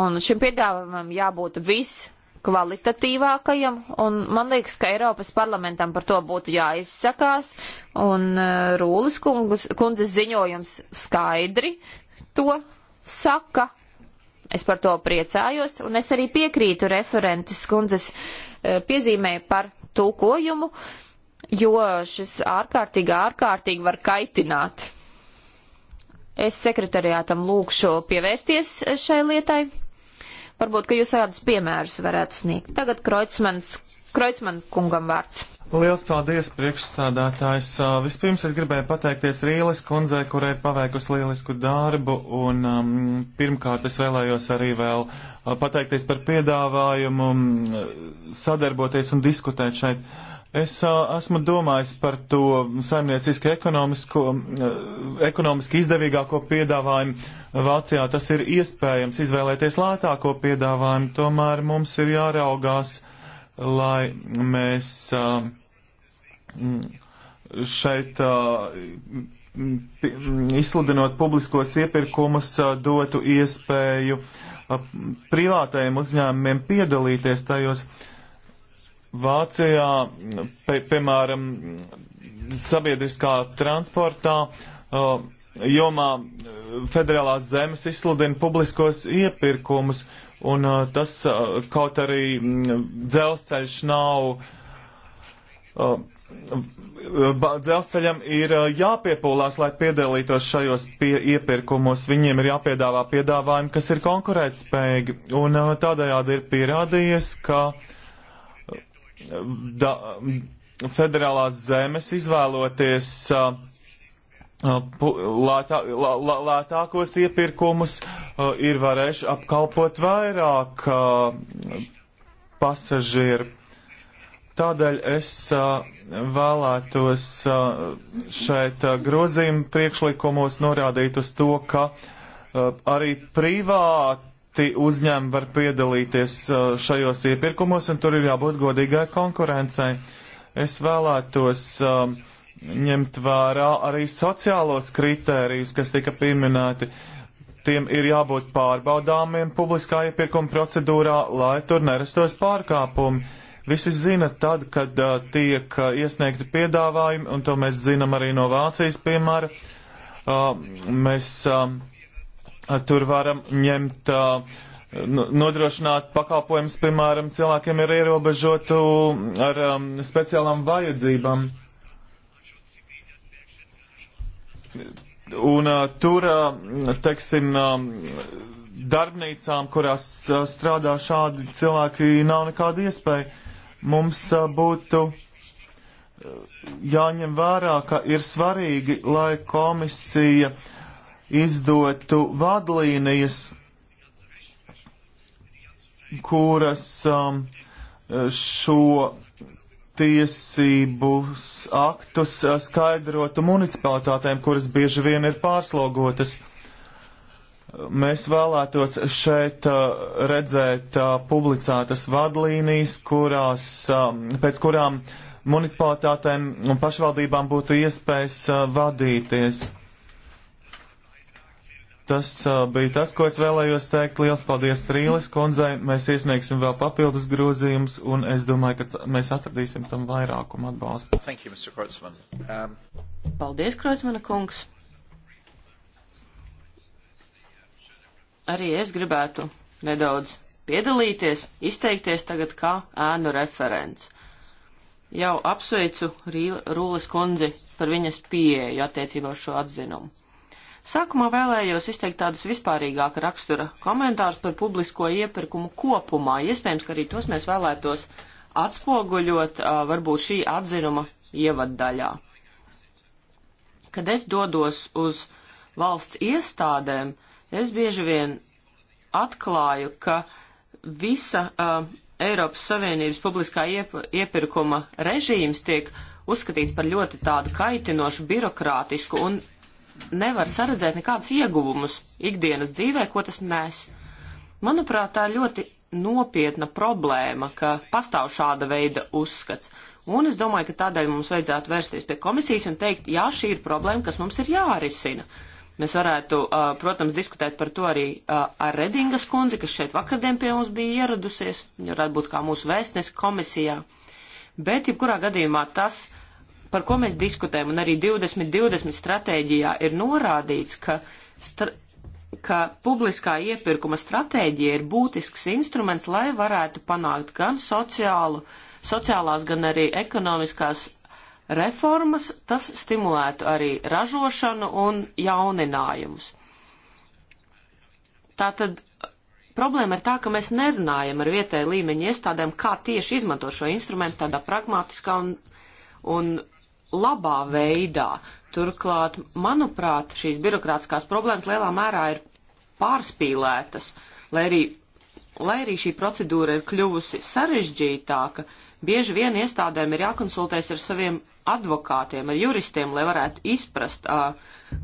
Un šim piedāvājumam jābūt viss kvalitatīvākajam, un man liekas, ka Eiropas parlamentam par to būtu jāizsakās, un e, Rūlis kungus, kundzes ziņojums skaidri to saka. Es par to priecājos, un es arī piekrītu referentes kundzes e, piezīmē par tulkojumu, jo šis ārkārtīgi, ārkārtīgi var kaitināt. Es sekretariātam lūkšu pievērsties šai lietai. Varbūt, ka jūs kādus piemērus varētu sniegt. Tagad Kreutzmans, Kreutzmans kungam vārds. Liels paldies, priekšsādātājs. Vispirms es gribēju pateikties Rīles kundzei, kurai paveikusi lielisku darbu, un um, pirmkārt es vēlējos arī vēl pateikties par piedāvājumu sadarboties un diskutēt šeit. Es a, esmu domājis par to saimnieciski ekonomiski izdevīgāko piedāvājumu. Vācijā tas ir iespējams izvēlēties lētāko piedāvājumu, tomēr mums ir jāraugās, lai mēs a, šeit a, p, izsludinot publiskos iepirkumus dotu iespēju privātajiem uzņēmumiem piedalīties tajos. Uh, Vācijā, pie, piemēram, sabiedriskā transportā uh, jomā uh, federālās zemes izsludina publiskos iepirkumus, un uh, tas uh, kaut arī mm, dzelzceļš nav. Uh, dzelzceļam ir uh, jāpiepūlās, lai piedalītos šajos pie iepirkumos. Viņiem ir jāpiedāvā piedāvājumi, kas ir konkurētspējīgi. Un tādējādi ir pierādījies, ka uh, da, federālās zemes izvēloties uh, lētā, lā, lā, lētākos iepirkumus, uh, ir varējuši apkalpot vairāk uh, pasažieru. Tādēļ es vēlētos šeit grozījuma priekšlikumos norādīt uz to, ka arī privāti citi uzņēmumi var piedalīties uh, šajos iepirkumos, un tur ir jābūt godīgai konkurencei. Es vēlētos um, ņemt vērā arī sociālos kritērijus, kas tika pieminēti. Tiem ir jābūt pārbaudāmiem publiskā iepirkuma procedūrā, lai tur nerastos pārkāpumi. Visi zina tad, kad uh, tiek uh, iesniegti piedāvājumi, un to mēs zinām arī no Vācijas piemēra. Uh, mēs uh, tur varam ņemt, nodrošināt pakalpojumus, piemēram, cilvēkiem ir ierobežotu ar um, speciālām vajadzībām. Un uh, tur, uh, teiksim, uh, darbnīcām, kurās uh, strādā šādi cilvēki, nav nekāda iespēja. Mums uh, būtu jāņem vērā, ka ir svarīgi, lai komisija uh, izdotu vadlīnijas, kuras um, šo tiesības aktus uh, skaidrotu municipalitātēm, kuras bieži vien ir pārslogotas. Mēs vēlētos šeit uh, redzēt uh, publicētas vadlīnijas, kurās, um, pēc kurām municipalitātēm un pašvaldībām būtu iespējas vadīties. Tas uh, bija tas, ko es vēlējos teikt. Liels paldies Rīles kundzei. Mēs iesniegsim vēl papildus grozījumus, un es domāju, ka mēs atradīsim tam vairākumu atbalstu. Thank you, Mr. Kreutzmann. Um... Paldies, Kreutzmana kungs. Arī es gribētu nedaudz piedalīties, izteikties tagad kā ēnu referents. Jau apsveicu Rīles kundzi par viņas pieeju attiecībā uz šo atzinumu. Sākumā vēlējos izteikt tādus vispārīgāka rakstura komentārus par publisko iepirkumu kopumā. Iespējams, ka arī tos mēs vēlētos atspoguļot varbūt šī atzinuma ievaddaļā. Kad es dodos uz valsts iestādēm, es bieži vien atklāju, ka visa uh, Eiropas Savienības publiskā iep iepirkuma režīms tiek uzskatīts par ļoti tādu kaitinošu, birokrātisku un nevar saredzēt nekādus ieguvumus ikdienas dzīvē, ko tas nes. Manuprāt, tā ir ļoti nopietna problēma, ka pastāv šāda veida uzskats. Un es domāju, ka tādēļ mums vajadzētu vērsties pie komisijas un teikt, jā, šī ir problēma, kas mums ir jārisina. Mēs varētu, uh, protams, diskutēt par to arī uh, ar Redingas kundzi, kas šeit vakardien pie mums bija ieradusies. Viņa varētu būt kā mūsu vēstnes komisijā. Bet, jebkurā gadījumā, tas par ko mēs diskutējam, un arī 2020 stratēģijā ir norādīts, ka, stra ka publiskā iepirkuma stratēģija ir būtisks instruments, lai varētu panākt gan sociālu, sociālās, gan arī ekonomiskās reformas, tas stimulētu arī ražošanu un jauninājumus. Tātad problēma ir tā, ka mēs nerunājam ar vietēju līmeņu iestādēm, kā tieši izmanto šo instrumentu tādā pragmatiskā un, un labā veidā. Turklāt, manuprāt, šīs birokrātiskās problēmas lielā mērā ir pārspīlētas, lai arī, lai arī šī procedūra ir kļuvusi sarežģītāka, bieži vien iestādēm ir jākonsultēs ar saviem advokātiem, ar juristiem, lai varētu izprast, uh,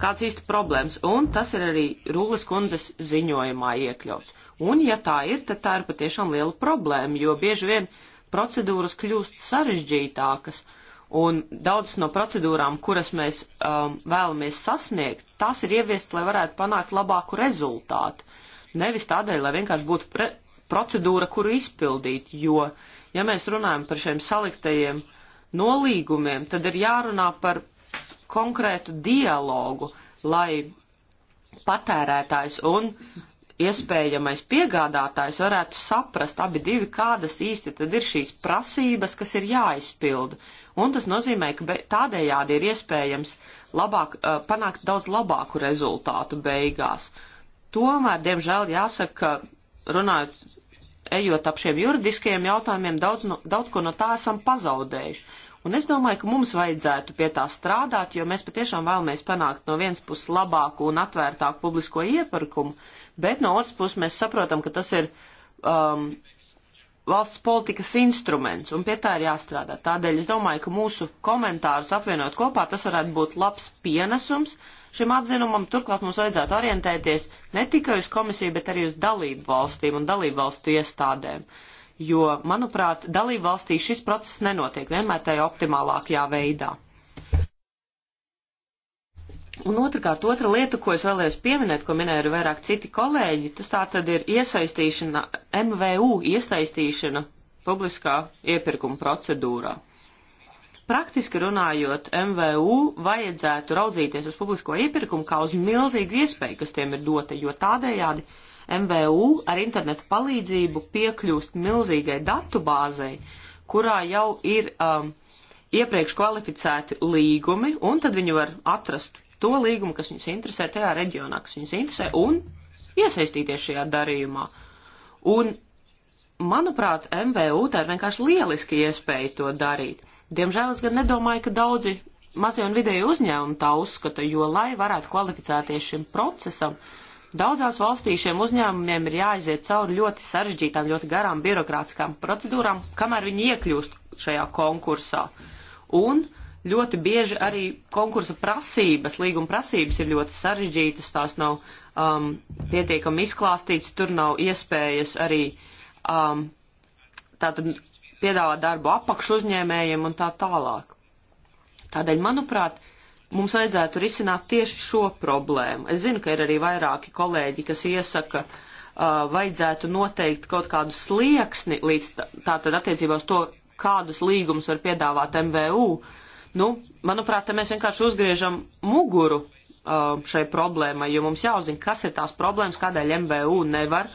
kāds īsti problēmas, un tas ir arī Rūlis kundzes ziņojumā iekļauts. Un, ja tā ir, tad tā ir patiešām liela problēma, jo bieži vien procedūras kļūst sarežģītākas, uh, Un daudzas no procedūrām, kuras mēs um, vēlamies sasniegt, tās ir ieviestas, lai varētu panākt labāku rezultātu. Nevis tādēļ, lai vienkārši būtu pre procedūra, kuru izpildīt, jo, ja mēs runājam par šiem saliktajiem nolīgumiem, tad ir jārunā par konkrētu dialogu, lai patērētājs un iespējamais piegādātājs varētu saprast abi divi, kādas īsti tad ir šīs prasības, kas ir jāizpilda. Un tas nozīmē, ka tādējādi ir iespējams labāk, uh, panākt daudz labāku rezultātu beigās. Tomēr, diemžēl, jāsaka, ka runājot, ejot ap šiem juridiskajiem jautājumiem, daudz, no, daudz ko no tā esam pazaudējuši. Un es domāju, ka mums vajadzētu pie tā strādāt, jo mēs patiešām vēlamies panākt no vienas puses labāku un atvērtāku publisko iepirkumu, bet no otras puses mēs saprotam, ka tas ir um, valsts politikas instruments, un pie tā ir jāstrādā. Tādēļ es domāju, ka mūsu komentārus apvienot kopā, tas varētu būt labs pienesums šim atzinumam. Turklāt mums vajadzētu orientēties ne tikai uz komisiju, bet arī uz dalību valstīm un dalību valstu iestādēm. Jo, manuprāt, dalību valstī šis process nenotiek vienmēr tajā optimālākajā veidā. Un otrkārt, otra lieta, ko es vēlējos pieminēt, ko minēja arī vairāk citi kolēģi, tas tā tad ir iesaistīšana, MVU iesaistīšana publiskā iepirkuma procedūrā. Praktiski runājot, MVU vajadzētu raudzīties uz publisko iepirkumu kā uz milzīgu iespēju, kas tiem ir dota, jo tādējādi MVU ar internetu palīdzību piekļūst milzīgai datubāzei, kurā jau ir um, iepriekš kvalificēti līgumi, un tad viņi var atrast to līgumu, kas viņus interesē tajā reģionā, kas viņus interesē, un iesaistīties šajā darījumā. Un, manuprāt, MVU tā ir vienkārši lieliski iespēja to darīt. Diemžēl es gan nedomāju, ka daudzi mazie un vidēji uzņēmumi tā uzskata, jo, lai varētu kvalificēties šim procesam, Daudzās valstīs šiem uzņēmumiem ir jāaiziet cauri ļoti sarežģītām, ļoti garām birokrātiskām procedūrām, kamēr viņi iekļūst šajā konkursā. Un uh, ļoti bieži arī konkursa prasības, līguma prasības ir ļoti sarežģītas, tās nav um, pietiekami izklāstītas, tur nav iespējas arī um, tātad piedāvāt darbu apakšu uzņēmējiem un tā tālāk. Tādēļ, manuprāt, mums vajadzētu risināt tieši šo problēmu. Es zinu, ka ir arī vairāki kolēģi, kas iesaka, uh, vajadzētu noteikt kaut kādu slieksni līdz tātad attiecībā uz to, kādus līgumus var piedāvāt MVU, uh, Nu, manuprāt, te mēs vienkārši uzgriežam muguru uh, šai problēmai, jo mums jāuzina, kas ir tās problēmas, kādēļ MVU nevar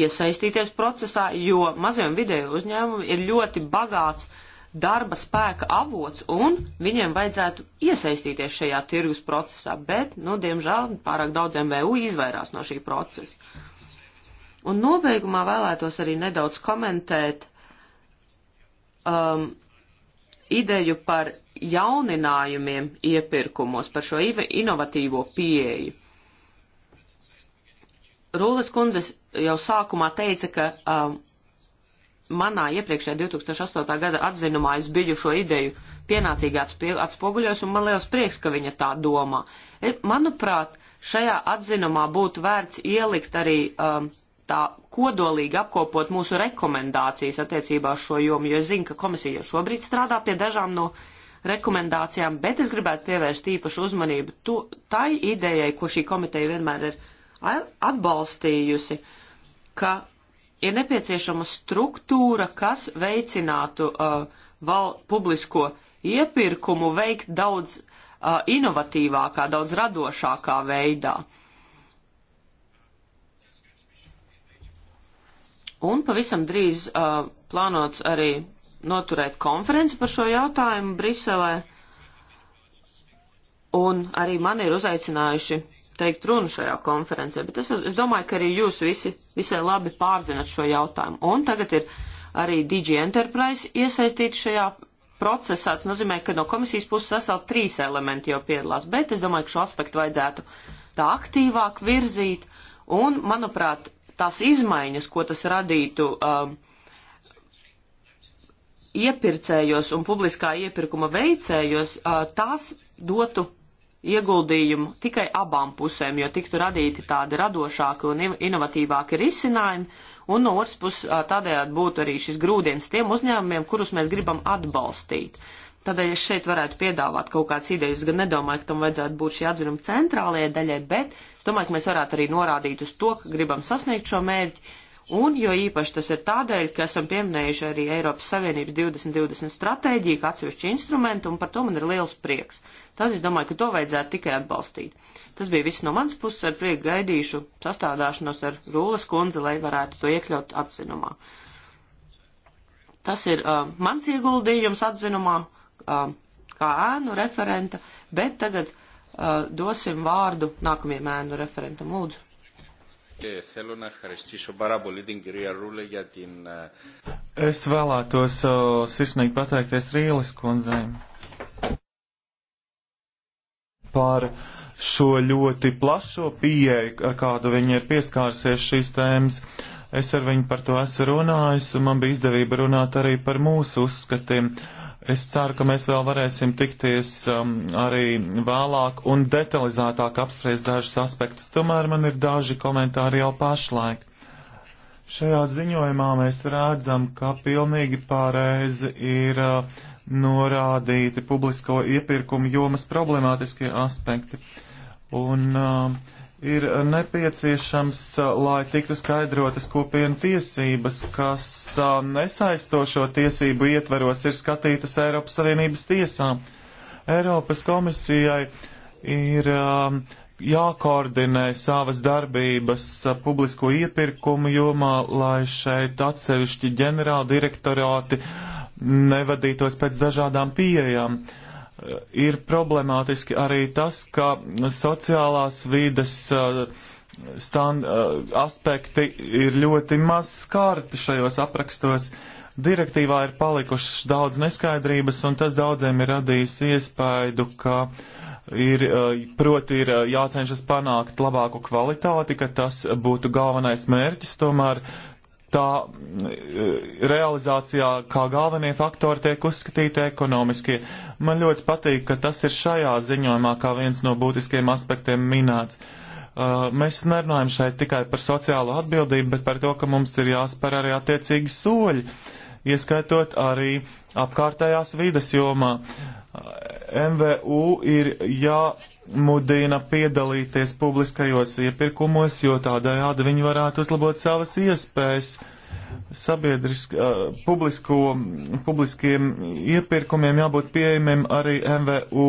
iesaistīties procesā, jo maziem vidēju uzņēmumi ir ļoti bagāts darba spēka avots un viņiem vajadzētu iesaistīties šajā tirgus procesā, bet, nu, diemžēl pārāk daudz MVU izvairās no šī procesa. Un nobeigumā vēlētos arī nedaudz komentēt um, ideju par jauninājumiem iepirkumos, par šo inovatīvo pieeju. Rūles kundze jau sākumā teica, ka um, manā iepriekšējā 2008. gada atzinumā es biju šo ideju pienācīgi atspoguļos, un man liels prieks, ka viņa tā domā. E, manuprāt, šajā atzinumā būtu vērts ielikt arī um, tā kodolīgi apkopot mūsu rekomendācijas attiecībā uz šo jomu, jo es zinu, ka komisija šobrīd strādā pie dažām no uh, rekomendācijām, bet es gribētu pievērst īpašu uzmanību tu, tai idejai, ko šī komiteja vienmēr ir atbalstījusi, ka ir nepieciešama struktūra, kas veicinātu uh, val, publisko iepirkumu veikt daudz uh, inovatīvākā, daudz radošākā veidā. Un pavisam drīz uh, plānots arī noturēt konferenci par šo jautājumu Briselē, un arī mani ir uzaicinājuši teikt runu šajā konferencē, bet es, es domāju, ka arī jūs visi visai labi pārzinat šo jautājumu. Un tagad ir arī DG Enterprise iesaistīta šajā procesā. Tas nozīmē, ka no komisijas puses vesel trīs elementi jau piedalās, bet es domāju, ka šo aspektu vajadzētu tā aktīvāk virzīt. Un, manuprāt, tās izmaiņas, ko tas radītu um, uh, iepirkējos un publiskā iepirkuma veicējos, tās dotu ieguldījumu tikai abām pusēm, jo tiktu radīti tādi radošāki un inovatīvāki risinājumi, un no otras puses tādējādi būtu arī šis grūdienis tiem uzņēmumiem, kurus mēs gribam atbalstīt. Tādēļ es šeit varētu piedāvāt kaut kādas idejas, gan nedomāju, ka tam vajadzētu būt šī atzinuma centrālajai daļai, bet es domāju, ka mēs varētu arī norādīt uz to, ka gribam sasniegt šo mērķi, Un jo īpaši tas ir tādēļ, ka esam pieminējuši arī Eiropas Savienības 2020 stratēģiju, kā atsevišķu instrumentu, un par to man ir liels prieks. Tad es domāju, ka to vajadzētu tikai atbalstīt. Tas bija viss no manas puses, ar prieku gaidīšu sastādāšanos ar Rūlas kundzi, lai varētu to iekļaut atzinumā. Tas ir uh, mans ieguldījums atzinumā, uh, kā ēnu referenta, bet tagad uh, dosim vārdu nākamajam ēnu referentam. Lūdzu. Es vēlētos uh, sirsnīgi pateikties Rīles kundzei par šo ļoti plašo pieeju, ar kādu viņi ir pieskārsies šīs tēmas. Es ar viņu par to esmu runājis, un man bija izdevība runāt arī par mūsu uzskatiem. Uh, Es ceru, ka mēs vēl varēsim tikties um, arī vēlāk un detalizētāk apspriest dažus aspektus. Tomēr man ir daži komentāri jau pašlaik. Šajā ziņojumā mēs redzam, ka pilnīgi pareizi ir uh, norādīti publisko iepirkumu jomas problemātiskie aspekti. Un uh, ir nepieciešams, lai tiktu skaidrotas kopienu tiesības, kas nesaistošo tiesību ietveros ir skatītas Eiropas Savienības tiesām. Eiropas komisijai ir jākoordinē savas darbības publisko iepirkumu jomā, lai šeit atsevišķi ģenerāldirektorāti nevadītos pēc dažādām pieejām. Uh, ir problemātiski arī tas, ka sociālās vides uh, stand, uh, aspekti ir ļoti maz skārti šajos aprakstos. Direktīvā ir palikušas daudz neskaidrības, un tas daudziem ir radījis iespaidu, ka ir, uh, proti, ir jācenšas panākt labāku kvalitāti, ka tas būtu galvenais mērķis, tomēr uh, tā e, realizācijā kā galvenie faktori tiek uzskatīti ekonomiskie. Man ļoti patīk, ka tas ir šajā ziņojumā kā viens no būtiskiem aspektiem minēts. E, mēs nerunājam šeit tikai par sociālo atbildību, bet par to, ka mums ir jāspēr arī attiecīgi soļi, ieskaitot arī apkārtējās vides jomā. E, MVU ir jā. Ja mudina piedalīties publiskajos iepirkumos, jo tādējādi viņi varētu uzlabot savas iespējas. Sabiedrisk, uh, publisko, publiskiem iepirkumiem jābūt pieejamiem arī MVU.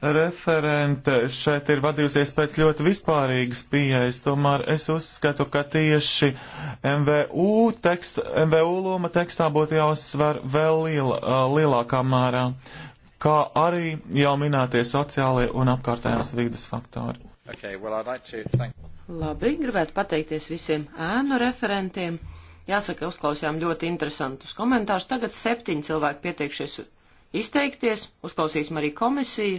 Referente šeit ir vadījusies pēc ļoti vispārīgas pieejas, tomēr es uzskatu, ka tieši MVU, tekst, MVU loma tekstā būtu jāuzsver vēl liel, uh, lielākā mērā. Uh, kā arī jau minētie sociālie un apkārtējās vīdes faktori. Okay, well, like to... Thank... Labi, gribētu pateikties visiem ēnu referentiem. Jāsaka, uzklausījām ļoti interesantus komentārus. Tagad septiņi cilvēki pieteikšies izteikties. Uzklausīsim arī komisiju,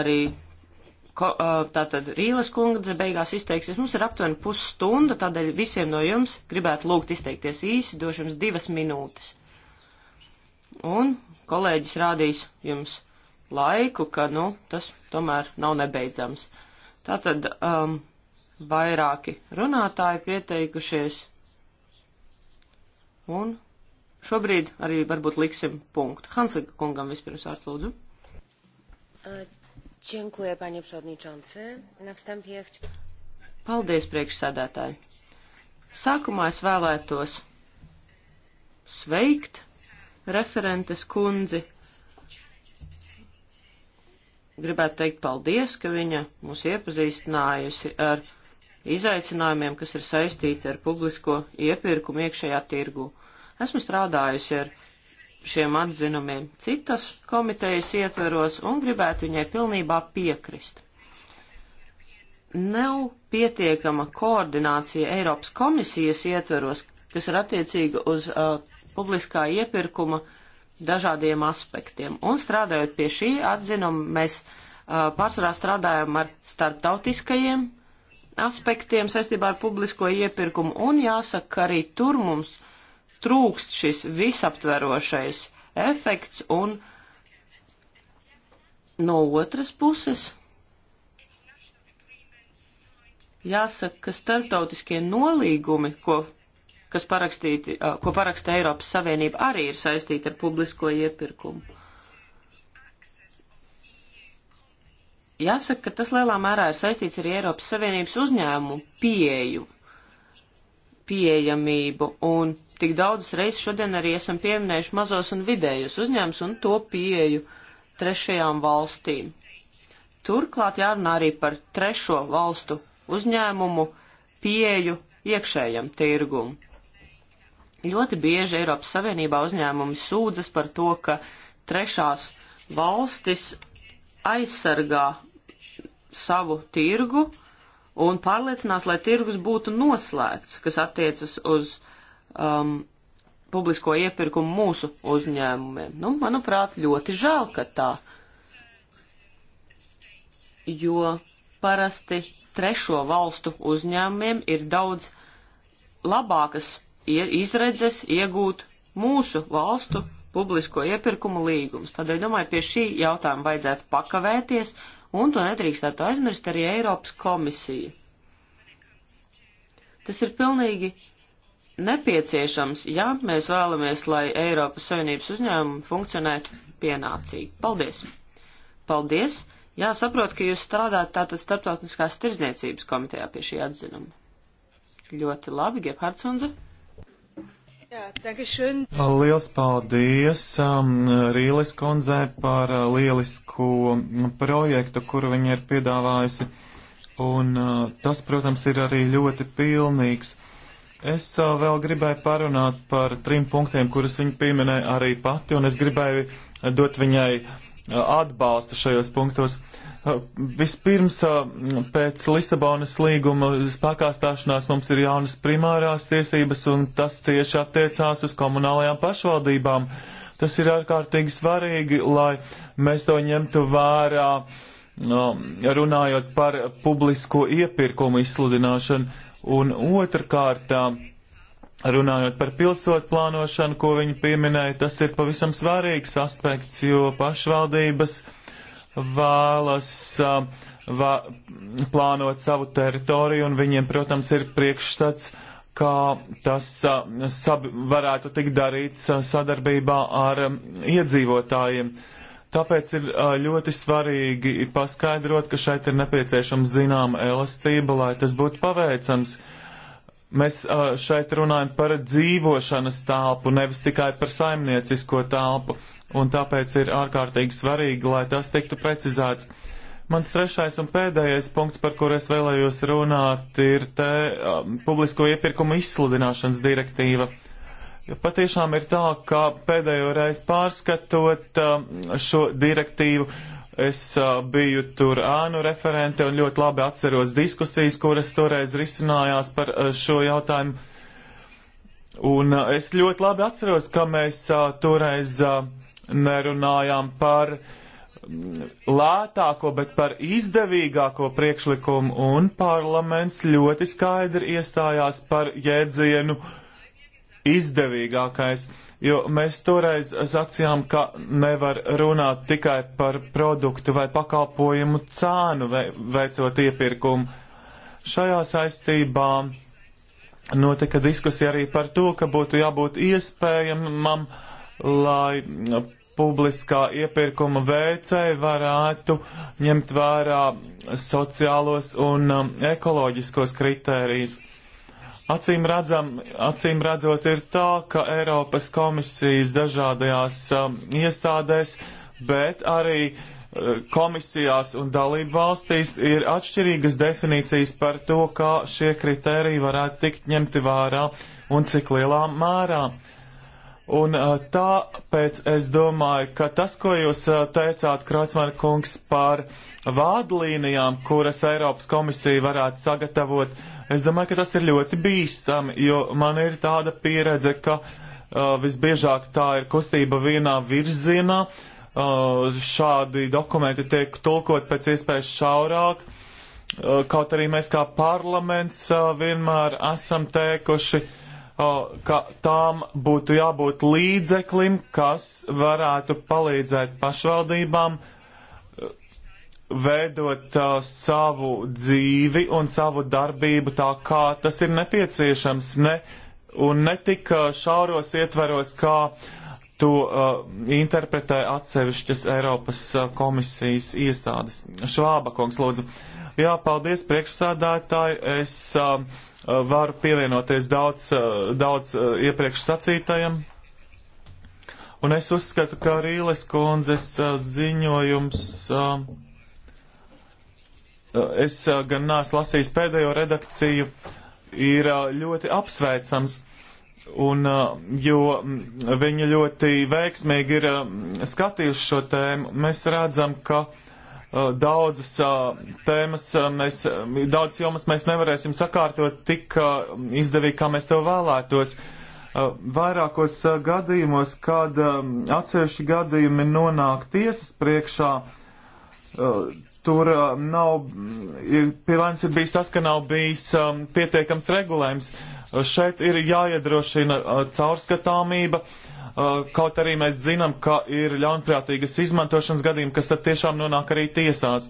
arī ko, tātad Rīles kundze beigās izteiksies. Mums ir aptuveni pusstunda, tādēļ visiem no jums gribētu lūgt izteikties īsi, došu jums divas minūtes. Un kolēģis rādīs jums laiku, ka, nu, tas tomēr nav nebeidzams. Tātad um, vairāki runātāji pieteikušies, un šobrīd arī varbūt liksim punktu. Hanslika kungam vispirms vārds lūdzu. Čenkuja, paņem šodničonce. Navstam piekķi. Paldies, priekšsēdētāji. Sākumā es vēlētos sveikt referentes kundzi. Gribētu teikt paldies, ka viņa mūs iepazīstinājusi ar izaicinājumiem, kas ir saistīti ar publisko iepirkumu iekšējā tirgu. Esmu strādājusi ar šiem atzinumiem citas komitejas ietveros un gribētu viņai pilnībā piekrist. Nav pietiekama koordinācija Eiropas komisijas ietveros, kas ir attiecīga uz uh, publiskā iepirkuma dažādiem aspektiem. Un strādājot pie šī atzinuma, mēs uh, pārsvarā strādājam ar starptautiskajiem aspektiem saistībā ar publisko iepirkumu, un jāsaka, ka arī tur mums trūkst šis visaptverošais efekts, un no otras puses jāsaka, ka starptautiskie nolīgumi, ko kas parakstīti, ko paraksta Eiropas Savienība, arī ir saistīti ar publisko iepirkumu. Jāsaka, ka tas lielā mērā ir saistīts arī Eiropas Savienības uzņēmumu pieeju, pieejamību, un tik daudzas reizes šodien arī esam pieminējuši mazos un vidējus uzņēmumus un to pieeju trešajām valstīm. Turklāt jārunā arī par trešo valstu uzņēmumu pieeju iekšējam tirgum. Ļoti bieži Eiropas Savienībā uzņēmumi sūdzas par to, ka trešās valstis aizsargā savu tirgu un pārliecinās, lai tirgus būtu noslēgts, kas attiecas uz um, publisko iepirkumu mūsu uzņēmumiem. Nu, manuprāt, ļoti žēl, ka tā, jo parasti trešo valstu uzņēmumiem ir daudz labākas izredzes iegūt mūsu valstu publisko iepirkumu līgumus. Tādēļ, domāju, pie šī jautājuma vajadzētu pakavēties, un to nedrīkstētu aizmirst arī Eiropas komisija. Tas ir pilnīgi nepieciešams, ja mēs vēlamies, lai Eiropas Savienības uzņēmumi funkcionētu pienācīgi. Paldies! Paldies! Jā, saprotu, ka jūs strādājat tātad starptautiskās tirzniecības komitejā pie šī atzinuma. Ļoti labi, Gebhardsundze. Lielas paldies um, Rīles kundzē par uh, lielisko mm, projektu, kuru viņa ir piedāvājusi. Un uh, tas, protams, ir arī ļoti pilnīgs. Es uh, vēl gribēju parunāt par trim punktiem, kurus viņa pieminēja arī pati, un es gribēju dot viņai uh, atbalstu šajos punktos. Uh, Vispirms, pēc Lisabonas līguma spēkā stāšanās mums ir jaunas primārās tiesības, un tas tieši attiecās uz komunālajām pašvaldībām. Tas ir ārkārtīgi svarīgi, lai mēs to ņemtu vērā, runājot par publisko iepirkumu izsludināšanu, un otrkārt, runājot par pilsotu plānošanu, ko viņi pieminēja, tas ir pavisam svarīgs aspekts, jo pašvaldības vēlas um, vā, plānot savu teritoriju, un viņiem, protams, ir priekšstats, kā tas um, sab, varētu tikt darīts um, sadarbībā ar iedzīvotājiem. Tāpēc ir uh, ļoti svarīgi paskaidrot, ka šeit ir nepieciešama zināma elastība, lai tas būtu paveicams. Mēs uh, šeit runājam par dzīvošanas telpu, nevis tikai par saimniecisko telpu un tāpēc ir ārkārtīgi svarīgi, lai tas tiktu precizēts. Mans trešais un pēdējais punkts, par kur es vēlējos runāt, ir te um, publisko iepirkumu izsludināšanas direktīva. Patiešām ir tā, ka pēdējo reizi pārskatot um, šo direktīvu, es uh, biju tur ānu referente un ļoti labi atceros diskusijas, kuras toreiz risinājās par uh, šo jautājumu. Un uh, es ļoti labi atceros, ka mēs uh, toreiz. Uh, nerunājām par lētāko, bet par izdevīgāko priekšlikumu, un parlaments ļoti skaidri iestājās par jēdzienu izdevīgākais, jo mēs toreiz sacījām, ka nevar runāt tikai par produktu vai pakalpojumu cēnu veicot iepirkumu. Šajā saistībā notika diskusija arī par to, ka būtu jābūt iespējamam, lai publiskā iepirkuma veicēji varētu ņemt vērā sociālos un um, ekoloģiskos kritērijus. Acīm, redzam, acīm redzot ir tā, ka Eiropas komisijas dažādajās um, iestādēs, bet arī uh, komisijās un dalību valstīs ir atšķirīgas definīcijas par to, kā šie kritēriji varētu tikt ņemti vērā un cik lielā mērā. Uh, Un tāpēc es domāju, ka tas, ko jūs teicāt, Kraucmēra kungs, par vādlīnijām, kuras Eiropas komisija varētu sagatavot, es domāju, ka tas ir ļoti bīstami, jo man ir tāda pieredze, ka uh, visbiežāk tā ir kustība vienā virzienā, uh, šādi dokumenti tiek tulkot pēc iespējas šaurāk. Uh, kaut arī mēs kā parlaments vienmēr esam teikuši, uh, ka tām būtu jābūt līdzeklim, kas varētu palīdzēt pašvaldībām uh, veidot uh, savu dzīvi un savu darbību tā, kā tas ir nepieciešams, ne, un ne tik uh, šauros ietveros, kā to uh, interpretē atsevišķas Eiropas uh, komisijas iestādes. Švāba kungs, lūdzu. Jā, paldies priekšsādātāji. Es uh, Eh, Varu pievienoties daudz, eh, daudz eh, iepriekš sacītajam. Un es uzskatu, ka Rīles kundzes ziņojums. Es gan neesmu lasījis pēdējo redakciju, ir ļoti apsveicams, un, jo mm, viņi ļoti veiksmīgi ir skatījuši šo tēmu. Mēs redzam, ka uh, Eh, daudzas eh, tēmas, eh, mēs, daudzas jomas mēs nevarēsim sakārtot tik izdevīgi, kā mēs to vēlētos. Vairākos gadījumos, kad atsevišķi gadījumi nonāk tiesas priekšā, tur nav, ir, pilēns ir bijis tas, ka nav bijis pietiekams regulējums. Šeit ir jāiedrošina caurskatāmība. Uh, Uh, kaut arī mēs zinām, ka ir ļaunprātīgas izmantošanas gadījumi, kas tad tiešām nonāk arī tiesās.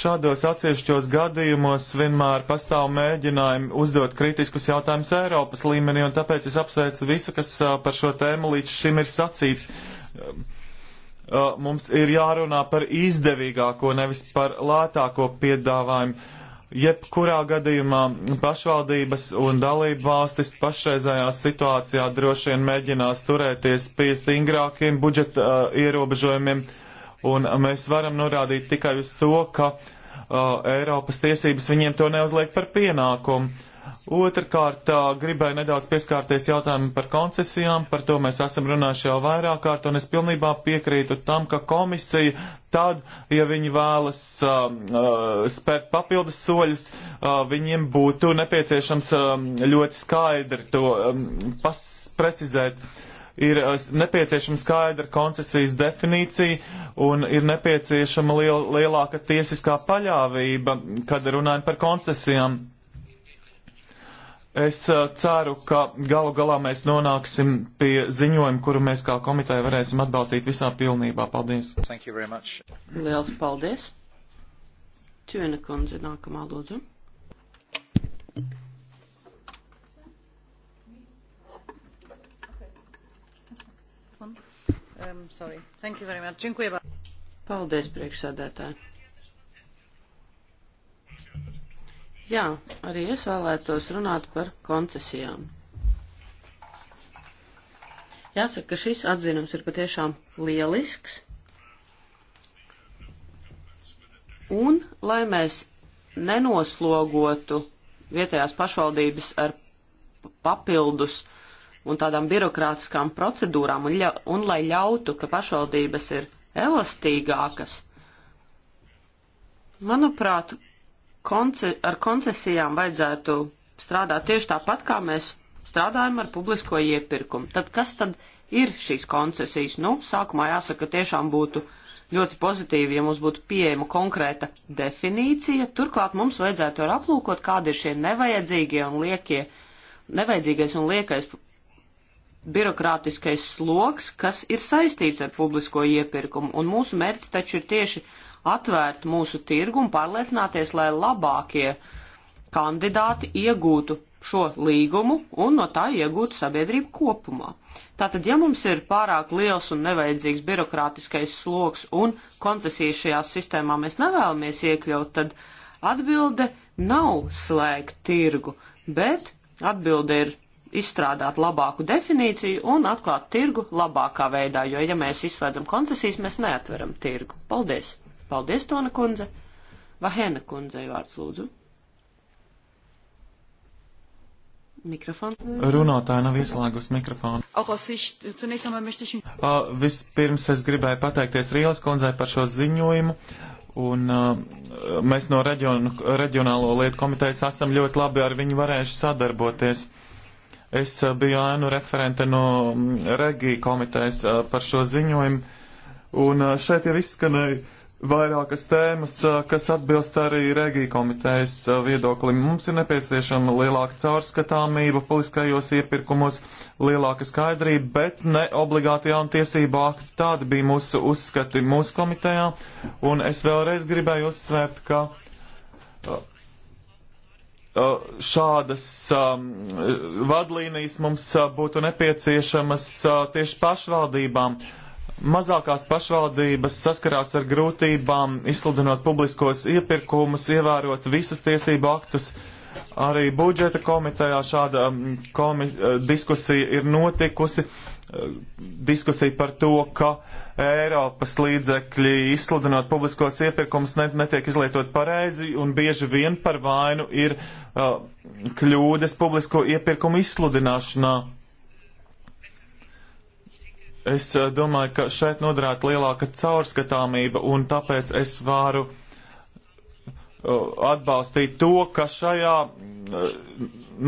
Šādos atsevišķos gadījumos vienmēr pastāv mēģinājumi uzdot kritiskus jautājumus Eiropas līmenī, un tāpēc es apsveicu visu, kas uh, par šo tēmu līdz šim ir sacīts. Uh, mums ir jārunā par izdevīgāko, nevis par lētāko piedāvājumu Jebkurā gadījumā pašvaldības un dalību valstis pašreizējā situācijā droši vien mēģinās turēties pie stingrākiem budžeta uh, ierobežojumiem, un mēs varam norādīt tikai uz to, ka uh, Eiropas tiesības viņiem to neuzliek par pienākumu. Otrakārt, gribēju nedaudz pieskārties jautājumu par koncesijām, par to mēs esam runājuši jau vairāk kārt, un es pilnībā piekrītu tam, ka komisija tad, ja viņi vēlas uh, uh, spērt papildus soļus, uh, viņiem būtu nepieciešams um, ļoti skaidri to um, precizēt. Ir uh, nepieciešama skaidra koncesijas definīcija un ir nepieciešama liel, lielāka tiesiskā paļāvība, kad runājam par koncesijām. Uh, Es uh, ceru, ka galu galā mēs nonāksim pie ziņojuma, kuru mēs kā komiteja varēsim atbalstīt visā pilnībā. Paldies! Liels paldies! Čuena kundze nākamā lūdzu. Um, sorry. Thank you very much. Dziękuję bardzo. Paldies, priekšsēdētāji. Jā, arī es vēlētos runāt par koncesijām. Jāsaka, ka šis atzinums ir patiešām lielisks. Un, lai mēs nenoslogotu vietējās pašvaldības ar papildus un tādām birokrātiskām procedūrām, un, ļa, un lai ļautu, ka pašvaldības ir elastīgākas, manuprāt, konce ar koncesijām vajadzētu strādāt tieši tāpat, kā mēs strādājam ar publisko iepirkumu. Tad kas tad ir šīs koncesijas? Nu, sākumā jāsaka, tiešām būtu ļoti pozitīvi, ja mums būtu pieejama konkrēta definīcija. Turklāt mums vajadzētu arī aplūkot, kādi ir šie nevajadzīgie un liekie, nevajadzīgais un liekais birokrātiskais sloks, kas ir saistīts ar publisko iepirkumu. Un mūsu mērķis taču ir tieši atvērt mūsu tirgu un pārliecināties, lai labākie kandidāti iegūtu šo līgumu un no tā iegūtu sabiedrību kopumā. Tātad, ja mums ir pārāk liels un nevajadzīgs birokrātiskais sloks un koncesijas šajās sistēmā mēs nevēlamies iekļaut, tad atbilde nav slēgt tirgu, bet atbilde ir izstrādāt labāku definīciju un atklāt tirgu labākā veidā, jo, ja mēs izslēdzam koncesijas, mēs neatveram tirgu. Paldies! Paldies, Tona kundze. Vahena kundzei vārds lūdzu. Mikrofons. Runātāja nav ieslēgus mikrofonu. Uh, vispirms es gribēju pateikties Rielas kundzei par šo ziņojumu. Un, uh, mēs no reģionu, reģionālo lietu komitejas esam ļoti labi ar viņu varējuši sadarboties. Es uh, biju ēnu referente no Regija komitejas uh, par šo ziņojumu. Un uh, šeit jau izskanēja vairākas tēmas, kas atbilst arī Regija komitejas viedoklim. Mums ir nepieciešama lielāka caurskatāmība politiskajos iepirkumos, lielāka skaidrība, bet ne obligāti jauna tiesība akti. Tādi bija mūsu uzskati mūsu komitejā, un es vēlreiz gribēju uzsvērt, ka šādas um, vadlīnijas mums būtu nepieciešamas uh, tieši pašvaldībām. Uh, Mazākās pašvaldības saskarās ar grūtībām, izsludinot publiskos iepirkumus, ievērot visas tiesību aktus. Arī budžeta komitejā šāda mm, komi eh, diskusija ir notikusi. Eh, diskusija par to, ka Eiropas līdzekļi izsludinot publiskos iepirkumus net, netiek izlietot pareizi un bieži vien par vainu ir uh, kļūdas publisko iepirkumu izsludināšanā. Uh, Es eh, domāju, ka šeit nodarētu lielāka caurskatāmība, un tāpēc es varu eh, atbalstīt to, ka šajā eh,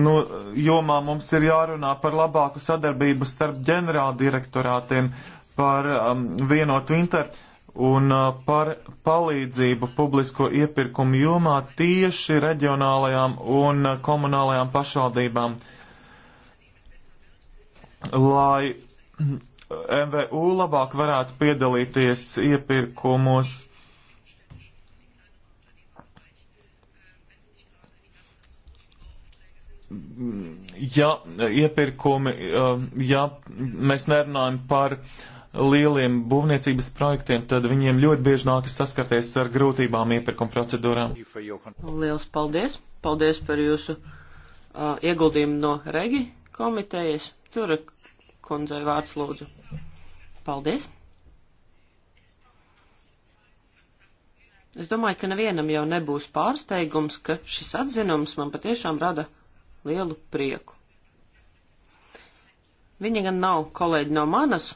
nu, jomā mums ir jārunā par labāku sadarbību starp ģenerāldirektorātiem, par um, vienotu internetu un par palīdzību publisko iepirkumu jomā tieši reģionālajām un komunālajām pašvaldībām, lai MVU labāk varētu piedalīties iepirkumos. Ja iepirkumi, um, ja mēs nerunājam par lieliem būvniecības projektiem, tad viņiem ļoti bieži nākas saskarties ar grūtībām iepirkuma procedūrām. Liels paldies! Paldies par jūsu uh, ieguldījumu no Regi komitejas. Tur kundzei vārds lūdzu. Paldies! Es domāju, ka nevienam jau nebūs pārsteigums, ka šis atzinums man patiešām rada lielu prieku. Viņa gan nav kolēģi no manas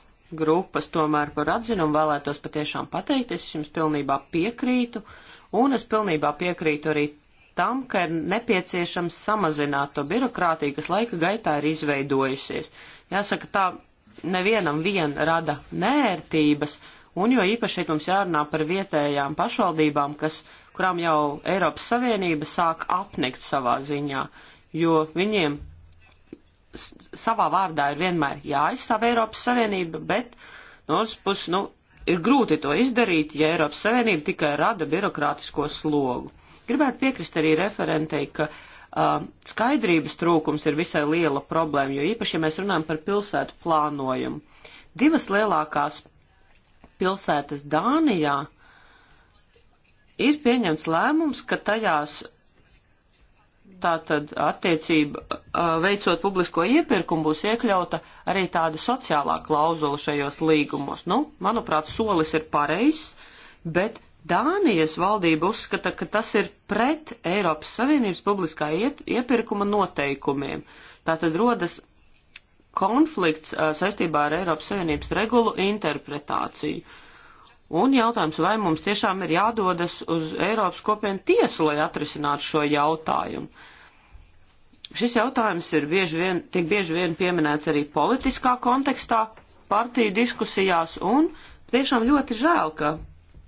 grupas, tomēr par atzinumu vēlētos patiešām pateikt, es jums pilnībā piekrītu, un es pilnībā piekrītu arī tam, ka ir nepieciešams samazināt to birokrātiju, kas laika gaitā ir izveidojusies. Uh, Jāsaka, tā nevienam vien rada nērtības, un jo īpaši šeit mums jārunā par vietējām pašvaldībām, kas, kurām jau Eiropas Savienība sāk apnikt savā ziņā, jo viņiem savā vārdā ir vienmēr jāizstāv Eiropas Savienība, bet no otras puses, nu, ir grūti to izdarīt, ja Eiropas Savienība tikai rada birokrātisko slogu. Gribētu piekrist arī referentei, ka uh, uh, skaidrības trūkums ir visai liela problēma, jo īpaši, ja mēs runājam par pilsētu plānojumu. Divas lielākās pilsētas Dānijā ir pieņemts lēmums, ka tajās tātad attiecība veicot publisko iepirkumu būs iekļauta arī tāda sociālā klauzula šajos līgumos. Nu, manuprāt, solis ir pareizs, bet Dānijas valdība uzskata, ka tas ir pret Eiropas Savienības publiskā iet, iepirkuma noteikumiem. Tātad rodas konflikts uh, saistībā ar Eiropas Savienības regulu interpretāciju. Un jautājums, vai mums tiešām ir jādodas uz Eiropas kopienu tiesu, lai atrisinātu šo jautājumu. Šis jautājums ir bieži vien, tiek bieži vien pieminēts arī politiskā kontekstā, partiju diskusijās, un tiešām ļoti žēl, ka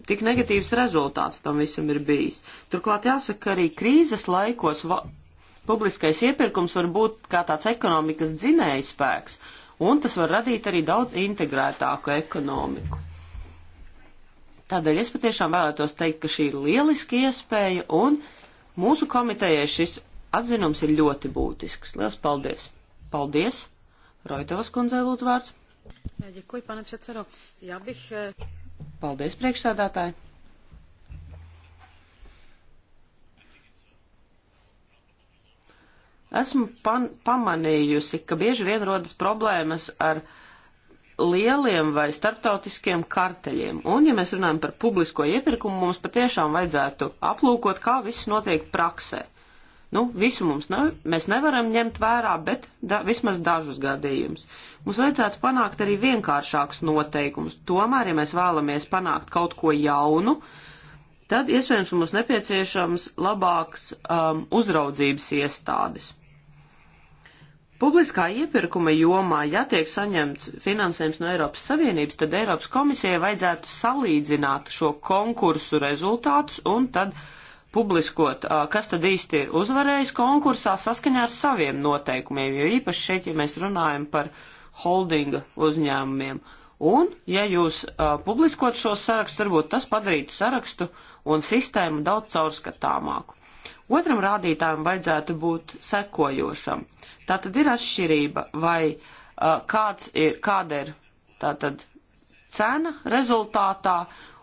tik negatīvs rezultāts tam visam ir bijis. Turklāt jāsaka, ka arī krīzes laikos va, publiskais iepirkums var būt kā tāds ekonomikas dzinējs spēks, un tas var radīt arī daudz integrētāku ekonomiku. Tādēļ es patiešām vēlētos teikt, ka šī ir lieliski iespēja, un mūsu komitejai šis atzinums ir ļoti būtisks. Lielas paldies! Paldies! Rojtovas kundzei lūdzu vārds. Děkuji, pane předsedo. Já bych... Eh, Paldies, priekšsādātāji! Esmu pan, pamanījusi, ka bieži vien rodas problēmas ar lieliem vai starptautiskiem karteļiem. Un, ja mēs runājam par publisko iepirkumu, mums patiešām vajadzētu aplūkot, kā viss notiek praksē. Uh, Nu, visu mums nav, mēs nevaram ņemt vērā, bet da, vismaz dažus gadījumus. Mums vajadzētu panākt arī vienkāršākus noteikumus. Tomēr, ja mēs vēlamies panākt kaut ko jaunu, tad iespējams mums nepieciešams labāks um, uzraudzības iestādes. Publiskā iepirkuma jomā, ja tiek saņemts finansējums no Eiropas Savienības, tad Eiropas komisijai vajadzētu salīdzināt šo konkursu rezultātus un tad uh, publiskot, kas tad īsti ir uzvarējis konkursā saskaņā ar saviem noteikumiem, jo īpaši šeit, ja mēs runājam par holdinga uzņēmumiem. Un, ja jūs uh, publiskot šo sarakstu, varbūt tas padarītu sarakstu un sistēmu daudz caurskatāmāku. Otram rādītājam vajadzētu būt sekojošam. Tā tad ir atšķirība, vai uh, kāds ir, kāda ir tā tad cena rezultātā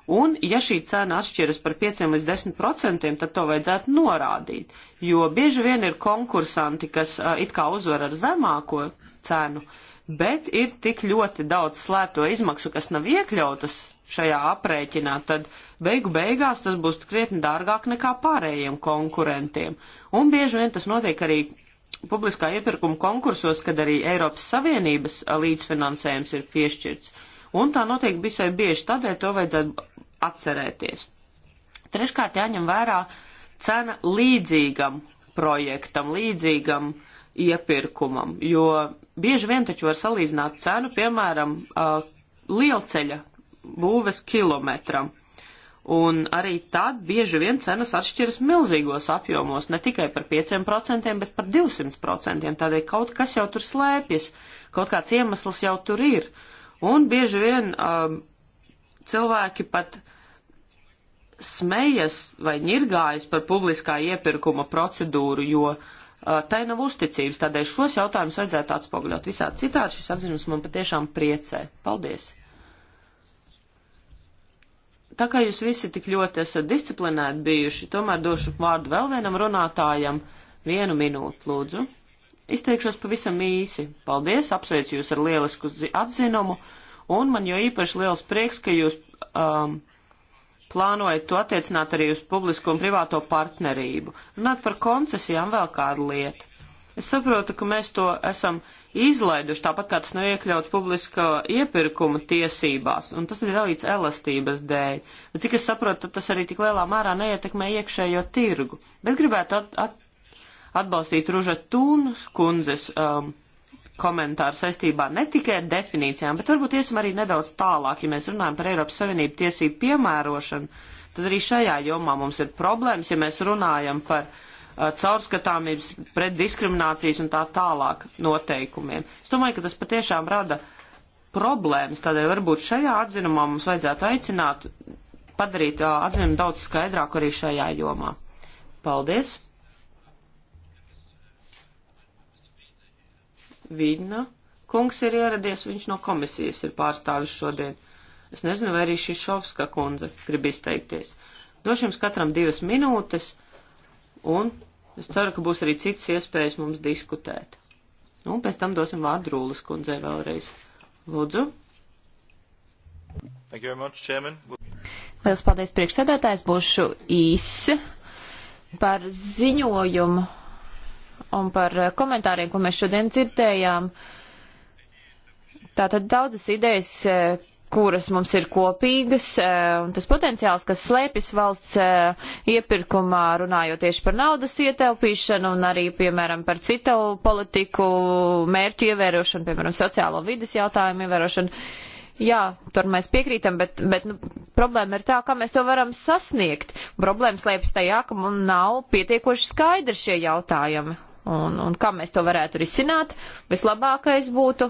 Un, ja šī cena atšķiras par 5 līdz 10 procentiem, tad to vajadzētu norādīt, jo bieži vien ir konkursanti, kas uh, it kā uzvar ar zemāko cenu, bet ir tik ļoti daudz slēpto izmaksu, kas nav iekļautas šajā aprēķinā, tad beigu beigās tas būs krietni dārgāk nekā pārējiem konkurentiem. Un bieži vien tas notiek arī publiskā iepirkuma konkursos, kad arī Eiropas Savienības līdzfinansējums ir piešķirts. Un tā notiek visai bieži, tādēļ to vajadzētu atcerēties. Treškārt jāņem vērā cena līdzīgam projektam, līdzīgam iepirkumam, jo bieži vien taču var salīdzināt cenu, piemēram, lielceļa būves kilometram. Un arī tad bieži vien cenas atšķiras milzīgos apjomos, ne tikai par 5%, bet par 200%. Tādēļ kaut kas jau tur slēpjas, kaut kāds iemesls jau tur ir. Un bieži vien um, cilvēki pat uh, smejas vai ņirgājas par publiskā iepirkuma procedūru, jo uh, tai nav uzticības. Tādēļ šos jautājumus vajadzētu atspoguļot. Visādi citādi šis atzinums man patiešām priecē. Paldies! Tā kā jūs visi tik ļoti esat disciplinēti bijuši, tomēr došu vārdu vēl vienam runātājam. Vienu minūtu, lūdzu. Izteikšos pavisam īsi. Paldies, apsveicu jūs ar lielisku atzinumu, un man jau īpaši liels prieks, ka jūs um, plānojat to attiecināt arī uz publisko un privāto partnerību. Runāt par koncesijām vēl kādu lietu. Es saprotu, ka mēs to esam izlaiduši, tāpat kā tas nav iekļauts publiskā iepirkuma tiesībās, un tas ir dalīts elastības dēļ. Bet, cik es saprotu, tas arī tik lielā mērā neietekmē iekšējo tirgu. Bet gribētu at, at, atbalstīt Ruža Tūnas kundzes um, komentāru saistībā ne tikai ar definīcijām, bet varbūt iesim arī nedaudz tālāk, ja mēs runājam par Eiropas Savienību tiesību piemērošanu, tad arī šajā jomā mums ir problēmas, ja mēs runājam par uh, caurskatāmības pret diskriminācijas un tā tālāk noteikumiem. Es domāju, ka tas patiešām rada problēmas, tādēļ varbūt šajā atzinumā mums vajadzētu aicināt padarīt uh, atzinumu daudz skaidrāku arī šajā jomā. Paldies! Vidna kungs ir ieradies, viņš no komisijas ir pārstāvis šodien. Es nezinu, vai arī Šišovska kundze grib izteikties. Došu jums katram divas minūtes, un es ceru, ka būs arī citas iespējas mums diskutēt. Nu, un pēc tam dosim vārdu Rūlas kundzei vēlreiz. Lūdzu. Thank you very much, Chairman. Liels paldies priekšsēdētājs, būšu īs par ziņojumu un par eh, komentāriem, ko mēs šodien dzirdējām. Tātad daudzas idejas, eh, kuras mums ir kopīgas, eh, un tas potenciāls, kas slēpjas valsts iepirkumā, runājot tieši par naudas ietaupīšanu un arī, piemēram, par citu politiku mērķu ievērošanu, piemēram, sociālo vidas jautājumu ievērošanu. Jā, tur mēs piekrītam, bet, bet nu, problēma ir tā, kā mēs to varam sasniegt. Problēma slēpjas tajā, ka mums nav pietiekoši skaidri šie jautājumi un, un kā mēs to varētu risināt, vislabākais būtu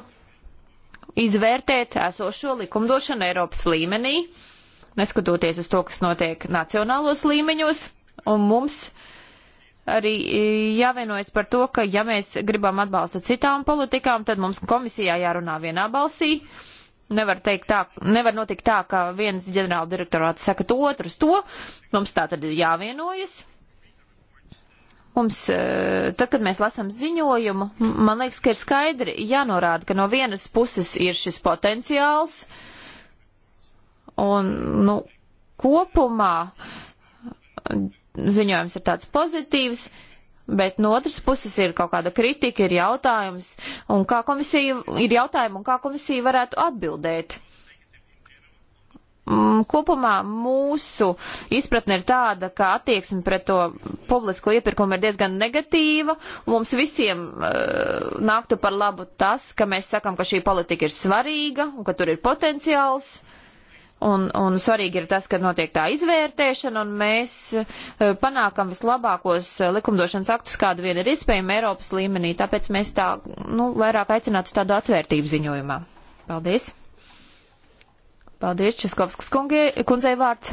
izvērtēt esošo likumdošanu Eiropas līmenī, neskatoties uz to, kas notiek nacionālos līmeņos, un mums arī jāvienojas par to, ka ja mēs gribam atbalstu citām politikām, tad mums komisijā jārunā vienā balsī. Nevar, teikt tā, nevar notikt tā, ka viens ģenerāla direktorāts saka to, otrs to. Mums tā tad ir jāvienojas. Mums, eh, tad, kad mēs lasām ziņojumu, man liekas, ka ir skaidri jānorāda, ka no vienas puses ir šis potenciāls, un, nu, kopumā ziņojums ir tāds pozitīvs, bet no otras puses ir kaut kāda kritika, ir jautājums, un kā komisija, ir jautājumi, un kā komisija varētu atbildēt. Mm, kopumā mūsu izpratne ir tāda, ka attieksme pret to publisko iepirkumu ir diezgan negatīva. Mums visiem uh, nāktu par labu tas, ka mēs sakam, ka šī politika ir svarīga un ka tur ir potenciāls. Un, un svarīgi ir tas, ka notiek tā izvērtēšana, un mēs uh, panākam vislabākos eh, likumdošanas aktus, kādu vien ir iespējama Eiropas līmenī. Tāpēc mēs tā, nu, vairāk aicinātu tādu atvērtību ziņojumā. Paldies! Paldies, Českovskas kundzei vārds.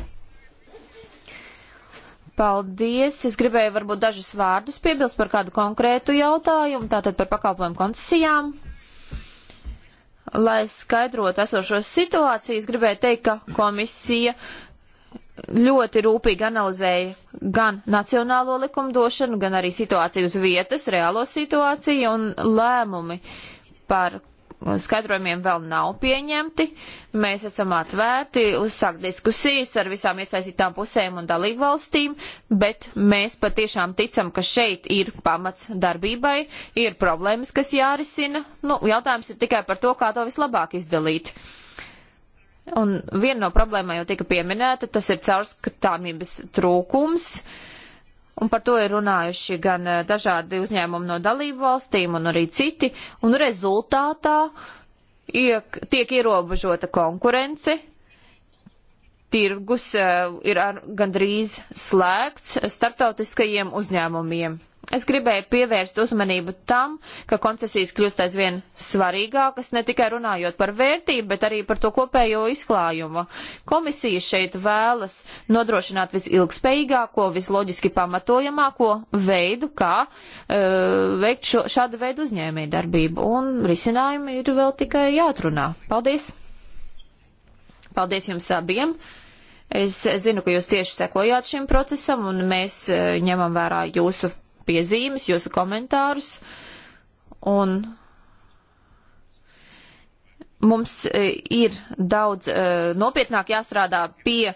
Paldies. Es gribēju varbūt dažus vārdus piebilst par kādu konkrētu jautājumu, tātad par pakalpojumu koncesijām. Lai skaidrotu esošo situāciju, es gribēju teikt, ka komisija ļoti rūpīgi analizēja gan nacionālo likumdošanu, gan arī situāciju uz vietas, reālo situāciju un lēmumi par skatrojumiem vēl nav pieņemti. Mēs esam atvērti uzsākt diskusijas ar visām iesaistītām pusēm un dalību valstīm, bet mēs patiešām ticam, ka šeit ir pamats darbībai, ir problēmas, kas jārisina. Nu, jautājums ir tikai par to, kā to vislabāk izdalīt. Un viena no problēmām jau tika pieminēta, tas ir caurskatāmības trūkums. Uh, un par to ir runājuši gan eh, dažādi uzņēmumi no dalību valstīm un arī citi, un rezultātā iek, tiek ierobežota konkurence, tirgus eh, ir ar, gandrīz slēgts starptautiskajiem uzņēmumiem. Es gribēju pievērst uzmanību tam, ka koncesijas kļūst aizvien svarīgākas, ne tikai runājot par vērtību, bet arī par to kopējo izklājumu. Komisija šeit vēlas nodrošināt visilgspējīgāko, visloģiski pamatojamāko veidu, kā e, veikt šo, šādu veidu uzņēmēju darbību, un risinājumi ir vēl tikai jāatrunā. Paldies! Paldies jums abiem! Es zinu, ka jūs tieši sekojāt šim procesam, un mēs eh, ņemam vērā jūsu piezīmes, jūsu komentārus. Un mums e, ir daudz uh, nopietnāk jāstrādā pie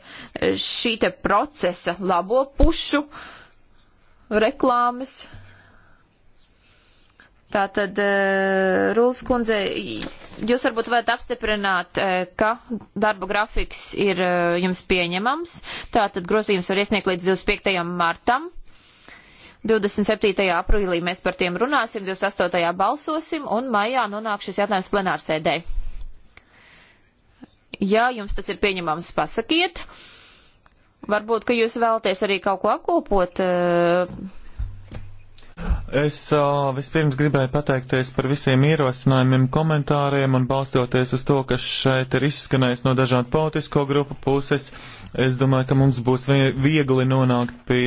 šī te procesa labo pušu reklāmas. Tātad, uh, Rūlas kundze, jūs varbūt varat apstiprināt, uh, ka darba grafiks ir jums pieņemams. Tātad grozījums var iesniegt līdz 25. martam. 27. aprīlī mēs par tiem runāsim, 28. balsosim un maijā nonāk šis jautājums plenārsēdē. Ja jums tas ir pieņemams, pasakiet. Varbūt, ka jūs vēlaties arī kaut ko apkopot. Eh? Es uh, vispirms gribēju pateikties par visiem ierosinājumiem, komentāriem un balstoties uz to, kas šeit ir izskanējis no dažādu politisko grupu puses. Es domāju, ka mums būs viegli nonākt pie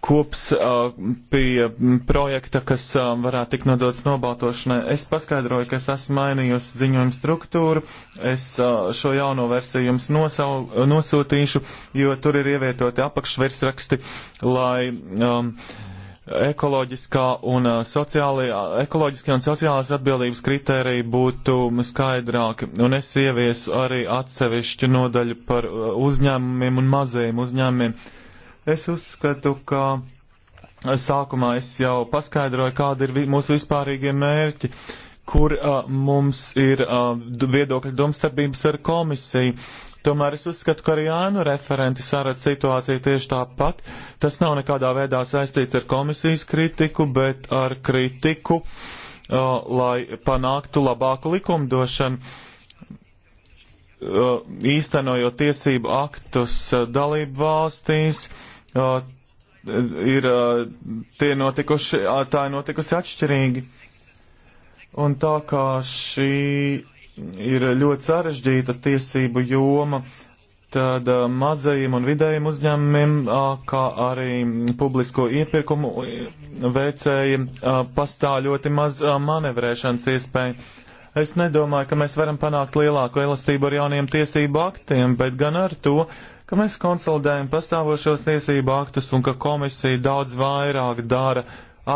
kops uh, pie projekta, kas uh, varētu tikt nodots nobaltošanai. Es paskaidroju, ka es esmu mainījusi ziņojumu struktūru, es uh, šo jauno versiju jums nosau, nosūtīšu, jo tur ir ievietoti apakšvirsraksti, lai. Um, ekoloģiskā un uh, sociālajā, uh, ekoloģiskā un sociālās atbildības kritērija būtu skaidrāki. Un es ieviesu arī atsevišķu nodaļu par uh, uzņēmumiem un mazajiem uzņēmumiem. Uh, Es uzskatu, ka sākumā es jau paskaidroju, kāda ir vi mūsu vispārīgie mērķi, kur uh, mums ir uh, viedokļa domstarpības ar komisiju. Tomēr es uzskatu, ka arī ēnu referenti saredz situāciju tieši tāpat. Tas nav nekādā veidā saistīts ar komisijas kritiku, bet ar kritiku, uh, lai panāktu labāku likumdošanu. Uh, īstenojot tiesību aktus uh, dalību valstīs, uh, ir tie notikuši, tā ir notikusi atšķirīgi. Un tā kā šī ir ļoti sarežģīta tiesību joma, tad mazajiem un vidējiem uzņēmumiem, kā arī publisko iepirkumu veicējiem, pastāv ļoti maz manevrēšanas iespēja. Es nedomāju, ka mēs varam panākt lielāku elastību ar jauniem tiesību aktiem, bet gan ar to, ka mēs konsolidējam pastāvošos tiesību aktus un ka komisija daudz vairāk dara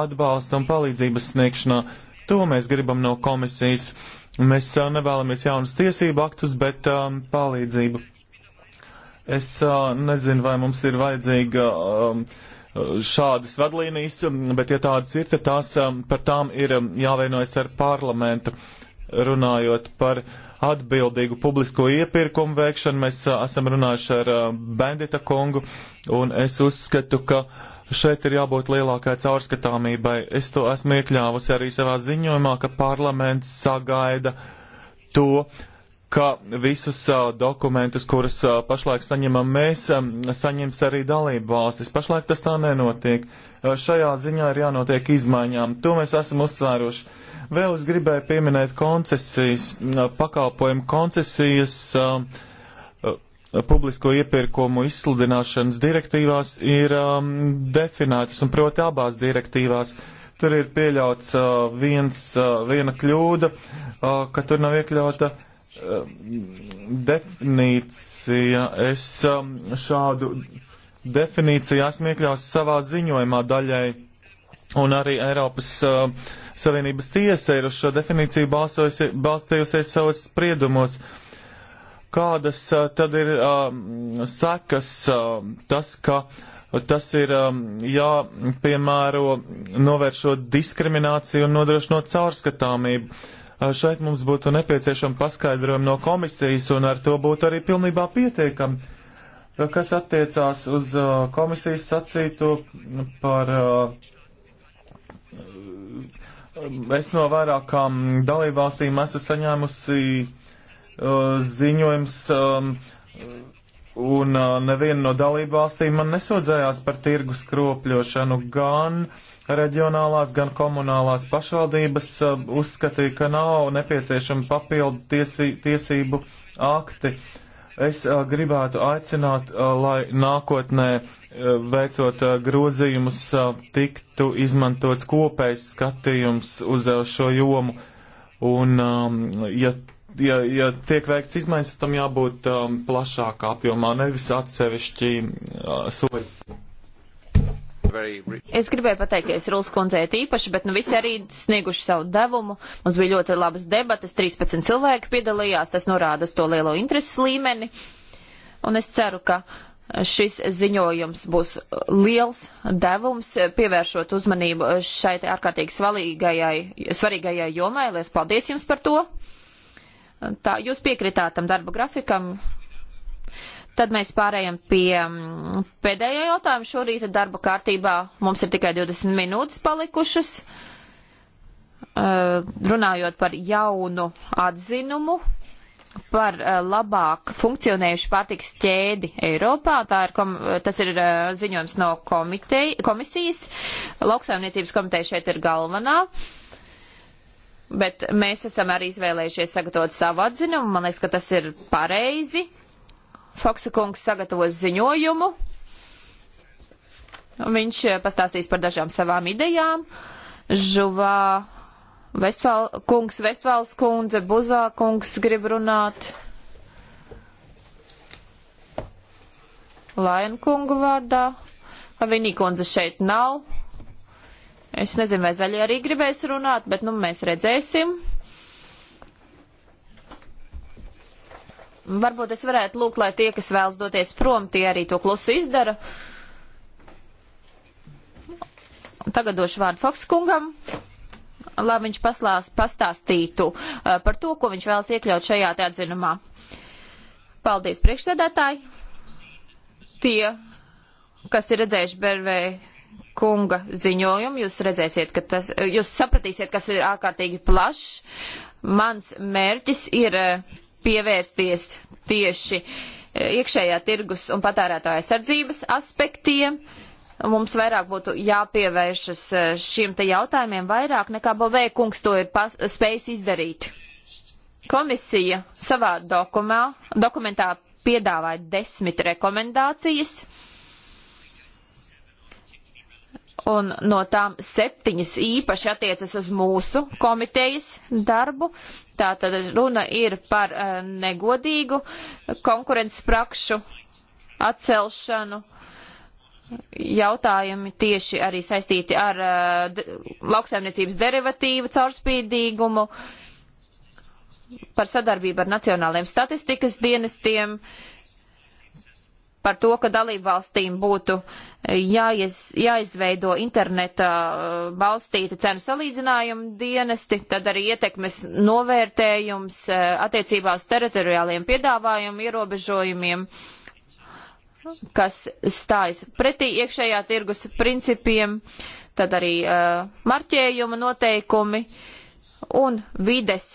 atbalsta un palīdzības sniegšanā. To mēs gribam no komisijas. Mēs uh, nevēlamies jaunus tiesību aktus, bet um, palīdzību. Es uh, nezinu, vai mums ir vajadzīga. Um, šādas vadlīnijas, bet ja tādas ir, tad tās, um, par tām ir um, jāvienojas ar parlamentu, runājot par atbildīgu publisko iepirkumu veikšanu. Mēs a, esam runājuši ar a, Bendita kungu, un es uzskatu, ka šeit ir jābūt lielākai caurskatāmībai. Es to esmu iekļāvusi arī savā ziņojumā, ka parlaments sagaida to, ka visus uh, dokumentus, kurus uh, pašlaik saņemam mēs, um, saņems arī dalību valstis. Pašlaik tas tā nenotiek. Uh, šajā ziņā ir jānotiek izmaiņām. To mēs esam uzsvēruši. Uh, Vēl es gribēju pieminēt koncesijas, pakalpojumu koncesijas. Publisko iepirkumu izsludināšanas direktīvās ir um, definētas, un proti abās direktīvās tur ir pieļauts uh, viens, uh, viena kļūda, uh, ka tur nav iekļauta uh, definīcija. Es um, šādu definīciju esmu iekļauts savā ziņojumā daļai, un arī Eiropas uh, Savienības tiesa ir uz šo definīciju balstījusies savas spriedumos. Kādas uh, tad ir uh, sekas uh, tas, ka tas ir um, jāpiemēro novēršot diskrimināciju un nodrošinot caurskatāmību? Uh, šeit mums būtu nepieciešama paskaidrojuma no komisijas, un ar to būtu arī pilnībā pietiekami. Kas attiecās uz uh, komisijas sacīto par uh, es no vairākām dalībvalstīm esmu saņēmusi uh, ziņojums, um, un uh, neviena no dalībvalstīm man nesūdzējās par tirgus kropļošanu. Gan reģionālās, gan komunālās pašvaldības uh, uzskatīja, ka nav nepieciešama papildu tiesī, tiesību akti. Es gribētu aicināt, lai nākotnē veicot grozījumus, tiktu izmantots kopējs skatījums uz šo jomu. Un, ja, ja, ja tiek veikts izmaiņas, tam jābūt plašākā apjomā, nevis atsevišķi soļi. Es gribēju pateikties Rūlas kundzei īpaši, bet nu visi arī snieguši savu devumu. Mums bija ļoti labas debatas, 13 cilvēki piedalījās, tas norāda uz to lielo intereses līmeni. Un es ceru, ka uh, šis ziņojums būs liels devums, pievēršot uzmanību šai ārkārtīgi svarīgajai jomai. Lies paldies jums par to. Tā, jūs piekritāt tam darba grafikam. Tad mēs pārējām pie mm, pēdējā jautājuma. Šorīt darba kārtībā mums ir tikai 20 minūtes palikušas. Runājot par jaunu atzinumu, par eh, labāk funkcionējušu pārtiks ķēdi Eiropā. Tā ir, kom, tas ir eh, ziņojums no komitei, komisijas. Lauksaimniecības komiteja šeit ir galvenā. Bet mēs esam arī izvēlējušies sagatavot savu atzinumu. Man liekas, ka tas ir pareizi. Foksa kungs sagatavos ziņojumu. Viņš eh, pastāstīs par dažām savām idejām. Žuvā Vestfāl, kungs, Vestfāls kundze, Buzā kungs grib runāt. Laina kungu vārdā. Avinī kundze šeit nav. Es nezinu, vai zaļie arī gribēs runāt, bet nu mēs redzēsim. Varbūt es varētu lūgt, lai tie, kas vēlas doties prom, tie arī to klusu izdara. Tagad došu vārdu Foks kungam lai viņš paslās, pastāstītu uh, par to, ko viņš vēlas iekļaut šajā atzinumā. Paldies priekšsēdētāji. Tie, kas ir redzējuši Bervē kunga ziņojumu, jūs redzēsiet, ka tas, jūs sapratīsiet, kas ir ārkārtīgi plašs. Mans mērķis ir uh, pievērsties tieši uh, iekšējā tirgus un patērētāja sardzības aspektiem. Uh, Mums vairāk būtu jāpievēršas eh, šiem te jautājumiem vairāk nekā Bovē kungs to ir pas, spējis izdarīt. Komisija savā dokumā, dokumentā piedāvāja desmit rekomendācijas, un no tām septiņas īpaši attiecas uz mūsu komitejas darbu. Tātad runa ir par eh, negodīgu konkurences prakšu atcelšanu, uh, jautājumi tieši arī saistīti ar uh, lauksaimniecības derivatīvu caurspīdīgumu, par sadarbību ar nacionāliem statistikas dienestiem, par to, ka dalību valstīm būtu uh, jāiz, jāizveido interneta uh, balstīta cenu salīdzinājumu dienesti, tad arī ietekmes novērtējums uh, attiecībā uz teritoriāliem piedāvājumu ierobežojumiem. Uh, kas stājas pretī iekšējā tirgus principiem, tad arī uh, marķējuma noteikumi un vides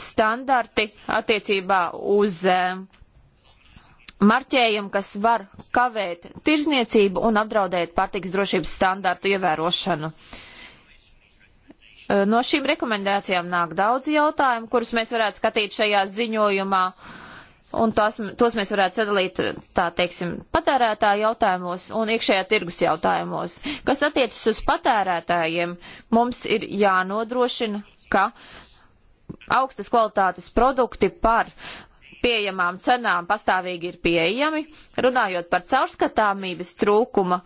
standarti attiecībā uz uh, marķējumu, kas var kavēt tirzniecību un apdraudēt pārtiks drošības standartu ievērošanu. Uh, no šīm rekomendācijām nāk daudz jautājumu, kurus mēs varētu skatīt šajā ziņojumā. Uh, un tos, tos mēs varētu sadalīt, tā teiksim, patērētāju jautājumos un iekšējā tirgus jautājumos. Kas attiecas uz patērētājiem, mums ir jānodrošina, ka augstas kvalitātes produkti par pieejamām cenām pastāvīgi ir pieejami. Runājot par caurskatāmības trūkuma,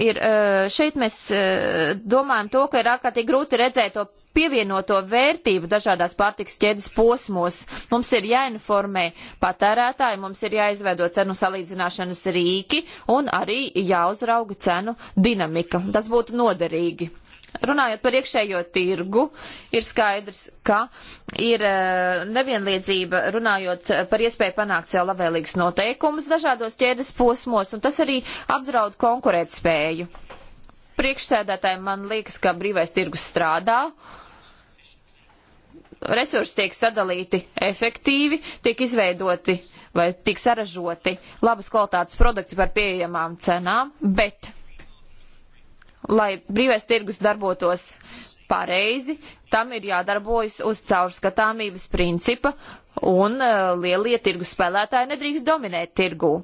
ir, eh, šeit mēs eh, domājam to, ka ir ārkārtīgi grūti redzēt to pievienoto vērtību dažādās pārtiks ķēdes posmos. Mums ir jāinformē patērētāji, mums ir jāizveido cenu salīdzināšanas rīki un arī jāuzrauga cenu dinamika. Tas būtu noderīgi. Runājot par iekšējo tirgu, ir skaidrs, ka ir eh, nevienlīdzība runājot par iespēju panākt sev labvēlīgus noteikumus dažādos ķēdes posmos, un tas arī apdraud konkurētspēju priekšsēdētāji, man liekas, ka brīvais tirgus strādā. Resursi tiek sadalīti efektīvi, tiek izveidoti vai tiek saražoti labas kvalitātes produkti par pieejamām cenām, bet, lai brīvais tirgus darbotos pareizi, tam ir jādarbojas uz caurskatāmības principa, un uh, lielie tirgus spēlētāji nedrīkst dominēt tirgū.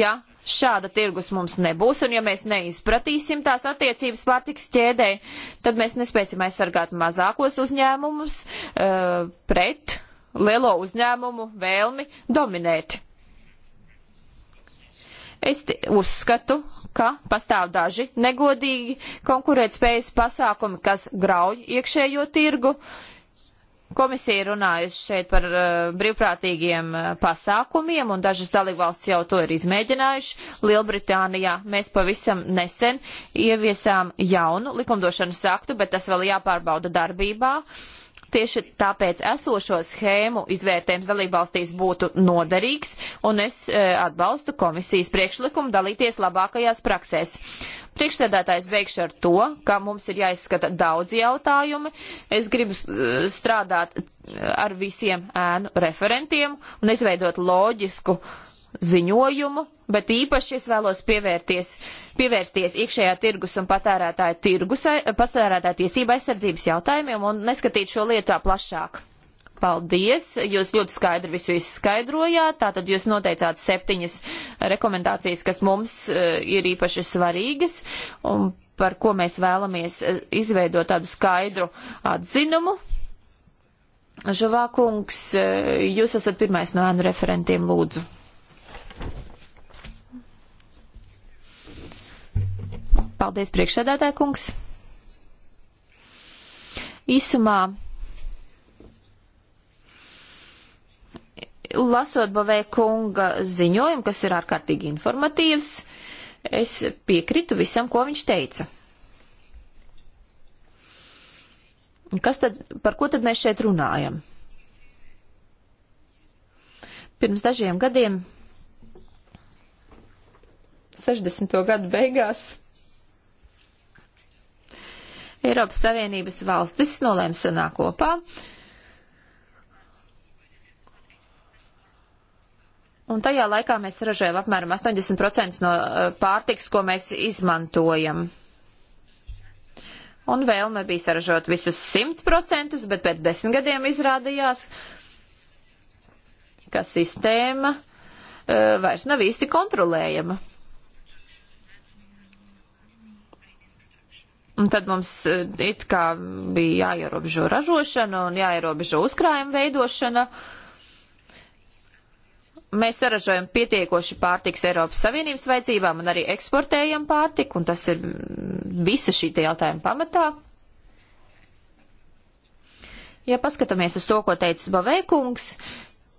Ja Šāda tirgus mums nebūs, un ja mēs neizpratīsim tās attiecības pārtiks ķēdē, tad mēs nespēsim aizsargāt mazākos uzņēmumus uh, pret lielo uzņēmumu vēlmi dominēt. Es uzskatu, ka pastāv daži negodīgi konkurētspējas pasākumi, kas grauj iekšējo tirgu. Uh, Komisija ir runājusi šeit par uh, brīvprātīgiem uh, pasākumiem, un dažas dalībvalsts jau to ir izmēģinājuši. Lielbritānijā mēs pavisam nesen ieviesām jaunu likumdošanas aktu, bet tas vēl jāpārbauda darbībā. Uh, Tieši tāpēc esošo schēmu izvērtējums dalībvalstīs būtu noderīgs, un es e, atbalstu komisijas priekšlikumu dalīties labākajās praksēs. Priekšsēdētājs beigšu ar to, ka mums ir jāizskata daudzi jautājumi. Es gribu e, strādāt e, ar visiem ēnu referentiem un izveidot loģisku uh, ziņojumu, bet īpaši es vēlos pievērties, pievērsties iekšējā tirgus un patērētāja tirgus, patērētāja tiesība aizsardzības jautājumiem un neskatīt šo lietā plašāk. Paldies! Jūs ļoti skaidri visu izskaidrojāt, tātad jūs noteicāt septiņas rekomendācijas, kas mums uh, ir īpaši svarīgas un par ko mēs vēlamies e, izveidot tādu skaidru atzinumu. Žavākungs, e, jūs esat pirmais no ēnu referentiem, lūdzu. Paldies, priekšsēdētāj kungs. Īsumā, lasot Bavē kunga ziņojumu, kas ir ārkārtīgi informatīvs, es piekritu visam, ko viņš teica. Kas tad, par ko tad mēs šeit runājam? Pirms dažiem gadiem 60. gadu beigās Eiropas Savienības valstis nolēma sanā kopā. Un tajā laikā mēs ražojam apmēram 80% no eh, pārtiks, ko mēs izmantojam. Un vēlme bija saražot visus 100%, bet pēc desmit gadiem izrādījās, ka sistēma uh, vairs nav īsti kontrolējama. Un tad mums eh, it kā bija jāierobežo ražošana un jāierobežo uzkrājuma veidošana. Mēs saražojam pietiekoši pārtiks Eiropas Savienības vajadzībām un arī eksportējam pārtiku, un tas ir visa šī jautājuma pamatā. Ja paskatāmies uz to, ko teica Bavēkungs,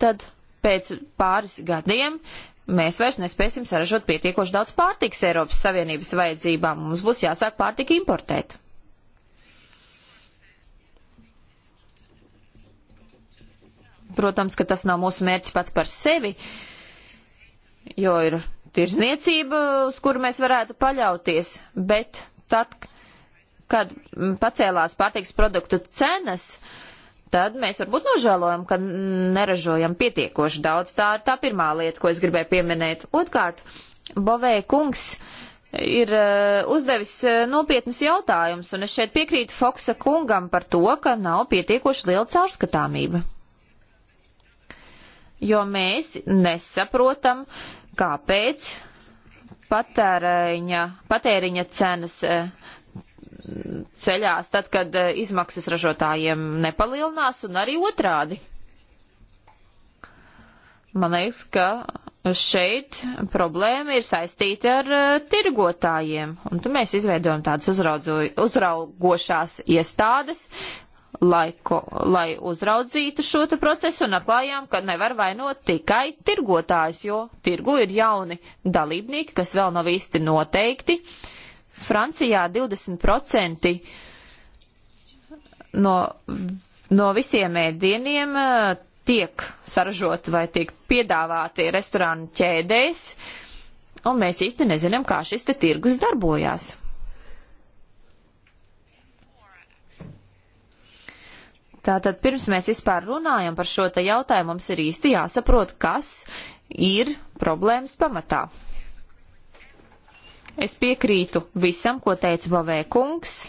tad pēc pāris gadiem mēs vairs nespēsim saražot pietiekoši daudz pārtikas Eiropas Savienības vajadzībām. Mums būs jāsāk pārtika importēt. Protams, ka tas nav mūsu mērķis pats par sevi, jo ir tirzniecība, uz kuru mēs varētu paļauties, bet tad, kad pacēlās pārtiks produktu cenas, uh, tad mēs varbūt nožēlojam, ka neražojam pietiekoši daudz. Tā ir tā pirmā lieta, ko es gribēju pieminēt. Otkārt, Bovēja kungs ir eh, uzdevis eh, nopietnus jautājumus, un es šeit piekrītu Foksa kungam par to, ka nav pietiekoši liela caurskatāmība. Jo mēs nesaprotam, kāpēc patēriņa, patēriņa cenas uh, ceļās, tad, kad eh, izmaksas ražotājiem nepalielinās, un arī otrādi. Man liekas, ka šeit problēma ir saistīta ar uh, tirgotājiem, un tu mēs izveidojam tādas uzraugošās iestādes, lai, ko, lai uzraudzītu šo procesu un atklājām, ka nevar vainot tikai tirgotājus, jo tirgu ir jauni dalībnieki, kas vēl nav īsti noteikti. Uh, Francijā 20% no, no visiem ēdieniem eh, tiek saražot vai tiek piedāvāti restorānu ķēdēs, un mēs īsti nezinām, kā šis te tirgus darbojās. Tātad pirms mēs vispār runājam par šo te jautājumu, mums ir īsti jāsaprot, kas ir problēmas pamatā. Es piekrītu visam, ko teica Bavē kungs.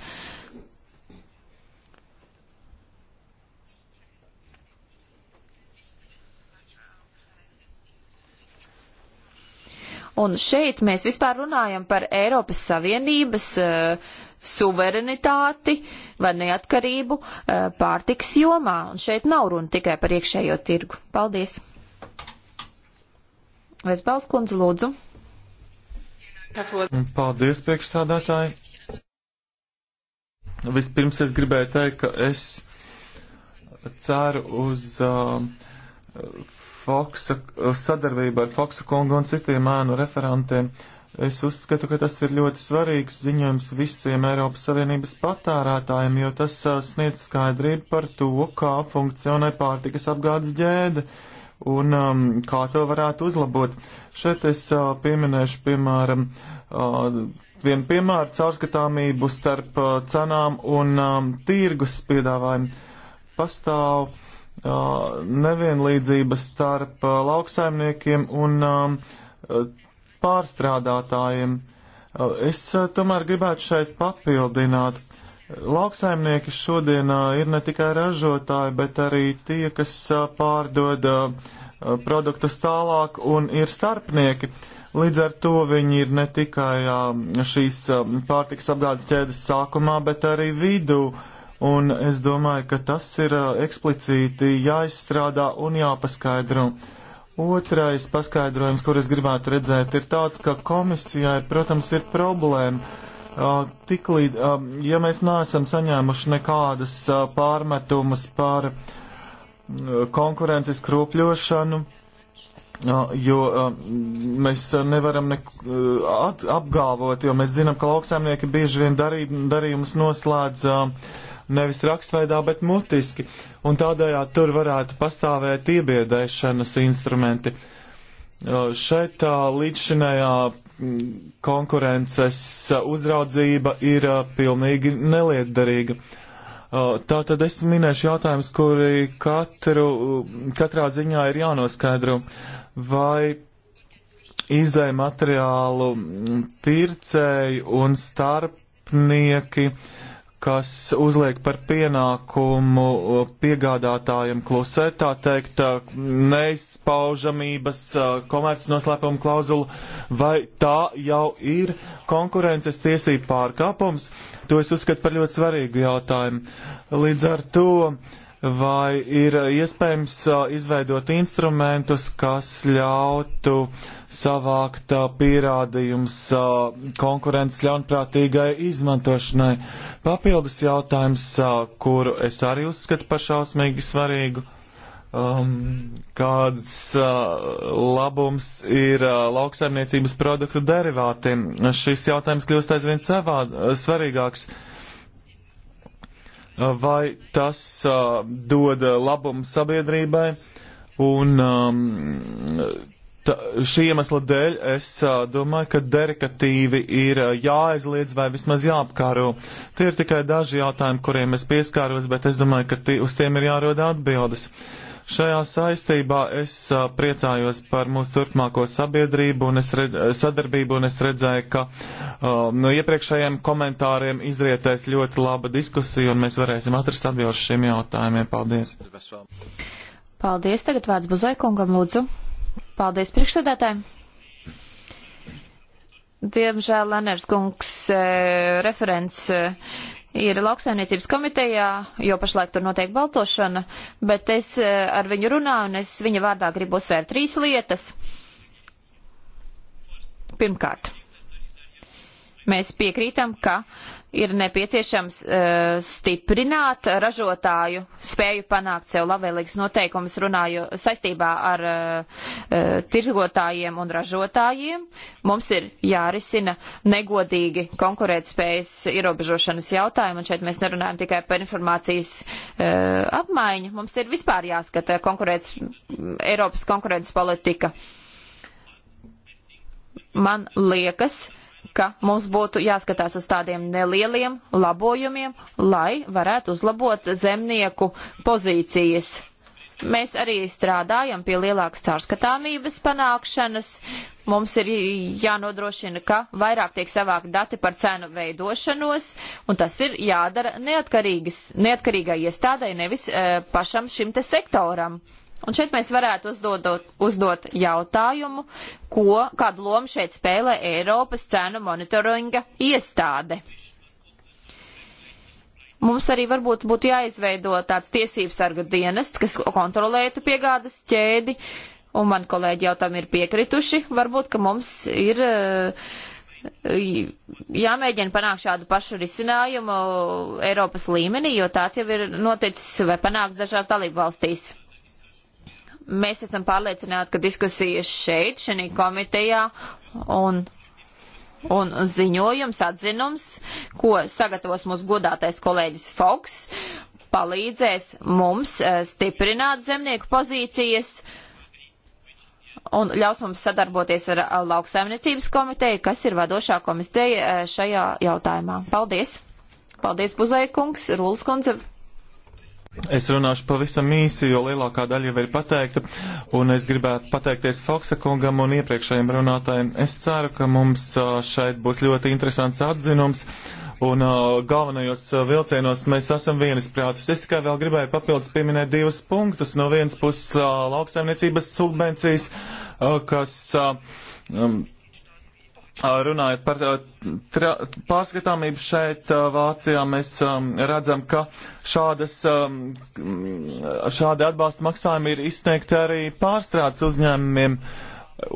Un šeit mēs vispār runājam par Eiropas Savienības uh, suverenitāti vai neatkarību uh, pārtikas jomā. Un šeit nav runa tikai par iekšējo tirgu. Paldies! Vesbalskundze, lūdzu! Paldies, priekšsādātāji! Vispirms es gribēju teikt, ka es ceru uz uh, Foksa, sadarbību ar Foksa kungu un citiem ēnu referentiem. Es uzskatu, ka tas ir ļoti svarīgs ziņojums visiem Eiropas Savienības patērētājiem, jo tas uh, sniedz skaidrību par to, kā funkcionē pārtikas apgādes ģēde. Uh, un um, kā to varētu uzlabot. Šeit es uh, pieminēšu, piemēram, uh, vienu piemēru caurskatāmību starp uh, cenām un um, tirgus piedāvājumu. Pastāv uh, nevienlīdzības starp uh, lauksaimniekiem un um, pārstrādātājiem. Uh, es uh, tomēr gribētu šeit papildināt Lauksaimnieki šodienā ir ne tikai ražotāji, bet arī tie, kas pārdod produktus tālāk un ir starpnieki. Līdz ar to viņi ir ne tikai šīs pārtiks apgādes ķēdes sākumā, bet arī vidū. Un es domāju, ka tas ir eksplicīti jāizstrādā un jāpaskaidro. Otrais paskaidrojums, kur es gribētu redzēt, ir tāds, ka komisijai, protams, ir problēma Tik līdz, ja mēs neesam saņēmuši nekādas pārmetumas par konkurences kropļošanu, jo mēs nevaram nek apgalvot, jo mēs zinām, ka lauksēmnieki bieži vien darī, darījumus noslēdz nevis rakstveidā, bet mutiski, un tādējādi tur varētu pastāvēt iebiedēšanas instrumenti. Uh, Šeit līdzšinējā konkurences uzraudzība ir pilnīgi nelietderīga. Tā tad es minēšu jautājumus, kuri katru, katrā ziņā ir jānoskaidro. Vai izai materiālu pircēji un starpnieki uh, kas uzliek par pienākumu piegādātājiem klusēt, tā teikt, neizpaužamības komercnoslēpuma klauzulu, vai tā jau ir konkurences tiesība pārkāpums, to es uzskatu par ļoti svarīgu jautājumu. Līdz ar to. Uh, vai ir uh, iespējams uh, izveidot instrumentus, kas ļautu savākt uh, pierādījums konkurences ļaunprātīgai izmantošanai. Papildus jautājums, kuru es arī uzskatu par šausmīgi svarīgu. Um, kāds uh, labums ir uh, lauksaimniecības produktu derivātiem? Šis jautājums kļūst aizvien savā, uh, svarīgāks. Uh, Uh, vai tas uh, dod labumu sabiedrībai. Un um, ta, šī iemesla dēļ es uh, domāju, ka derikatīvi ir uh, jāaizliedz vai vismaz jāapkāro. Tie ir tikai daži jautājumi, kuriem es pieskāros, bet es domāju, ka tī, uz tiem ir jārod atbildes. Uh, Šajā saistībā es a, priecājos par mūsu turpmāko sabiedrību un es redz, sadarbību, un es redzēju, ka a, no iepriekšējiem komentāriem izrietēs ļoti laba diskusija, un mēs varēsim atrast atbildes šiem jautājumiem. Paldies! Paldies! Tagad vārds Buzaikungam, lūdzu. Paldies priekšsēdētājiem! Diemžēl Leners kungs e, referents. E, ir lauksaimniecības komitejā, jo pašlaik tur notiek baltošana, bet es eh, ar viņu runāju un es viņa vārdā gribu uzsvērt trīs lietas. Pirmkārt, mēs piekrītam, ka uh, ir nepieciešams uh, stiprināt ražotāju spēju panākt sev labvēlīgas noteikumus runāju saistībā ar uh, uh, tirgotājiem un ražotājiem. Mums ir jārisina negodīgi konkurētspējas ierobežošanas jautājumi, un šeit mēs nerunājam tikai par informācijas uh, apmaiņu. Mums ir vispār jāskata konkurēts, Eiropas konkurētas politika. Man liekas, ka mums būtu jāskatās uz tādiem nelieliem labojumiem, lai varētu uzlabot zemnieku pozīcijas. Mēs arī strādājam pie lielākas caurskatāmības panākšanas. Mums ir jānodrošina, ka vairāk tiek savākt dati par cenu veidošanos, un tas ir jādara neatkarīgai iestādai, nevis e, pašam šim te sektoram. Un šeit mēs varētu uzdodot, uzdot jautājumu, ko, kādu lomu šeit spēlē Eiropas cenu monitoringa iestāde. Mums arī varbūt būtu jāizveido tāds tiesības sarga dienests, kas kontrolētu piegādas ķēdi, un man kolēģi jau tam ir piekrituši. Varbūt, ka mums ir eh, jāmēģina panākt šādu pašu risinājumu Eiropas līmenī, jo tāds jau ir noticis vai panāks dažās dalību valstīs. Mēs esam pārliecināti, ka diskusijas šeit, šajā komitejā un, un ziņojums, atzinums, ko sagatavos mūsu godātais kolēģis Foks, palīdzēs mums eh, stiprināt zemnieku pozīcijas un ļaus mums sadarboties ar lauksaimniecības komiteju, kas ir vadošā komiteja eh, šajā jautājumā. Paldies! Paldies, Buzaikungs, Rūlas kundze, Es runāšu pavisam īsi, jo lielākā daļa jau ir pateikta, un es gribētu pateikties Foksa kungam un iepriekšējiem runātājiem. Es ceru, ka mums šeit būs ļoti interesants atzinums, un galvenajos vilcienos mēs esam vienisprātis. Es tikai vēl gribēju papildus pieminēt divus punktus. No vienas puses lauksaimniecības subvencijas, kas. Um, Runājot par pārskatāmību šeit, Vācijā, mēs um, redzam, ka šādas, um, šādi atbalsta maksājumi ir izsniegti arī pārstrādes uzņēmumiem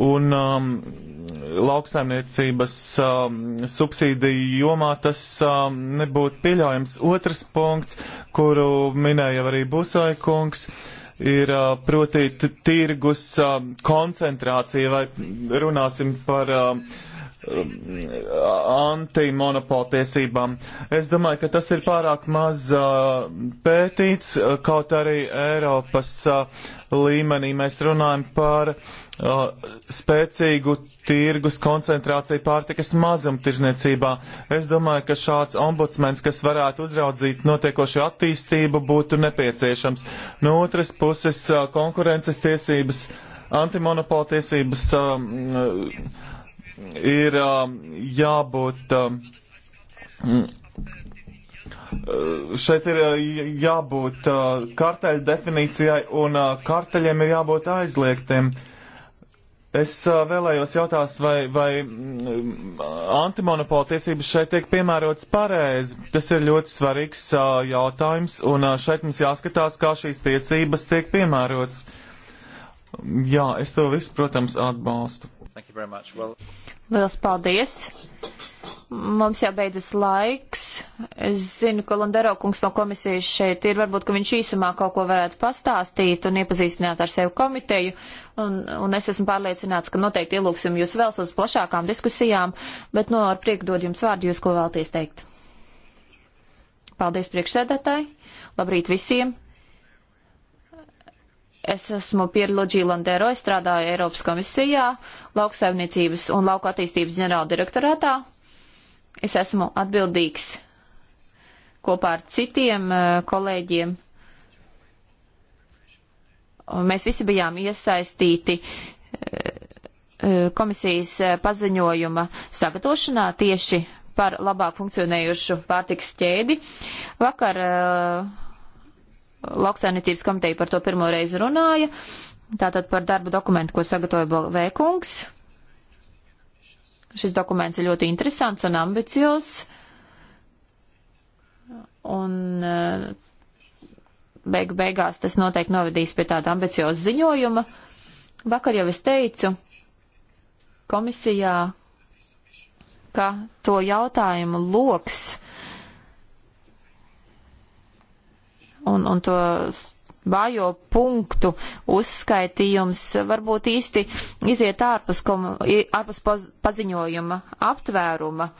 un um, lauksaimniecības um, subsīdiju jomā tas um, nebūtu pieļaujams. Otrs punkts, kuru minēja arī Busoja kungs, ir uh, proti tirgus uh, koncentrācija vai runāsim par. Uh, Um, antimonopola tiesībām. Es domāju, ka tas ir pārāk maz uh, pētīts, uh, kaut arī Eiropas uh, līmenī mēs runājam par spēcīgu tirgus koncentrāciju pārtikas mazumtirzniecībā. Es domāju, ka šāds ombudsmens, kas varētu uzraudzīt notiekošo attīstību, būtu nepieciešams. No otras puses, konkurences tiesības, antimonopola tiesības. Uh, ir jābūt. Šeit ir jābūt karteļu definīcijai, un karteļiem ir jābūt aizliegtiem. Es vēlējos jautāt, vai, vai antimonopola tiesības šeit tiek piemērotas pareizi. Tas ir ļoti svarīgs jautājums, un šeit mums jāskatās, kā šīs tiesības tiek piemērotas. Jā, es to visu, protams, atbalstu. Well... Liels paldies! Mums jābeidzas laiks. Es zinu, ka Landero kungs no komisijas šeit ir. Varbūt, ka viņš īsumā kaut ko varētu pastāstīt un iepazīstināt ar sevi komiteju. Un, un es esmu pārliecināts, ka noteikti ielūksim jūs vēl uz plašākām diskusijām, bet no nu, ar prieku dod jums vārdu, jūs ko vēlties teikt. Paldies priekšsēdētāji. Labrīt visiem! Es esmu Pierluģī Landero, es strādāju Eiropas komisijā, lauksaimniecības un lauka attīstības ģenerāla direktorātā. Es esmu atbildīgs kopā ar citiem eh, kolēģiem. Mēs visi bijām iesaistīti eh, eh, komisijas paziņojuma sagatavošanā tieši par labāk funkcionējušu pārtiks ķēdi. Vakar uh, lauksainicības komiteja par to pirmo reizi runāja. Tātad par darba dokumentu, ko sagatavoja Vēkungs. Šis dokuments ir ļoti interesants un ambiciozs. Un eh, beigu beigās tas noteikti novedīs pie tāda ambicioza ziņojuma. Vakar jau es teicu komisijā, ka to jautājumu loks un, un to vājo punktu uzskaitījums varbūt īsti iziet ārpus, komu, ārpus paziņojuma aptvēruma,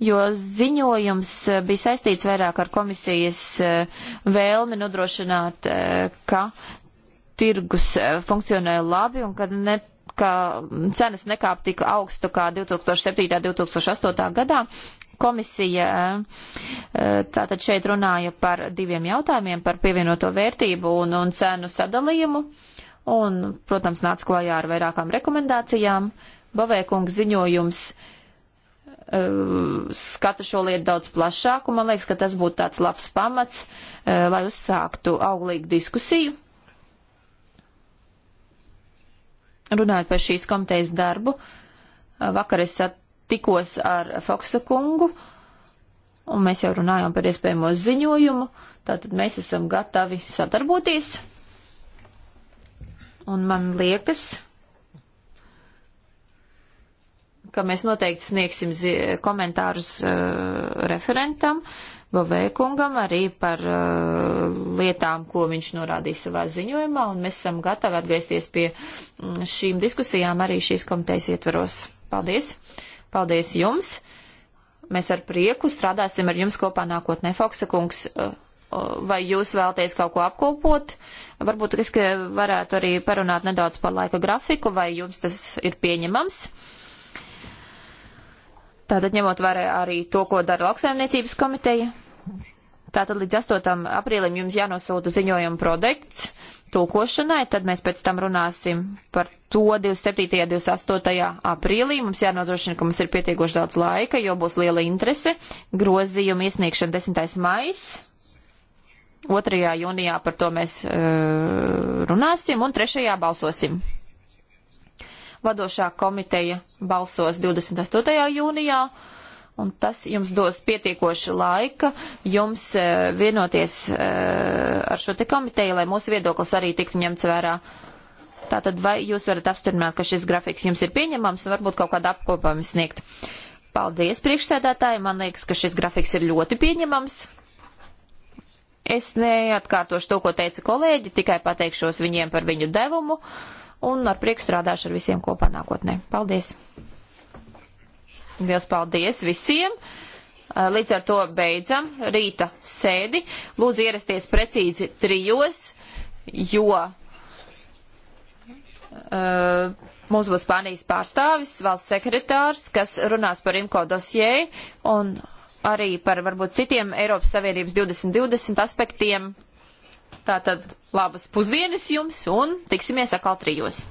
jo ziņojums eh, bija saistīts vairāk ar komisijas eh, vēlmi nodrošināt, eh, ka tirgus funkcionē labi un ka ne ka cenas nekāp tik augstu kā 2007. un 2008. gadā, Komisija eh, eh, tātad šeit runāja par diviem jautājumiem, par pievienoto vērtību un, un cenu sadalījumu, un, protams, nāca klajā ar vairākām rekomendācijām. Bavēkungs ziņojums eh, skata šo lietu daudz plašāk, un man liekas, ka tas būtu tāds labs pamats, lai uzsāktu auglīgu diskusiju. Runājot par šīs komitejas darbu, vakar es at, tikos ar Foksa kungu, un mēs jau runājām par iespējamo ziņojumu, tātad mēs esam gatavi sadarboties. Un man liekas, ka mēs noteikti sniegsim komentārus uh, referentam, Bovēkungam, arī par uh, lietām, ko viņš norādīja savā ziņojumā, un mēs esam gatavi atgriezties pie mm, šīm diskusijām arī šīs komitejas ietveros. Paldies! Uh, Paldies jums! Mēs ar prieku strādāsim ar jums kopā nākotnē, Fauksa kungs. Eh, eh, vai jūs vēlaties kaut ko apkopot? Varbūt es varētu arī parunāt nedaudz par laika grafiku, vai jums tas ir pieņemams? Tātad ņemot vērā arī to, ko dara lauksaimniecības komiteja. Tātad līdz 8. aprīlim jums jānosūta ziņojuma projekts tulkošanai, tad mēs pēc tam runāsim par to 27. un 28. aprīlī. Mums jānodrošina, ka mums ir pietiekoši daudz laika, jo būs liela interese. Grozījuma iesniegšana 10. maijs. 2. jūnijā par to mēs uh, runāsim un 3. balsosim. Vadošā komiteja balsos 28. jūnijā un tas jums dos pietiekoši laika jums eh, vienoties eh, ar šo te komiteju, lai mūsu viedoklis arī tiktu ņemts vērā. Tātad vai jūs varat apstiprināt, ka šis grafiks jums ir pieņemams un varbūt kaut kādu apkopumu sniegt? Paldies, priekšsēdētāji. Man liekas, ka šis grafiks ir ļoti pieņemams. Es neatkārtošu to, ko teica kolēģi, tikai pateikšos viņiem par viņu devumu un ar prieku strādāšu ar visiem kopā nākotnē. Paldies! Liels paldies visiem! Uh, līdz ar to beidzam rīta sēdi. Lūdzu ierasties precīzi trijos, jo uh, mums būs Spānijas pārstāvis, valsts sekretārs, kas runās par IMCO dosjē un arī par varbūt citiem Eiropas Savienības 2020 aspektiem. Tātad labas pusdienas jums un tiksimies atkal trijos.